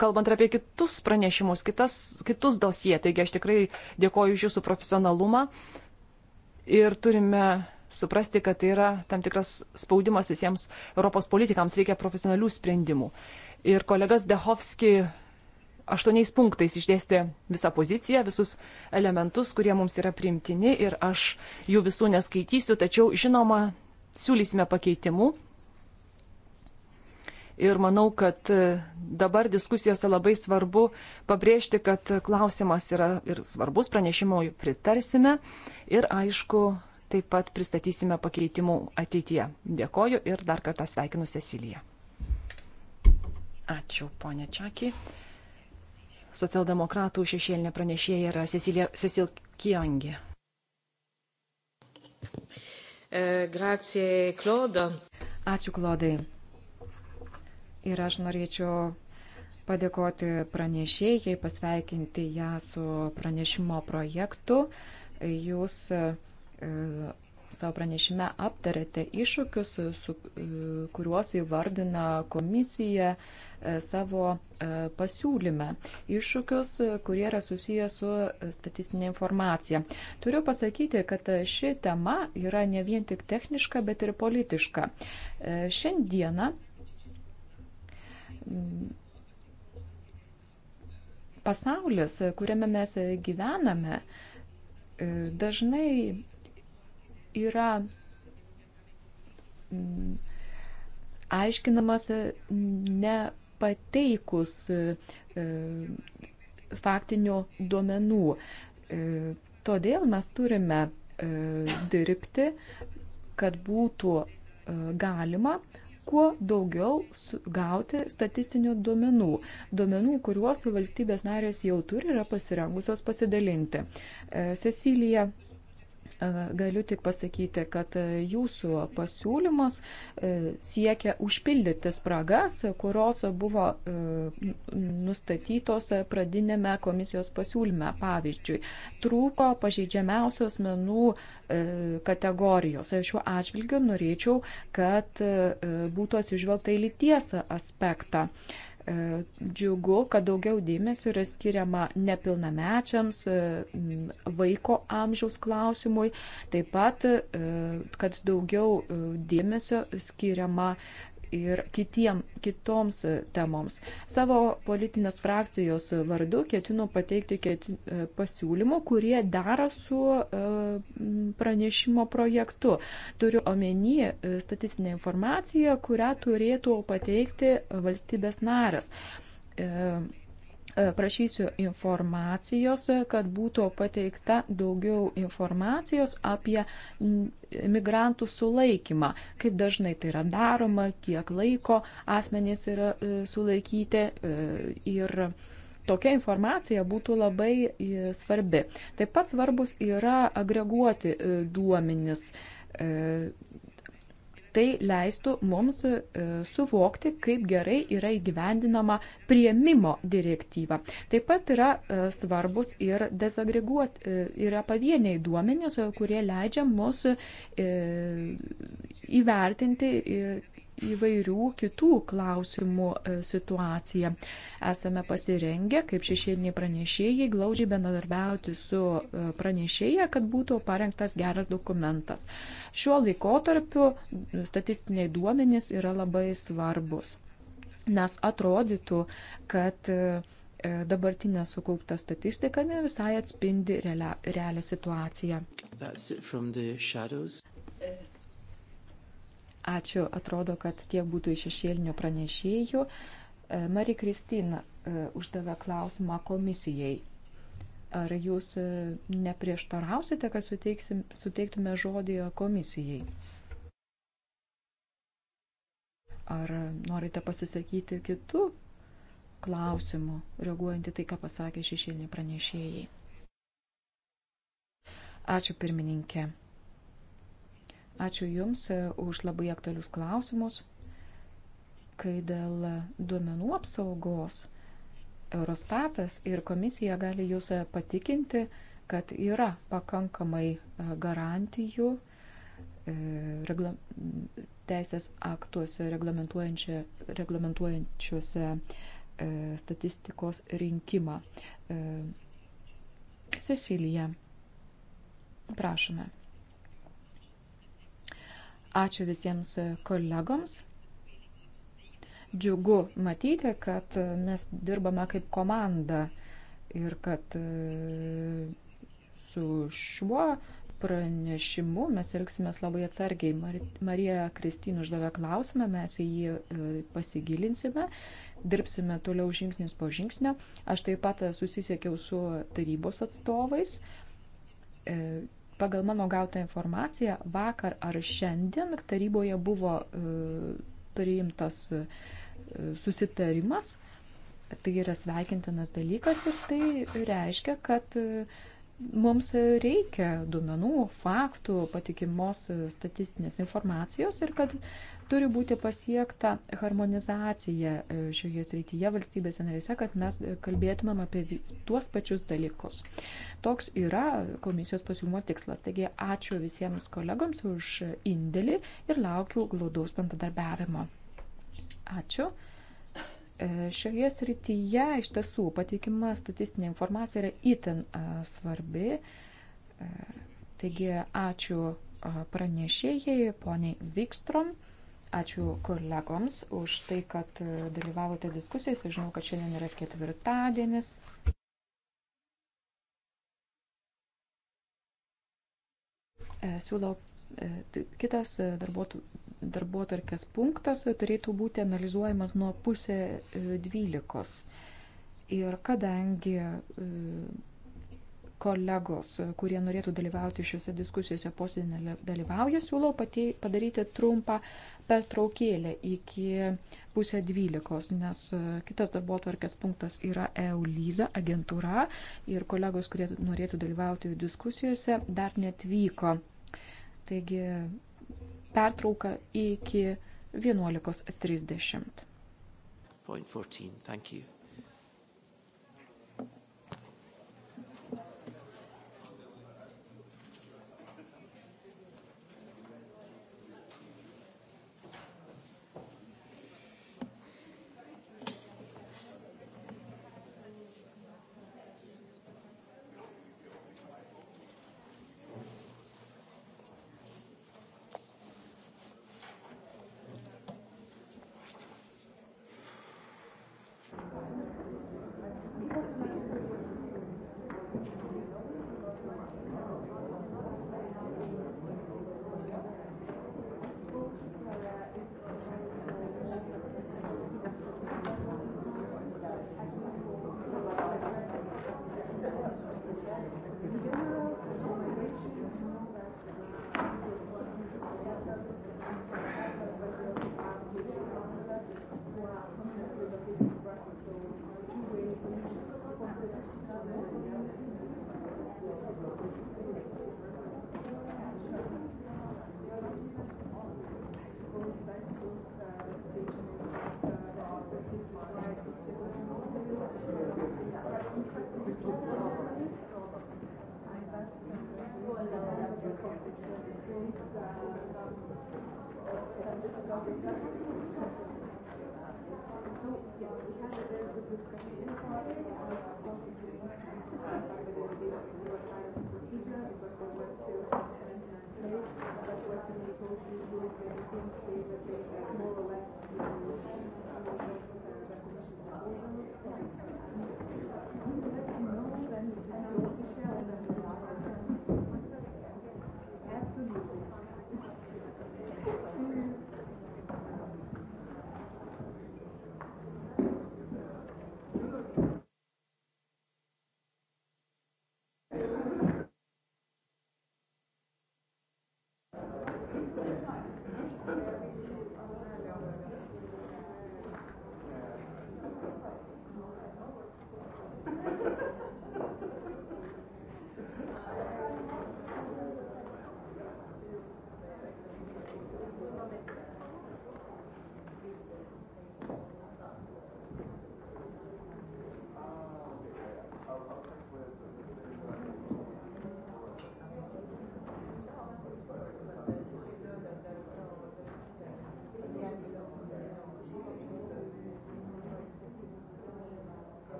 kalbant apie kitus pranešimus, kitas, kitus dosie. Taigi aš tikrai dėkoju už jūsų profesionalumą ir turime suprasti, kad tai yra tam tikras spaudimas visiems Europos politikams, reikia profesionalių sprendimų. Ir kolegas Dehovski aštuoniais punktais išdėstė visą poziciją, visus elementus, kurie mums yra primtini ir aš jų visų neskaitysiu, tačiau žinoma, siūlysime pakeitimų. Ir manau, kad e, dabar diskusijose labai svarbu pabrėžti, kad klausimas yra ir svarbus, pranešimo pritarsime ir aišku, taip pat pristatysime pakeitimų ateityje. Dėkoju ir dar kartą sveikinu Ceciliją. Ačiū, ponė Čakį. Socialdemokratų šešėlinė pranešėja yra Cecilija, Cecil Kiongė. E, grazie, Kloda. Ačiū, Klodai. Ir aš norėčiau padėkoti pranešėjai, pasveikinti ją su pranešimo projektu. Jūs e, savo pranešime aptarėte iššūkius, su, e, kuriuos įvardina komisija e, savo e, pasiūlyme. Iššūkius, kurie yra susiję su statistinė informacija. Turiu pasakyti, kad ši tema yra ne vien tik techniška, bet ir politiška. Šiandieną pasaulis, kuriame mes gyvename, dažnai yra mm, aiškinamas nepateikus e, faktinių duomenų. E, todėl mes turime e, dirbti, kad būtų galima kuo daugiau gauti statistinių duomenų. Duomenų, kuriuos valstybės narės jau turi ir yra pasirengusios pasidalinti. Cecilija Galiu tik pasakyti, kad jūsų pasiūlymas siekia užpildyti spragas, kurios buvo nustatytos pradinėme komisijos pasiūlyme. Pavyzdžiui, trūko pažeidžiamiausios menų kategorijos. Šiuo atžvilgiu norėčiau, kad būtų atsižvelgta į lyties aspektą. E, džiugu, kad daugiau dėmesio yra skiriama nepilnamečiams, e, vaiko amžiaus klausimui, taip pat, e, kad daugiau dėmesio skiriama ir kitiem, kitoms e, temoms. Savo politinės frakcijos vardu ketinu pateikti ketin, e, pasiūlymų, kurie dera su e, pranešimo projektu. Turiu omeny statistinę informaciją, kurią turėtų pateikti valstybės naras prašysiu informacijos, kad būtų pateikta daugiau informacijos apie migrantų sulaikymą, kaip dažnai tai yra daroma, kiek laiko asmenys yra e, sulaikyti e, ir tokia informacija būtų labai e, svarbi. Taip pat svarbus yra agreguoti duomenis Tai leistų mums e, suvokti, kaip gerai yra įgyvendinama prieimimo direktyva. Taip pat yra e, svarbus ir dezagreguoti, e, yra pavieniai duomenys, kurie leidžia mus įvertinti įvairių kitų klausimų e, situaciją. Esame pasirengę, kaip šešėliniai pranešėjai, glaudžiai bendradarbiauti su e, pranešėja, kad būtų parengtas geras dokumentas. Šiuo laikotarpiu statistiniai duomenys yra labai svarbus, nes atrodytų, kad e, dabartinė sukaupta statistika ne visai atspindi realią, realią situaciją. Ačiū, atrodo, kad tiek būtų iš šešėlinių pranešėjų. E, Marija Kristina e, uždavė klausimą komisijai. Ar jūs e, neprieštarausite, kad suteiksim, suteiktume žodį komisijai? Ar norite pasisakyti kitų klausimų, reaguojant į tai, ką pasakė šešėliniai pranešėjai? Ačiū pirmininkė. Ačiū Jums e, už labai aktualius klausimus. Kai dėl duomenų apsaugos Eurostatas ir komisija gali Jūs e, patikinti, kad yra pakankamai e, garantijų regla, teisės aktuose reglamentuojančiuose statistikos rinkimą. Cecilija, prašome. Ačiū visiems kolegoms. Džiugu matyti, kad mes dirbame kaip komanda ir kad e, su šiuo pranešimu mes elgsimės labai atsargiai. Marija Kristin uždavė klausimą, mes į jį e, pasigilinsime, dirbsime toliau žingsnis po žingsnio. Aš taip pat susisiekiau su tarybos atstovais e, Pagal mano gautą informaciją, vakar ar šiandien taryboje buvo e, priimtas e, susitarimas, tai yra sveikintinas dalykas ir tai reiškia, kad e, mums reikia duomenų, faktų, patikimos statistinės informacijos ir kad Turi būti pasiekta harmonizacija e, šioje srityje valstybėse narėse, kad mes e, kalbėtumėm apie tuos pačius dalykus. Toks yra komisijos pasiūlymo tikslas. Taigi ačiū visiems kolegoms už indėlį ir laukiu glaudaus bendradarbiavimo. Ačiū. E, šioje srityje iš tiesų pateikima statistinė informacija yra itin svarbi. Taigi ačiū pranešėjai, poniai Vikstrom. Ačiū kolegoms už tai, kad e, dalyvavote diskusijose. Žinau, kad šiandien yra ketvirtadienis. E, siūlau e, kitas darbuotarkės punktas turėtų būti analizuojamas nuo pusė dvylikos. Ir kadangi kolegos, kurie norėtų dalyvauti šiuose diskusijose posėdinė dalyvauja, siūlau pati padaryti trumpą pertraukėlę iki pusę dvylikos, nes e, kitas darbo atvarkės punktas yra EULIZA agentūra ir kolegos, kurie norėtų dalyvauti diskusijose, dar netvyko. Taigi pertrauka iki 11.30. Point 14, thank you.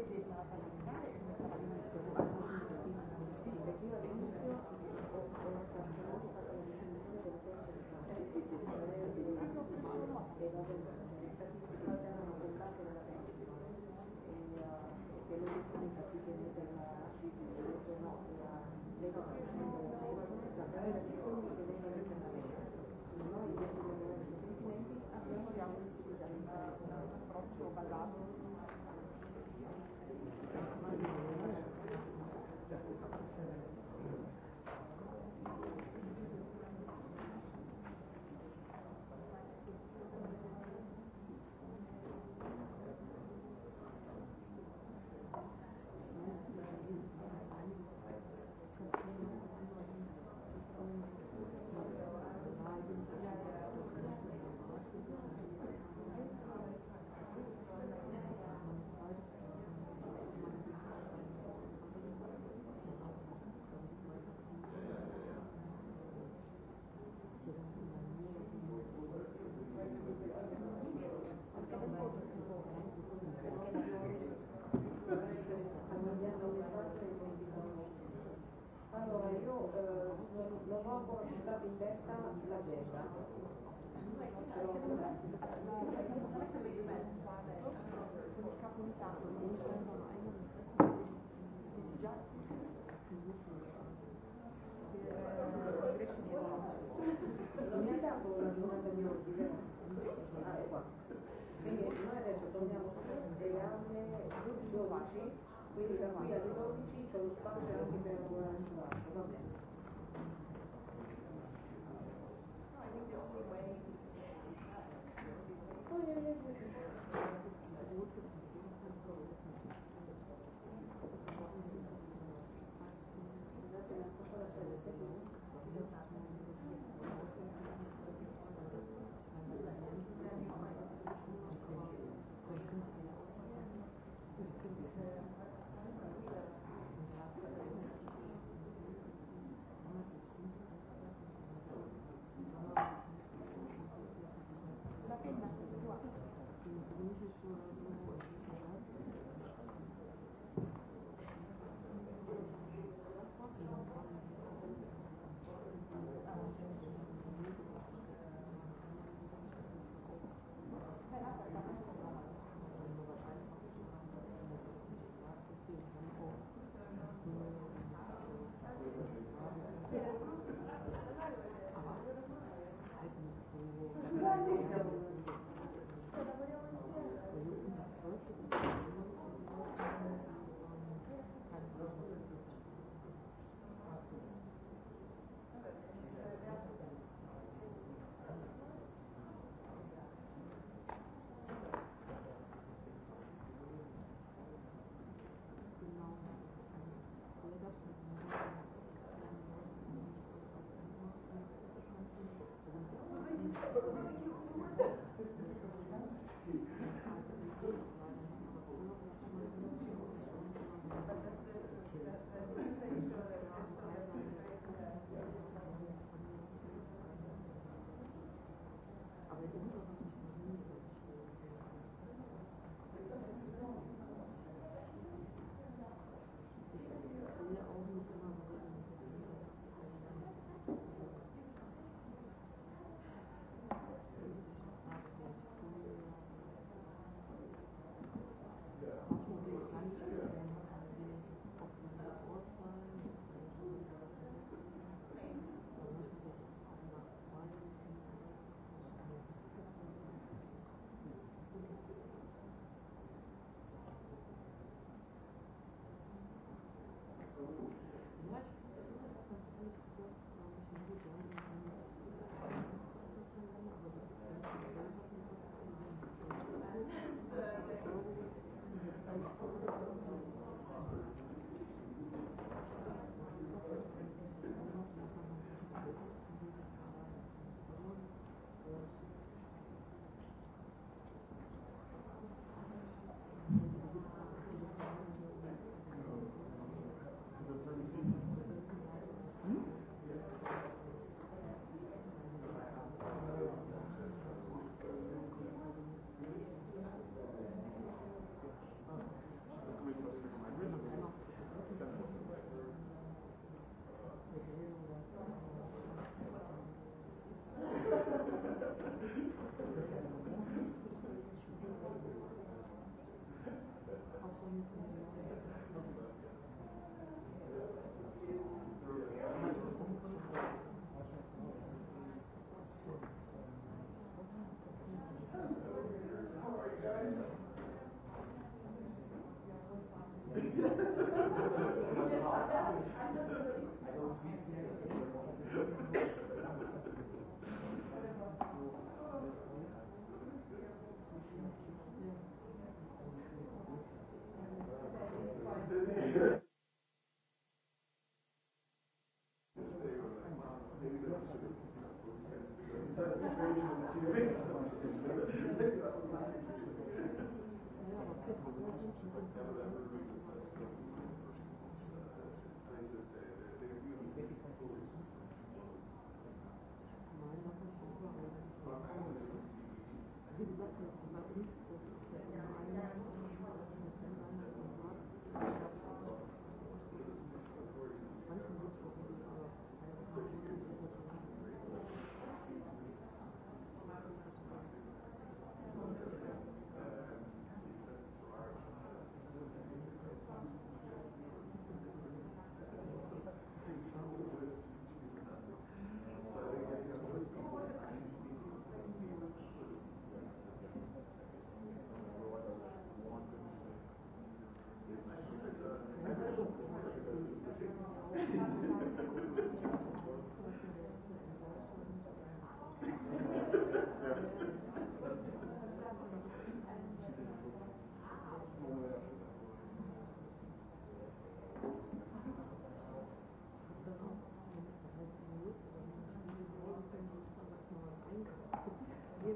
को देखना पड़ेगा quindi da qui alle 12 c'è lo spazio anche per un altro, va bene. Oh, yeah, yeah, yeah.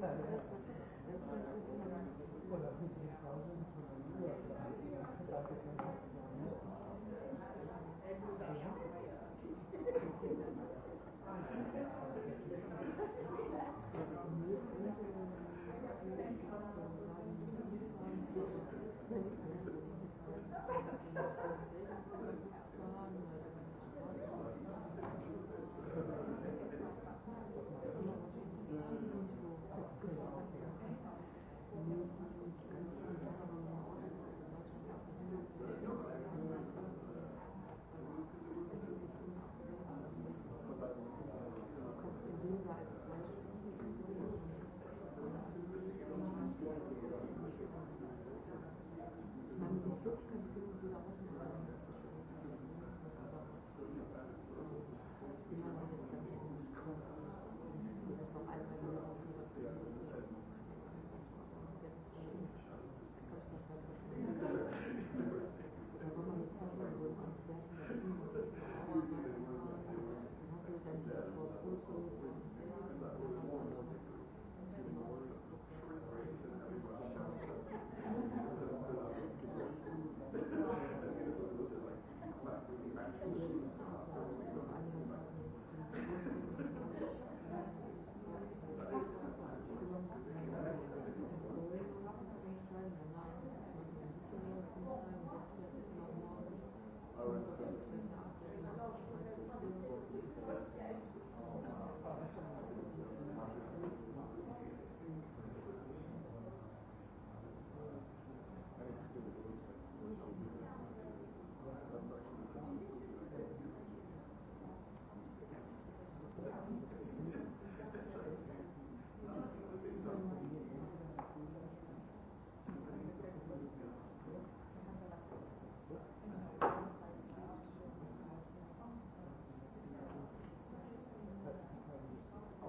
gyventi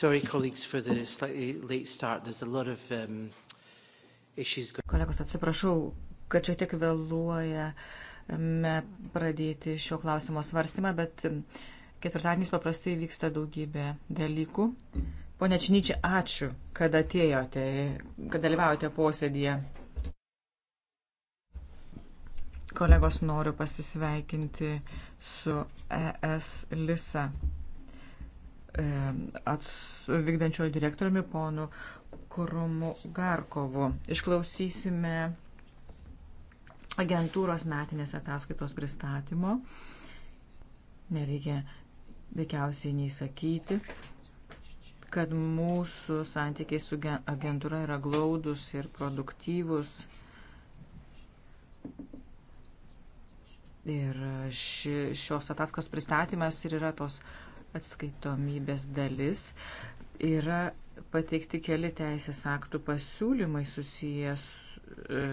Sorry, colleagues, for the slightly late start. There's a lot of um, issues. Kolegos, atsiprašau, kad čia tik vėluojame pradėti šio klausimo svarstymą, bet um, ketvirtadieniais paprastai vyksta daugybė dalykų. Pone Činyčiai, ačiū, kad atėjote, kad dalyvaujate posėdėje. Kolegos, noriu pasisveikinti su ES Lisa E, ats, vykdančiojo direktoriumi ponu Krumu Garkovu. Išklausysime agentūros metinės ataskaitos pristatymo. Nereikia veikiausiai nei sakyti, kad mūsų santykiai su agentūra yra glaudus ir produktyvus. Ir ši, šios ataskos pristatymas ir yra tos uh, atskaitomybės dalis yra pateikti keli teisės aktų pasiūlymai susijęs. E,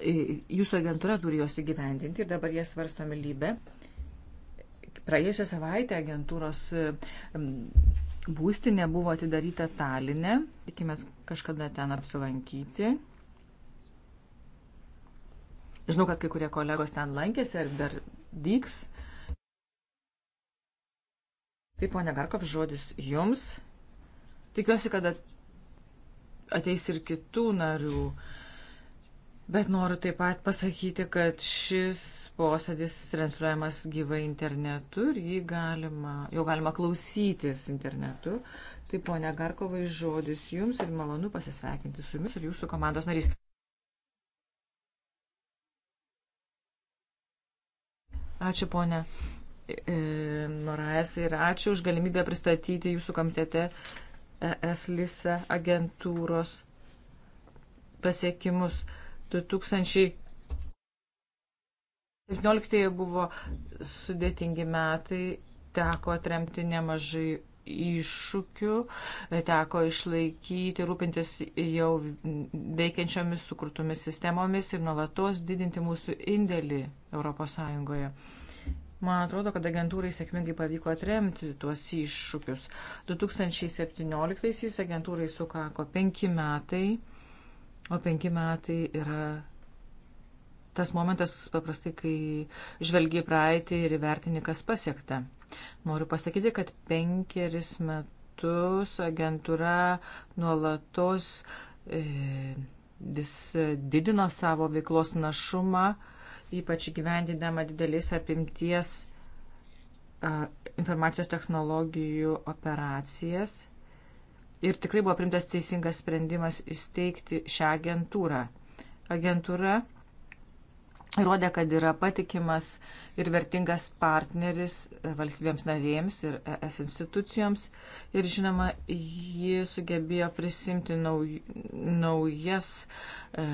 Jūsų agentūra turi juos įgyvendinti ir dabar jie svarstomi lybe. Praėjusią savaitę agentūros e, būstinė buvo atidaryta Talinė. Tikimės kažkada ten apsilankyti. Žinau, kad kai kurie kolegos ten lankėsi ir dar Dyks. Taip, ponia Garkov, žodis jums. Tikiuosi, kad ateis ir kitų narių, bet noriu taip pat pasakyti, kad šis posėdis transliuojamas gyvai internetu ir jį galima, jau galima klausytis internetu. Tai ponia Garkovai, žodis jums ir malonu pasisveikinti su jumis ir jūsų komandos narys. Ačiū, ponė e, e, Moraes, ir ačiū už galimybę pristatyti jūsų komitete ES LISA agentūros pasiekimus. 2017 buvo sudėtingi metai, teko atremti nemažai iššūkių, teko išlaikyti, rūpintis jau veikiančiomis sukurtomis sistemomis ir nuolatos didinti mūsų indėlį ES. Man atrodo, kad agentūrai sėkmingai pavyko atremti tuos iššūkius. 2017-aisiais agentūrai sukako penki metai, o penki metai yra tas momentas paprastai, kai žvelgi praeitį ir įvertini, kas pasiekta. Noriu pasakyti, kad penkeris metus agentūra nuolatos e, vis didino savo veiklos našumą, ypač gyvendinama didelis apimties e, informacijos technologijų operacijas. Ir tikrai buvo primtas teisingas sprendimas įsteigti šią agentūrą. Agentūra įrodė, kad yra patikimas ir vertingas partneris valstybėms narėjams ir ES institucijoms. Ir žinoma, ji sugebėjo prisimti nauj, naujas e,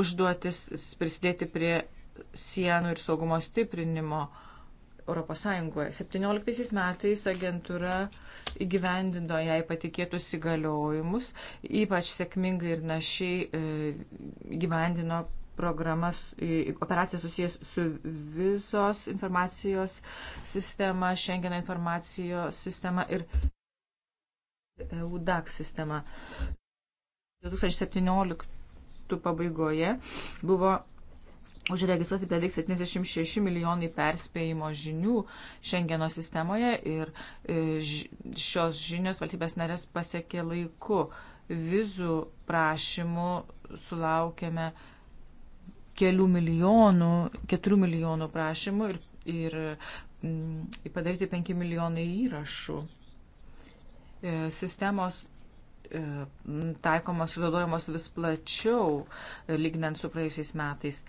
užduotis, prisidėti prie sienų ir saugumo stiprinimo. Europos Sąjungoje. 17 metais agentūra įgyvendino jai patikėtus įgaliojimus, ypač sėkmingai ir našiai e, įgyvendino e, programas, operacijas susijęs su visos informacijos sistema, Schengeno informacijos sistema ir EUDAC sistema. 2017 pabaigoje buvo užregistruoti beveik 76 milijonai perspėjimo žinių Šengeno sistemoje ir e, šios žinios valstybės narės pasiekė laiku. Vizų prašymų sulaukėme kelių milijonų, keturių milijonų prašymų ir, ir m, mm, padaryti penki milijonai įrašų. E, sistemos e, taikomos ir naudojamos vis plačiau, e, lygnant su praėjusiais metais.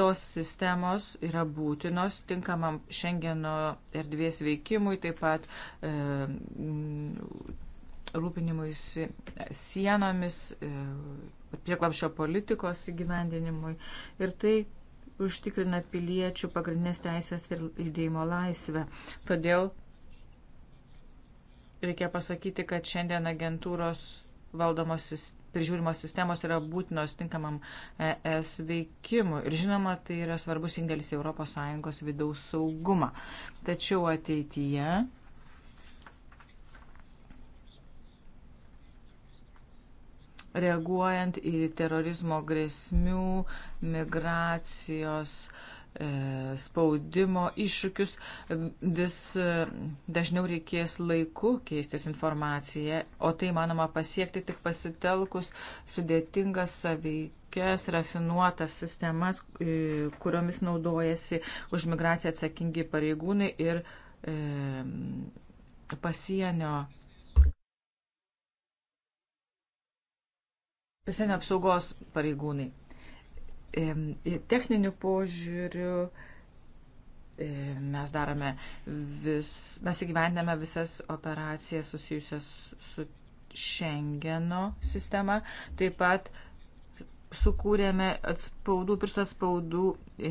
Tos sistemos yra būtinos tinkamam Šengeno erdvės veikimui, taip pat e, m, rūpinimuisi sienomis, e, prieklapšio politikos įgyvendinimui. Ir tai užtikrina piliečių pagrindinės teisės ir judėjimo laisvę. Todėl reikia pasakyti, kad šiandien agentūros valdomos prižiūrimos sistemos yra būtinos tinkamam e, ES veikimui. Ir žinoma, tai yra svarbus indėlis į ES vidaus saugumą. Tačiau ateityje reaguojant į terorizmo grėsmių, migracijos, e, spaudimo iššūkius, vis e, dažniau reikės laiku keistis informaciją, o tai manoma pasiekti tik pasitelkus sudėtingas saveikias, rafinuotas sistemas, e, kuriomis naudojasi už migraciją atsakingi pareigūnai ir pasienio pasienio apsaugos pareigūnai. Techniniu požiūriu e, mes darome vis, mes įgyvendiname visas operacijas susijusias su Schengeno sistema, taip pat sukūrėme atspaudų, pirštų atspaudų e,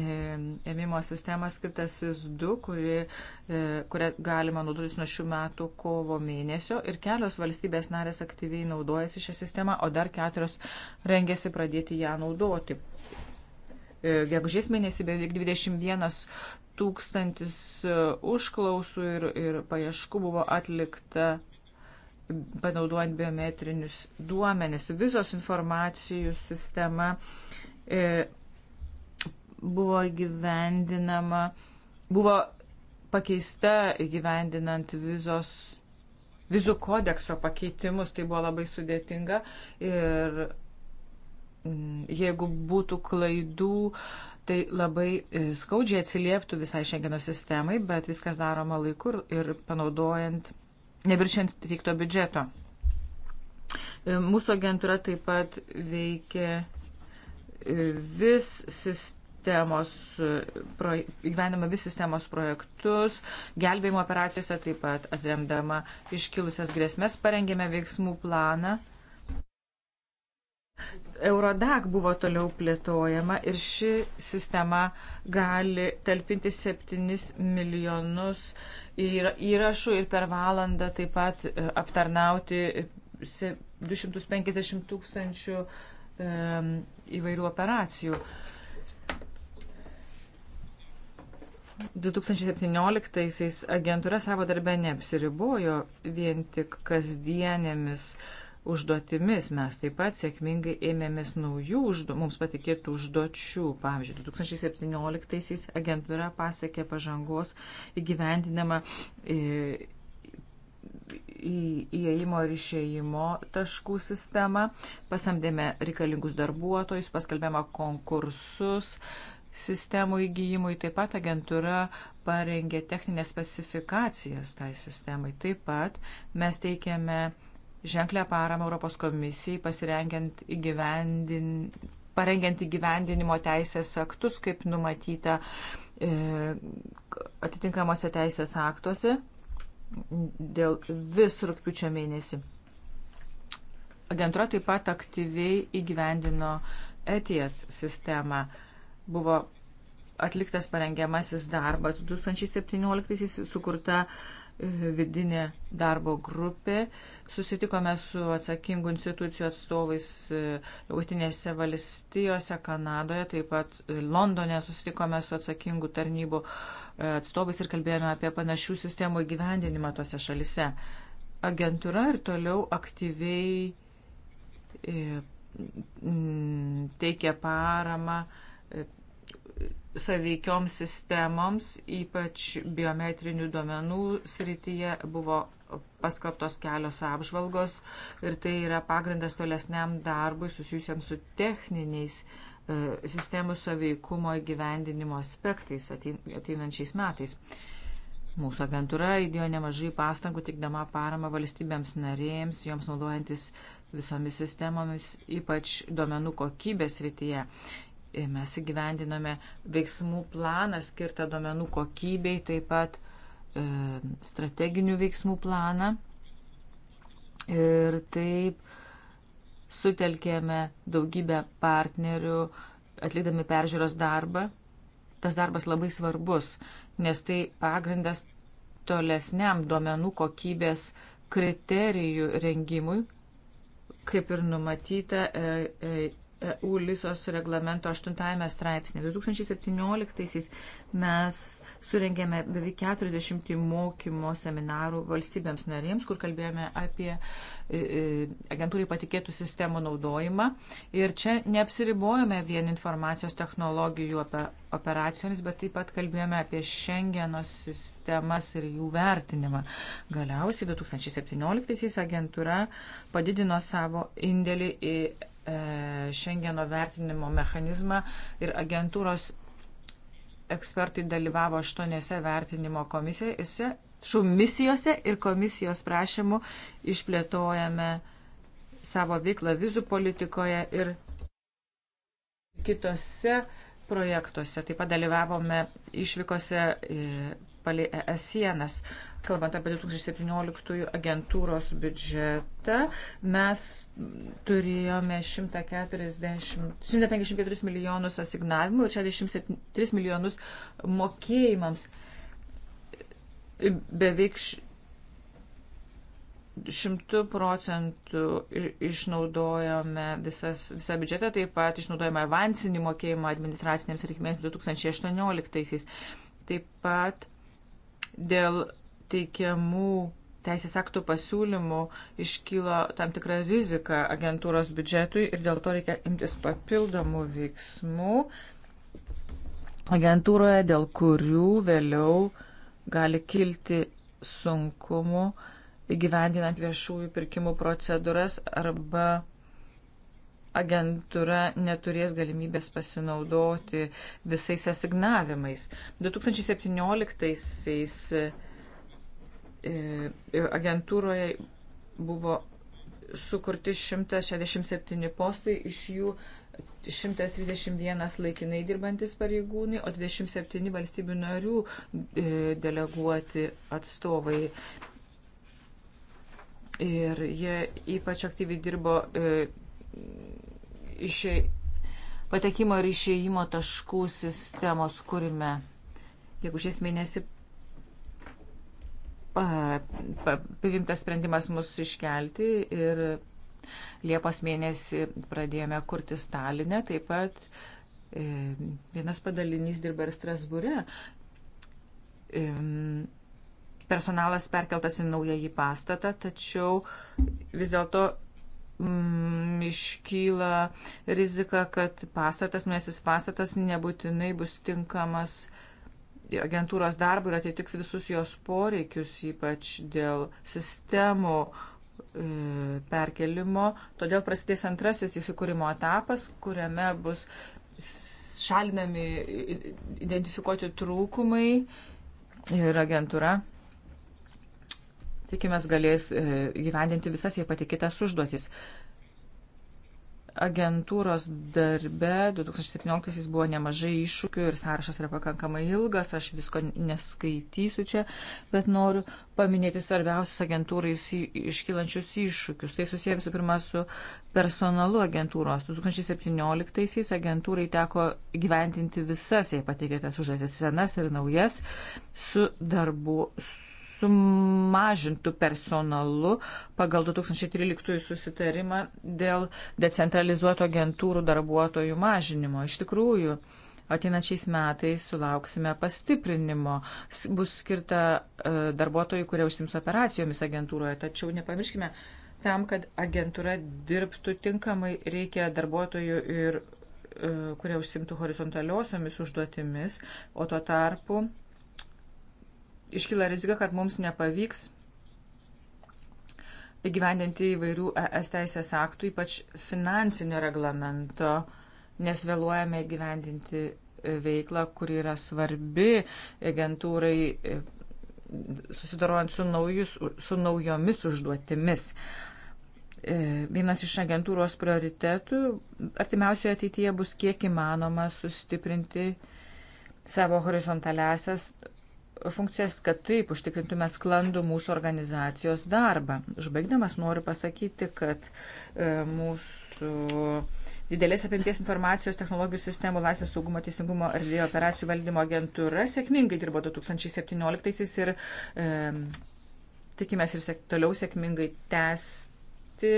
ėmimo e, sistemą skirtą SIS-2, kuri, e, kurią galima naudotis nuo šių metų kovo mėnesio. Ir kelios valstybės narės aktyviai naudojasi šią sistemą, o dar keturios rengėsi pradėti ją naudoti. E, Gegužės mėnesį beveik 21 tūkstantis e, užklausų ir, ir paieškų buvo atlikta panaudojant biometrinius duomenis. Visos informacijų sistema e, buvo gyvendinama, buvo pakeista gyvendinant vizos, vizų kodekso pakeitimus, tai buvo labai sudėtinga ir mm, jeigu būtų klaidų, tai labai e, skaudžiai atsilieptų visai šengeno sistemai, bet viskas daroma laiku ir panaudojant neviršiant teikto biudžeto. E, mūsų agentūra taip pat veikia e, vis sistemos, e, įgyvenama vis sistemos projektus, gelbėjimo operacijose taip pat atremdama iškilusias grėsmės, parengėme veiksmų planą Eurodag buvo toliau plėtojama ir ši sistema gali talpinti 7 milijonus įrašų ir per valandą taip pat e, aptarnauti 250 tūkstančių įvairių operacijų. 2017-aisiais agentūra savo darbę neapsiribojo vien tik kasdienėmis uh, užduotimis. Mes taip pat sėkmingai ėmėmės naujų uždu, mums patikėtų užduočių. Pavyzdžiui, 2017-aisiais agentūra pasiekė pažangos įgyvendinamą e, įėjimo ir išėjimo taškų sistemą, pasamdėme reikalingus darbuotojus, paskelbėme konkursus sistemų įgyjimui, taip pat agentūra parengė techninės specifikacijas tai sistemai. Taip pat mes teikėme ženklę paramą Europos komisijai pasirengiant įgyvendin, parengiant įgyvendinimo teisės aktus, kaip numatyta e, atitinkamuose teisės aktuose dėl vis rūpiučio mėnesį. Agentūra taip pat aktyviai įgyvendino ETIES sistemą. Buvo atliktas parengiamasis darbas. 2017 sukurta e, vidinė darbo grupė. E, Susitikome su atsakingų institucijų atstovais e, Jautinėse valstijose, Kanadoje, taip pat e, Londone susitikome su atsakingų tarnybų e, atstovais ir kalbėjome apie panašių sistemų įgyvendinimą tose šalise. Agentūra ir toliau aktyviai teikia paramą saveikioms sistemoms, ypač biometrinių duomenų srityje buvo paskartos kelios apžvalgos ir tai yra pagrindas tolesniam darbui susijusiam su techniniais e, sistemų saveikumo įgyvendinimo aspektais ateinančiais metais. Mūsų agentūra įdėjo nemažai pastangų tikdama paramą valstybėms narėjams, joms naudojantis visomis sistemomis, ypač duomenų kokybės rytyje. E, mes įgyvendinome veiksmų planą skirtą duomenų kokybei, taip pat E, strateginių veiksmų planą ir taip sutelkėme daugybę partnerių, atlikdami peržiūros darbą. Tas darbas labai svarbus, nes tai pagrindas tolesniam duomenų kokybės kriterijų rengimui, kaip ir numatyta e, e, EU Lisos reglamento 8 straipsnė. 2017 mes surengėme beveik 40 mokymo seminarų valstybėms narėms, kur kalbėjome apie e, e, agentūrai patikėtų sistemų naudojimą. Ir čia neapsiribojame vien informacijos technologijų operacijomis, bet taip pat kalbėjome apie Schengeno sistemas ir jų vertinimą. Galiausiai 2017 agentūra padidino savo indėlį į E, Šengeno vertinimo mechanizmą ir agentūros ekspertai dalyvavo aštuoniuose vertinimo komisijose, šių misijose ir komisijos prašymų išplėtojame savo veiklą vizų politikoje ir kitose projektuose. Taip pat dalyvavome išvykose palei ES sienas kalbant apie 2017 agentūros biudžetą, mes turėjome 140, 154 milijonus asignavimų ir 63 milijonus mokėjimams. Beveik šimtų procentų išnaudojome visas, visą biudžetą, taip pat išnaudojame avansinį mokėjimą administracinėms reikmėms 2018. -aisiais. Taip pat dėl teikiamų teisės aktų pasiūlymų iškylo tam tikra rizika agentūros biudžetui ir dėl to reikia imtis papildomų veiksmų agentūroje, dėl kurių vėliau gali kilti sunkumų įgyvendinant viešųjų pirkimų procedūras arba agentūra neturės galimybės pasinaudoti visais asignavimais. 2017-aisiais E, agentūroje buvo sukurti 167 postai, iš jų 131 laikinai dirbantis pareigūnai, o 27 valstybių narių e, deleguoti atstovai. Ir jie ypač aktyviai dirbo e, išė, patekimo ir išėjimo taškų sistemos kūrime. Jeigu šiais mėnesį pa, pa, priimtas sprendimas mus iškelti ir Liepos mėnesį pradėjome kurti Stalinę, taip pat e, vienas padalinys dirba ir Strasbūre. E, personalas perkeltas į naująjį pastatą, tačiau vis dėlto mm, iškyla rizika, kad pastatas, nuėsis pastatas nebūtinai bus tinkamas agentūros darbą ir atitiks visus jos poreikius, ypač dėl sistemų e, perkelimo. Todėl prasidės antrasis įsikūrimo etapas, kuriame bus šalinami identifikuoti trūkumai ir agentūra. Tikimės galės e, gyvendinti visas jai patikytas užduotis agentūros darbe 2017 buvo nemažai iššūkių ir sąrašas yra pakankamai ilgas, aš visko neskaitysiu čia, bet noriu paminėti svarbiausius agentūrai iškylančius iššūkius. Tai susiję visų pirma su personalu agentūros. 2017-aisiais agentūrai teko gyventinti visas, jei pateikėte užduotis senas ir naujas, su darbu, su sumažintų personalu pagal 2013 susitarimą dėl decentralizuoto agentūrų darbuotojų mažinimo. Iš tikrųjų, ateinačiais metais sulauksime pastiprinimo. Bus skirta e, darbuotojų, kurie užsims operacijomis agentūroje. Tačiau nepamirškime, tam, kad agentūra dirbtų tinkamai, reikia darbuotojų ir e, kurie užsimtų horizontaliosiomis užduotimis, o tuo tarpu iškyla rizika, kad mums nepavyks įgyvendinti įvairių ES teisės aktų, ypač finansinio reglamento, nes vėluojame įgyvendinti e, veiklą, kuri yra svarbi agentūrai e, susidarojant su, naujus, su naujomis užduotimis. E, vienas iš agentūros prioritetų artimiausioje ateityje bus kiek įmanoma sustiprinti savo horizontaliasias funkcijas, kad taip užtikrintume sklandų mūsų organizacijos darbą. Užbaigdamas noriu pasakyti, kad e, mūsų didelės apimties informacijos technologijų sistemų laisvės saugumo teisingumo ir dviejų operacijų valdymo agentūra sėkmingai dirbo 2017 ir e, tikimės ir sėk, toliau sėkmingai tęsti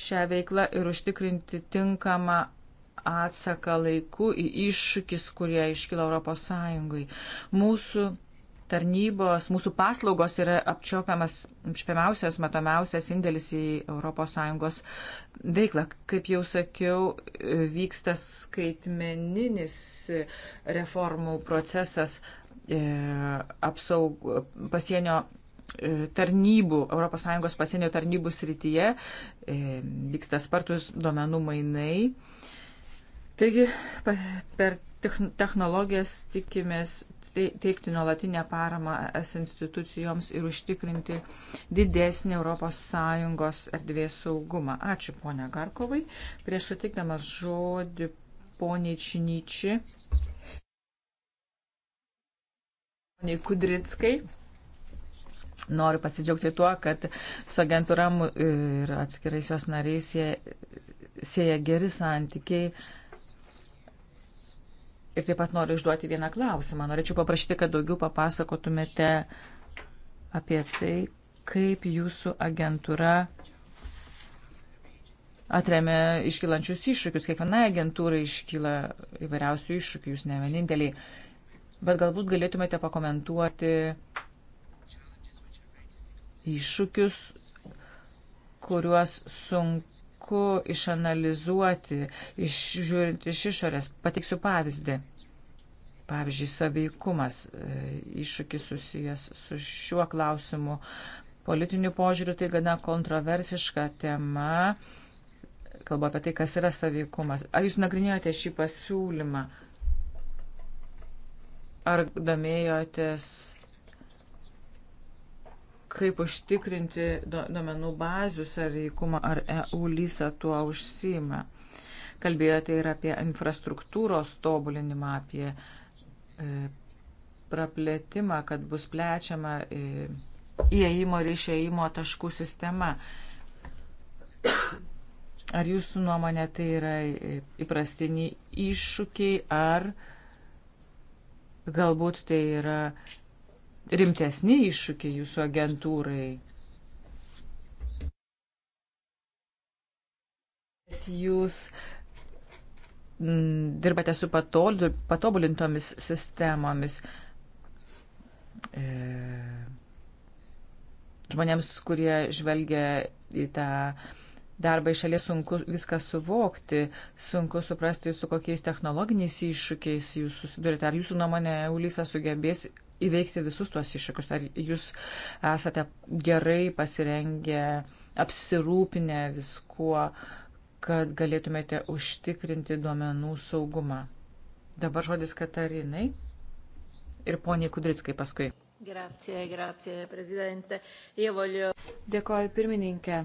šią veiklą ir užtikrinti tinkamą atsaką laiku į iššūkis, kurie iškilo Europos Sąjungai. Mūsų tarnybos, mūsų paslaugos yra apčiopiamas špiamiausias, matomiausias indėlis į ES veiklą. Kaip jau sakiau, vyksta skaitmeninis reformų procesas e, apsaug, pasienio e, tarnybų, ES pasienio tarnybų srityje e, vyksta spartus duomenų mainai Taigi per technologijas tikimės teikti nuolatinę paramą es institucijoms ir užtikrinti didesnį ES erdvės saugumą. Ačiū ponia Garkovai. Prieš sutikdamas žodį poniai Činyči, poniai Kudrickai. Noriu pasidžiaugti tuo, kad su agentūra ir atskirais jos nariais sieja geri santykiai Ir taip pat noriu išduoti vieną klausimą. Norėčiau paprašyti, kad daugiau papasakotumėte apie tai, kaip jūsų agentūra atremia iškylančius iššūkius. Kiekvienai agentūrai iškyla įvairiausių iššūkių, jūs ne vieninteliai. Bet galbūt galėtumėte pakomentuoti iššūkius, kuriuos sunku sunku išanalizuoti, išžiūrint iš išorės. Pateiksiu pavyzdį. Pavyzdžiui, saveikumas, e, iššūkis susijęs su šiuo klausimu. Politiniu požiūriu tai gana kontroversiška tema. Kalbu apie tai, kas yra saveikumas. Ar jūs nagrinėjote šį pasiūlymą? Ar domėjotės kaip užtikrinti duomenų bazių saveikumą, ar EU lysa tuo užsima. Kalbėjote ir apie infrastruktūros tobulinimą, apie e, praplėtimą, kad bus plečiama e, įėjimo ir išėjimo taškų sistema. Ar jūsų nuomonė tai yra e, įprastiniai iššūkiai, ar galbūt tai yra rimtesni iššūkiai jūsų agentūrai? Jūs mm, dirbate su patobulintomis sistemomis. E, žmonėms, kurie žvelgia į tą darbą iš šalies, sunku viską suvokti, sunku suprasti, su kokiais technologiniais iššūkiais jūs susidurite. Ar jūsų nuomonė Ulysas sugebės įveikti visus tuos iššūkius? Ar jūs esate gerai pasirengę, apsirūpinę viskuo, kad galėtumėte užtikrinti duomenų saugumą? Dabar žodis Katarinai ir poniai Kudrickai paskui. Grazie, grazie, prezidente. Voglio... Dėkoju pirmininkė.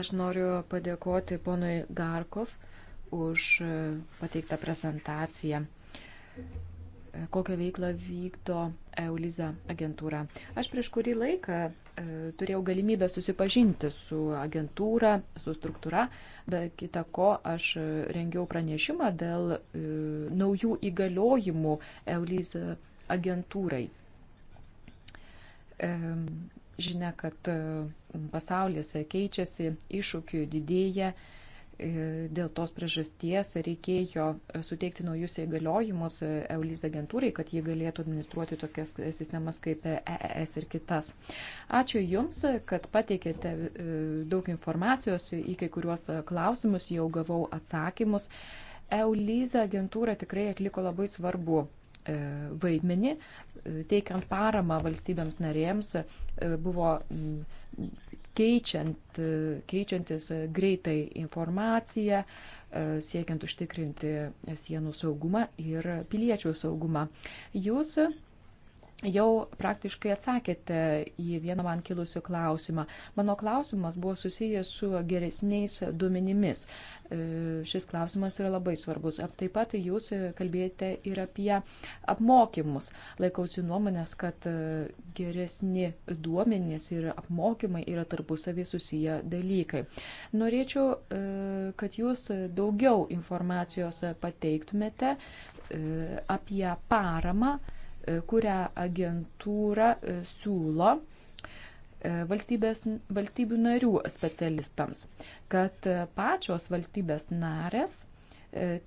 Aš noriu padėkoti ponui Garkov už e, pateiktą prezentaciją kokią veiklą vykdo EULIZA agentūra. Aš prieš kurį laiką e, turėjau galimybę susipažinti su agentūra, su struktūra, be kita ko aš rengiau pranešimą dėl e, naujų įgaliojimų EULIZA agentūrai. E, žinia, kad e, pasaulis keičiasi, iššūkių didėja. E, E, dėl tos priežasties reikėjo suteikti naujus įgaliojimus e, EULIS agentūrai, kad jie galėtų administruoti tokias sistemas kaip EES ir kitas. Ačiū Jums, kad pateikėte e, daug informacijos į kai kuriuos klausimus, jau gavau atsakymus. EULIS agentūra tikrai atliko labai svarbu E, vaidmenį, e, teikiant paramą valstybėms narėms, e, buvo keičiant, keičiantis greitai informaciją, siekiant užtikrinti sienų saugumą ir piliečių saugumą. Jūs jau praktiškai atsakėte į vieną man kilusių klausimą. Mano klausimas buvo susijęs su geresniais duomenimis. E, šis klausimas yra labai svarbus. Taip pat jūs kalbėjote ir apie apmokymus. Laikausi nuomonės, kad e, geresni duomenys ir apmokymai yra tarpusavį susiję dalykai. Norėčiau, e, kad jūs daugiau informacijos pateiktumėte apie paramą E, kurią agentūra e, siūlo e, valstybės, valstybių narių specialistams, kad pačios valstybės narės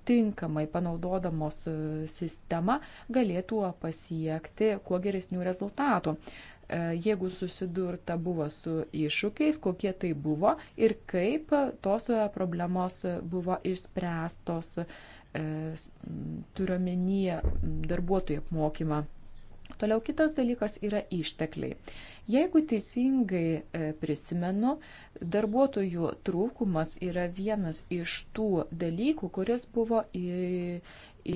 tinkamai panaudodamos sistemą galėtų pasiekti kuo geresnių rezultatų. Jeigu susidurta buvo su iššūkiais, kokie tai buvo ir kaip tos problemos buvo išspręstos E, turiuomenyje darbuotojų apmokymą. Toliau kitas dalykas yra ištekliai. Jeigu teisingai e, prisimenu, darbuotojų trūkumas yra vienas iš tų dalykų, kuris buvo į,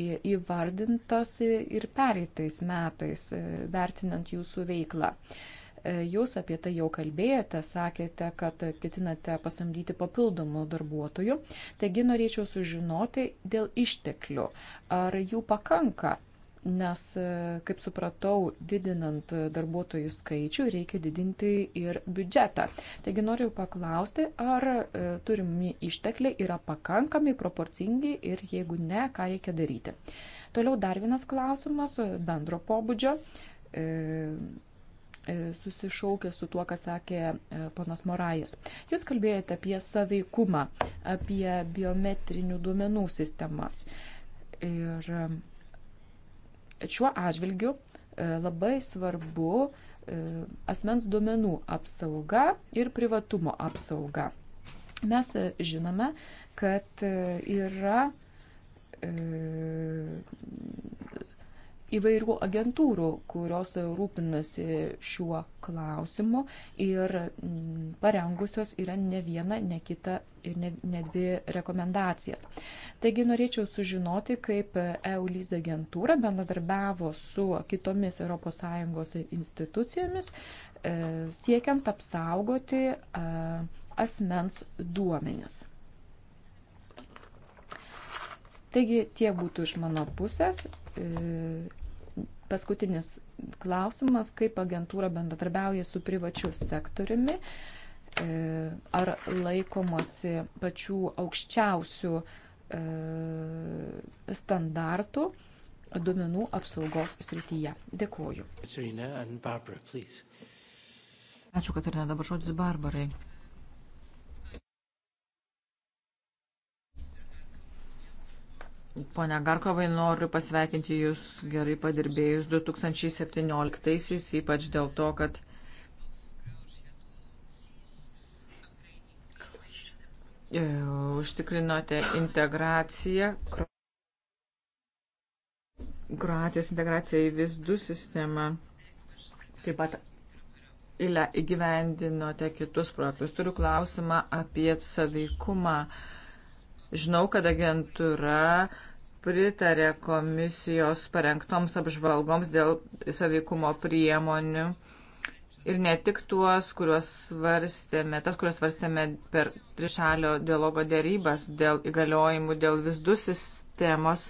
į, įvardintas ir pereitais metais, e, vertinant jūsų veiklą. E, E, jūs apie tai jau kalbėjote, sakėte, kad ketinate pasamdyti papildomų darbuotojų. Taigi norėčiau sužinoti dėl išteklių. Ar jų pakanka? Nes, e, kaip supratau, didinant darbuotojų skaičių reikia didinti ir biudžetą. Taigi noriu paklausti, ar e, turimi ištekliai yra pakankami, proporcingi ir jeigu ne, ką reikia daryti. Toliau dar vienas klausimas bendro pobūdžio E, susišaukia su tuo, ką sakė e, ponas Morajas. Jūs kalbėjote apie saveikumą, apie biometrinių duomenų sistemas. Ir e, šiuo atžvilgiu labai svarbu asmens duomenų apsauga ir privatumo apsauga. Mes žinome, kad yra įvairių agentūrų, kurios rūpinasi šiuo klausimu ir mm, parengusios yra ne viena, ne kita ir ne, ne dvi rekomendacijas. Taigi norėčiau sužinoti, kaip EULIS agentūra bendradarbiavo su kitomis ES institucijomis, e, siekiant apsaugoti e, asmens duomenis. Taigi tie būtų iš mano pusės e, Paskutinis klausimas, kaip agentūra bendradarbiauja su privačiu sektoriumi, e, ar laikomasi pačių aukščiausių e, standartų duomenų apsaugos srityje. Dėkuoju. Katarina Barbara, Ačiū, Katarina, dabar žodis Barbarai. Pone Garkovai, noriu pasveikinti Jūs gerai padirbėjus 2017-aisiais, ypač dėl to, kad e, užtikrinote integraciją, Kroatijos integraciją į VIS2 sistemą, taip pat įgyvendinote kitus projektus. Turiu klausimą apie saveikumą. Žinau, kad agentūra uh, pritarė komisijos parengtoms apžvalgoms dėl savykumo priemonių. Ir ne tik tuos, kuriuos svarstėme, tas, kuriuos svarstėme per trišalio dialogo dėrybas dėl įgaliojimų, dėl vizdų sistemos.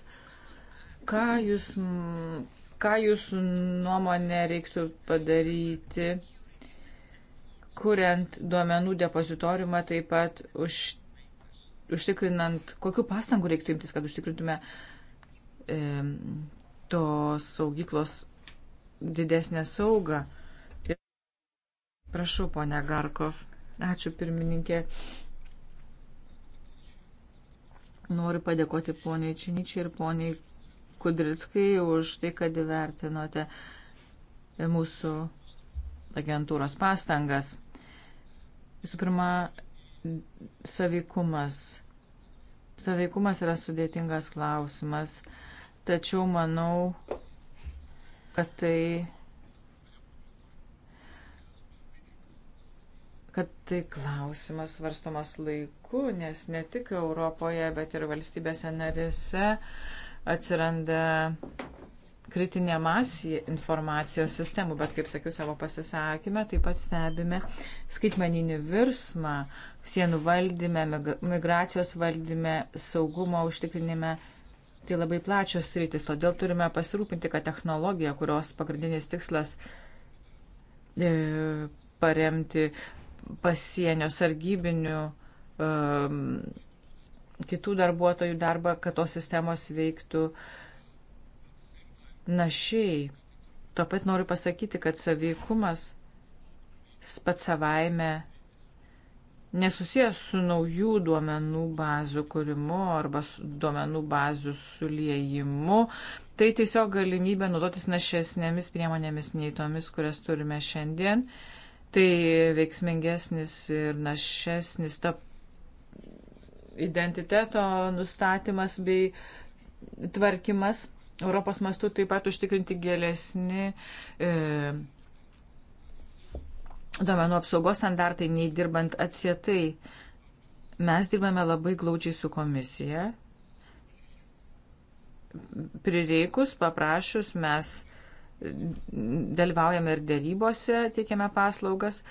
Ką jūs, ką jūs nuomonė reiktų padaryti, kuriant duomenų depozitoriumą, taip pat už, užtikrinant, kokiu pastangu reiktų imtis, kad užtikrintume uh, e, tos saugyklos didesnę saugą. Prašau, ponia Garkov. Ačiū, pirmininkė. Noriu padėkoti poniai Činičiai ir poniai Kudrickai už tai, kad įvertinote mūsų agentūros pastangas. Visų pirma, savykumas. Savykumas yra sudėtingas klausimas. Tačiau manau, kad tai. kad tai klausimas svarstomas laiku, nes ne tik Europoje, bet ir valstybėse narėse atsiranda kritinė masė informacijos sistemų, bet kaip sakiau savo pasisakymę, taip pat stebime skaitmeninį virsmą sienų valdyme, migracijos valdyme, saugumo užtikrinime Tai labai plačios rytis, todėl turime pasirūpinti, kad technologija, kurios pagrindinis tikslas e, paremti pasienio sargybinių e, kitų darbuotojų darbą, kad tos sistemos veiktų našiai. Tuo pat noriu pasakyti, kad saveikumas pats savaime nesusijęs su naujų duomenų bazių kūrimu arba duomenų bazių suliejimu. Tai tiesiog galimybė naudotis našesnėmis priemonėmis nei tomis, kurias turime šiandien. Tai veiksmingesnis ir našesnis ta identiteto nustatymas bei tvarkymas. Europos mastu taip pat užtikrinti gėlesni. E, duomenų apsaugos standartai, nei dirbant atsietai. Mes dirbame labai glaudžiai su komisija. Prireikus, paprašus, mes dalyvaujame ir dėrybose, teikiame paslaugas.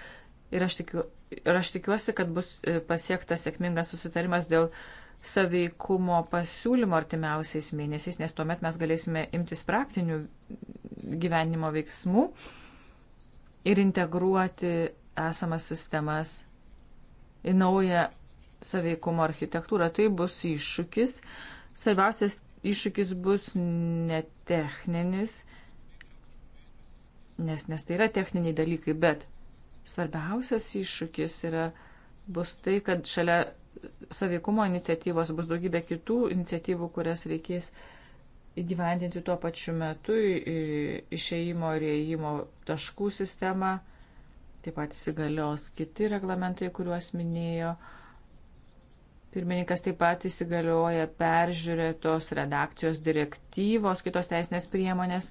Ir aš, tikiu, ir aš tikiuosi, kad bus e, pasiektas sėkmingas susitarimas dėl saveikumo pasiūlymo artimiausiais mėnesiais, nes tuomet mes galėsime imtis praktinių gyvenimo veiksmų. Uh, ir integruoti esamas sistemas į naują saveikumo architektūrą. Tai bus iššūkis. Svarbiausias iššūkis bus ne techninis, nes, nes tai yra techniniai dalykai, bet svarbiausias iššūkis yra, bus tai, kad šalia saveikumo iniciatyvos bus daugybė kitų iniciatyvų, kurias reikės uh, įgyvendinti tuo pačiu metu išeimo ir įėjimo taškų sistemą. Taip pat įsigalios kiti reglamentai, kuriuos minėjo. Pirmininkas taip pat įsigalioja peržiūrėtos redakcijos direktyvos, kitos teisinės priemonės,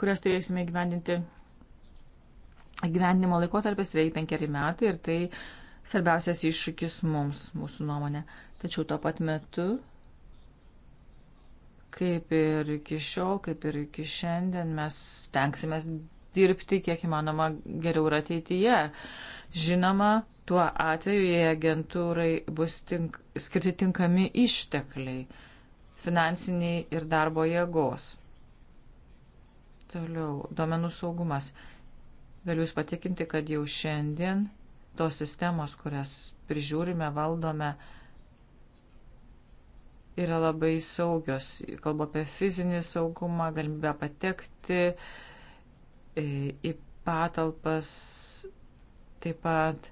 kurias turėsime įgyvendinti. Gyvenimo laikotarpis yra penkeri metai ir tai svarbiausias iššūkis mums, mūsų nuomonė. Tačiau tuo pat metu Kaip ir iki šiol, kaip ir iki šiandien mes tenksimės dirbti kiek įmanoma geriau ir ateityje. Žinoma, tuo atveju, jei agentūrai bus tink, skirti tinkami ištekliai finansiniai ir darbo jėgos. Toliau, duomenų saugumas. Galiu Jūs patikinti, kad jau šiandien tos sistemos, kurias prižiūrime, valdome, yra labai saugios. Kalbu apie fizinį saugumą, galimybę patekti e, į patalpas, taip pat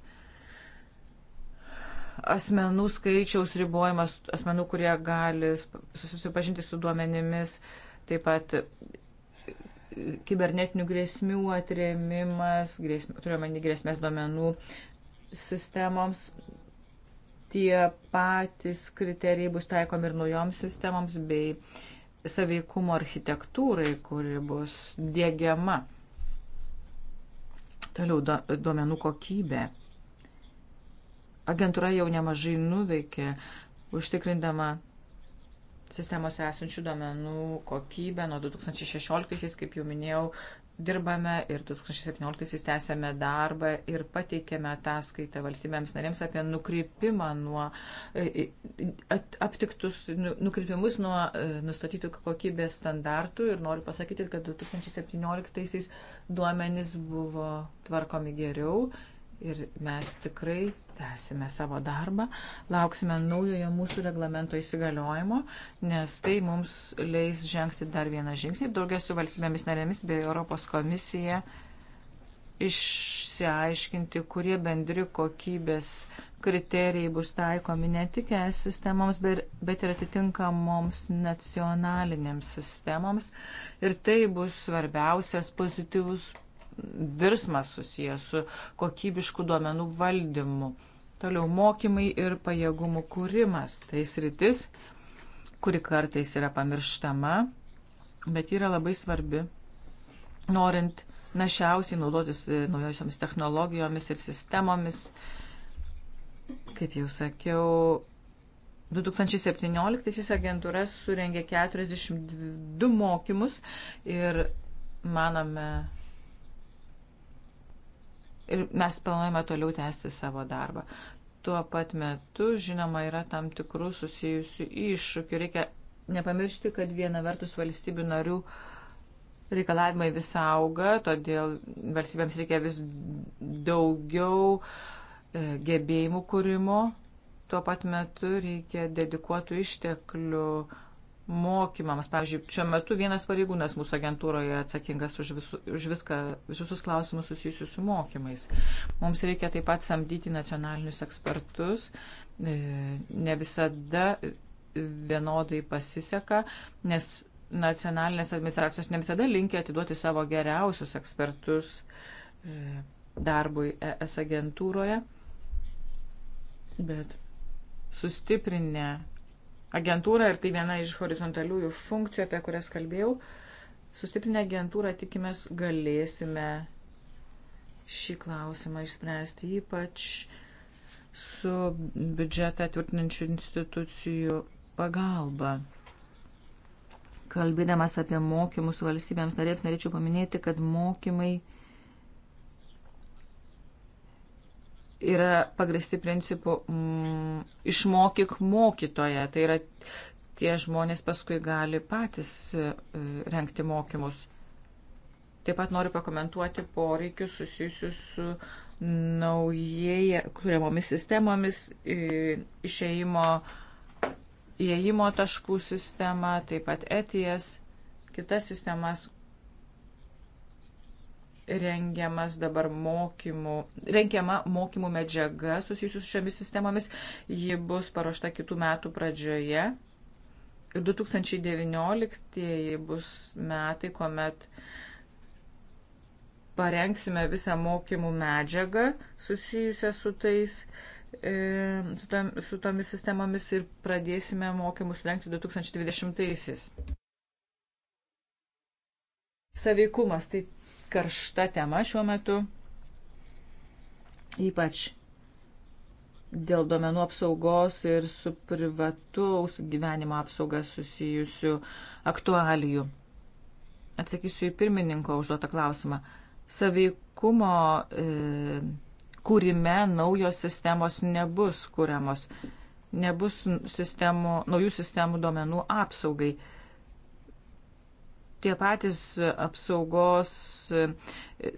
asmenų skaičiaus ribojimas, asmenų, kurie gali susipažinti su duomenimis, taip pat kibernetinių grėsmių atrėmimas, grėsmė, turiuomenį grėsmės duomenų sistemoms, tie patys kriterijai bus taikomi ir naujoms sistemoms bei saveikumo architektūrai, kuri bus dėgiama. Toliau duomenų kokybė. Agentūra jau nemažai nuveikė, užtikrindama sistemos esančių duomenų kokybę nuo 2016, kaip jau minėjau, dirbame ir 2017-aisiais tęsėme darbą ir pateikėme ataskaitą valstybėms narėms apie nukreipimą nuo e, e, aptiktus nu, nukreipimus nuo e, nustatytų kokybės standartų ir noriu pasakyti, kad 2017-aisiais duomenys buvo tvarkomi geriau ir mes tikrai Tęsime savo darbą, lauksime naujojo mūsų reglamento įsigaliojimo, nes tai mums leis žengti dar vieną žingsnį ir daugia su valstybėmis narėmis bei Europos komisija išsiaiškinti, kurie bendri kokybės kriterijai bus taikomi ne tik es sistemoms, bet ir atitinkamoms nacionalinėms sistemoms. Ir tai bus svarbiausias pozityvus virsmas susijęs su kokybišku duomenų valdymu. Toliau mokymai ir pajėgumų kūrimas. Tai sritis, kuri kartais yra pamirštama, bet yra labai svarbi, norint našiausiai naudotis e, naujosiomis technologijomis ir sistemomis. Kaip jau sakiau, 2017 agentūra surengė 42 mokymus ir manome, ir mes planuojame toliau tęsti savo darbą. Tuo pat metu, žinoma, yra tam tikrų susijusių iššūkių. Reikia nepamiršti, kad viena vertus valstybių narių reikalavimai vis auga, todėl valstybėms reikia vis daugiau e, gebėjimų kūrimo. Tuo pat metu reikia dedikuotų išteklių mokymams. Pavyzdžiui, šiuo metu vienas pareigūnas mūsų agentūroje atsakingas už, visu, už viską, visus klausimus susijusius su mokymais. Mums reikia taip pat samdyti nacionalinius ekspertus. E, ne visada vienodai pasiseka, nes nacionalinės administracijos ne visada linkia atiduoti savo geriausius ekspertus e, darbui ES agentūroje. Bet sustiprinę agentūrą ir tai viena iš horizontaliųjų funkcijų, apie kurias kalbėjau. Sustiprinę agentūrą tikimės galėsime šį klausimą išspręsti, ypač su biudžetą tvirtinančių institucijų pagalba. Kalbėdamas apie mokymus valstybėms narėms, norėčiau paminėti, kad mokymai yra pagristi principu mm, išmokyk mokytoje. Tai yra tie žmonės paskui gali patys e, renkti mokymus. Taip pat noriu pakomentuoti poreikius susijusius su naujieji kuriamomis sistemomis, e, išėjimo, įėjimo taškų sistema, taip pat etijas, kitas sistemas, rengiamas dabar mokymų, rengiama mokymų medžiaga susijusius šiomis sistemomis. Ji bus paruošta kitų metų pradžioje. Ir 2019 bus metai, kuomet parengsime visą mokymų medžiagą susijusią su tais e, su, tom, su tomis sistemomis ir pradėsime mokymus rengti 2020-aisiais. Saveikumas tai karšta tema šiuo metu, ypač dėl duomenų apsaugos ir su privataus gyvenimo apsauga susijusių aktualijų. Atsakysiu į pirmininko užduotą klausimą. Saveikumo e, kūrime naujos sistemos nebus kūriamos, nebus sistemų, naujų sistemų duomenų apsaugai. E, tie patys apsaugos e,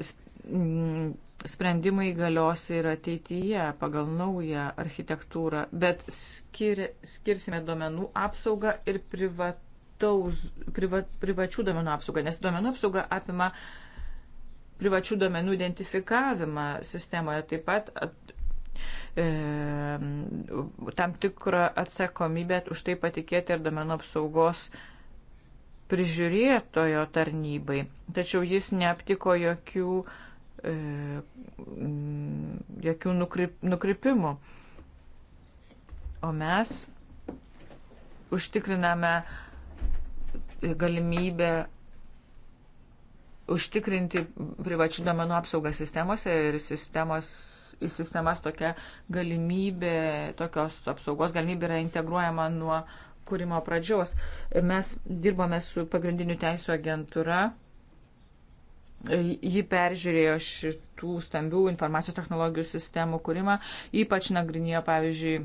sprendimai galios ir ateityje pagal naują architektūrą, bet skir, skirsime duomenų apsaugą ir privataus, priva, privačių duomenų apsaugą, nes duomenų apsauga apima privačių duomenų identifikavimą sistemoje, taip pat at, e, tam tikrą atsakomybę už tai patikėti ir duomenų apsaugos e, prižiūrėtojo tarnybai, tačiau jis neaptiko jokių, e, mm, jokių nukryp, nukrypimų. O mes užtikriname galimybę užtikrinti privačių domenų apsaugą sistemose ir sistemos, į sistemas tokia galimybė, tokios apsaugos galimybė yra integruojama nuo kūrimo pradžios. Mes dirbome su pagrindiniu teisų agentūra. Ji peržiūrėjo šitų stambių informacijos technologijų sistemų kūrimą, ypač nagrinėjo, pavyzdžiui,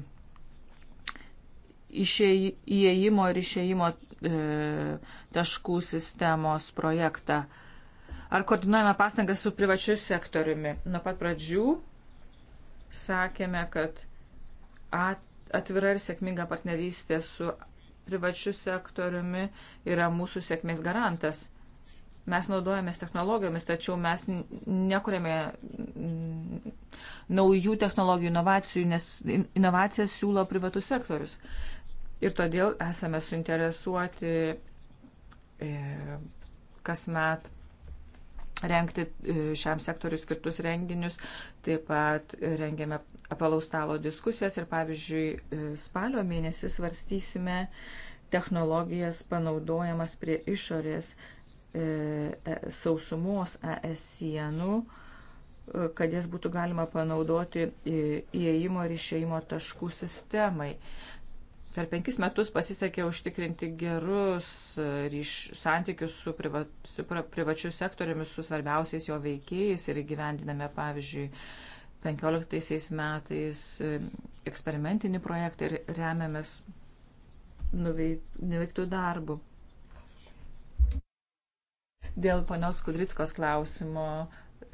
įėjimo ir išėjimo e, taškų sistemos projektą. Ar koordinuojame pastangas su privačiu sektoriumi? Nuo pat pradžių sakėme, kad atvira ir sėkminga partnerystė su privačiu sektoriumi yra mūsų sėkmės garantas. Mes naudojamės technologijomis, tačiau mes nekuriame naujų technologijų inovacijų, nes inovacijas siūlo privatus sektorius. Ir todėl esame suinteresuoti e, kasmet rengti e, šiam sektoriu skirtus renginius. Taip pat rengėme apalaus stalo diskusijas ir, pavyzdžiui, e, spalio mėnesį svarstysime technologijas panaudojamas prie išorės e, e sausumos ES sienų, kad jas būtų galima panaudoti įėjimo ir išėjimo taškų sistemai. Per penkis metus pasisekė užtikrinti gerus e, ryš, santykius su, priva, su privačiu sektoriumi, su svarbiausiais jo veikėjais ir įgyvendiname, pavyzdžiui, 15 metais e, eksperimentinį projektą ir remiamės nuveiktų darbų. Dėl ponios Kudrickos klausimo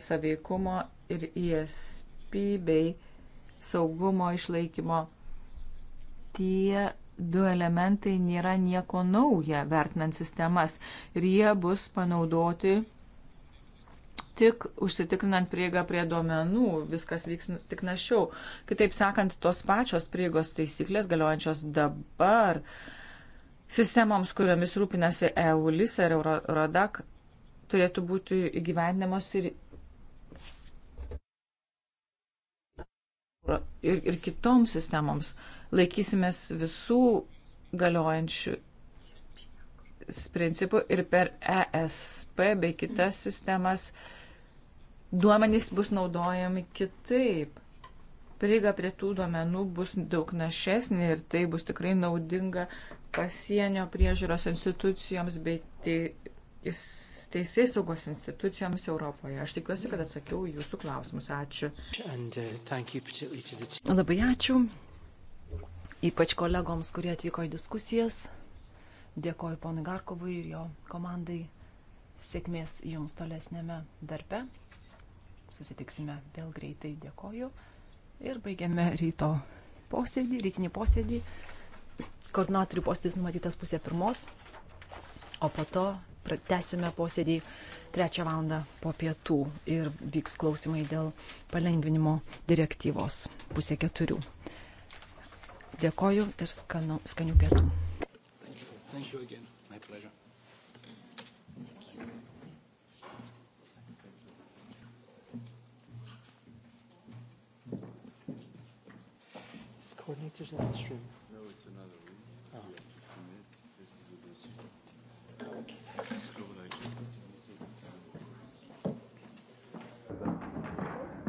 saveikumo ir ISP bei saugumo išlaikymo tie du elementai nėra nieko nauja vertinant sistemas ir jie bus panaudoti tik užsitikrinant prieigą prie duomenų, viskas vyks tik našiau. Kitaip sakant, tos pačios prieigos taisyklės galiojančios dabar sistemoms, kuriomis rūpinasi EULIS ar Eurodac, turėtų būti įgyvendinamos ir, ir, ir kitoms sistemoms laikysimės visų galiojančių principų ir per ESP bei kitas sistemas duomenys bus naudojami kitaip. Prieiga prie tų duomenų bus daug našesnė ir tai bus tikrai naudinga pasienio priežiūros institucijoms bei teisės saugos institucijoms Europoje. Aš tikiuosi, kad atsakiau jūsų klausimus. Ačiū. Uh, Labai ačiū ypač kolegoms, kurie atvyko į diskusijas. Dėkoju ponui Garkovui ir jo komandai. Sėkmės jums tolesnėme darbe. Susitiksime vėl greitai. Dėkoju. Ir baigiame ryto posėdį, rytinį posėdį. Koordinatorių posėdis numatytas pusė pirmos, o po to tęsime posėdį trečią valandą po pietų ir vyks klausimai dėl palengvinimo direktyvos pusė keturių. Dėkoju ir skanu, skanių pietų. Thank you. Thank you again. My pleasure. coordinators in this room.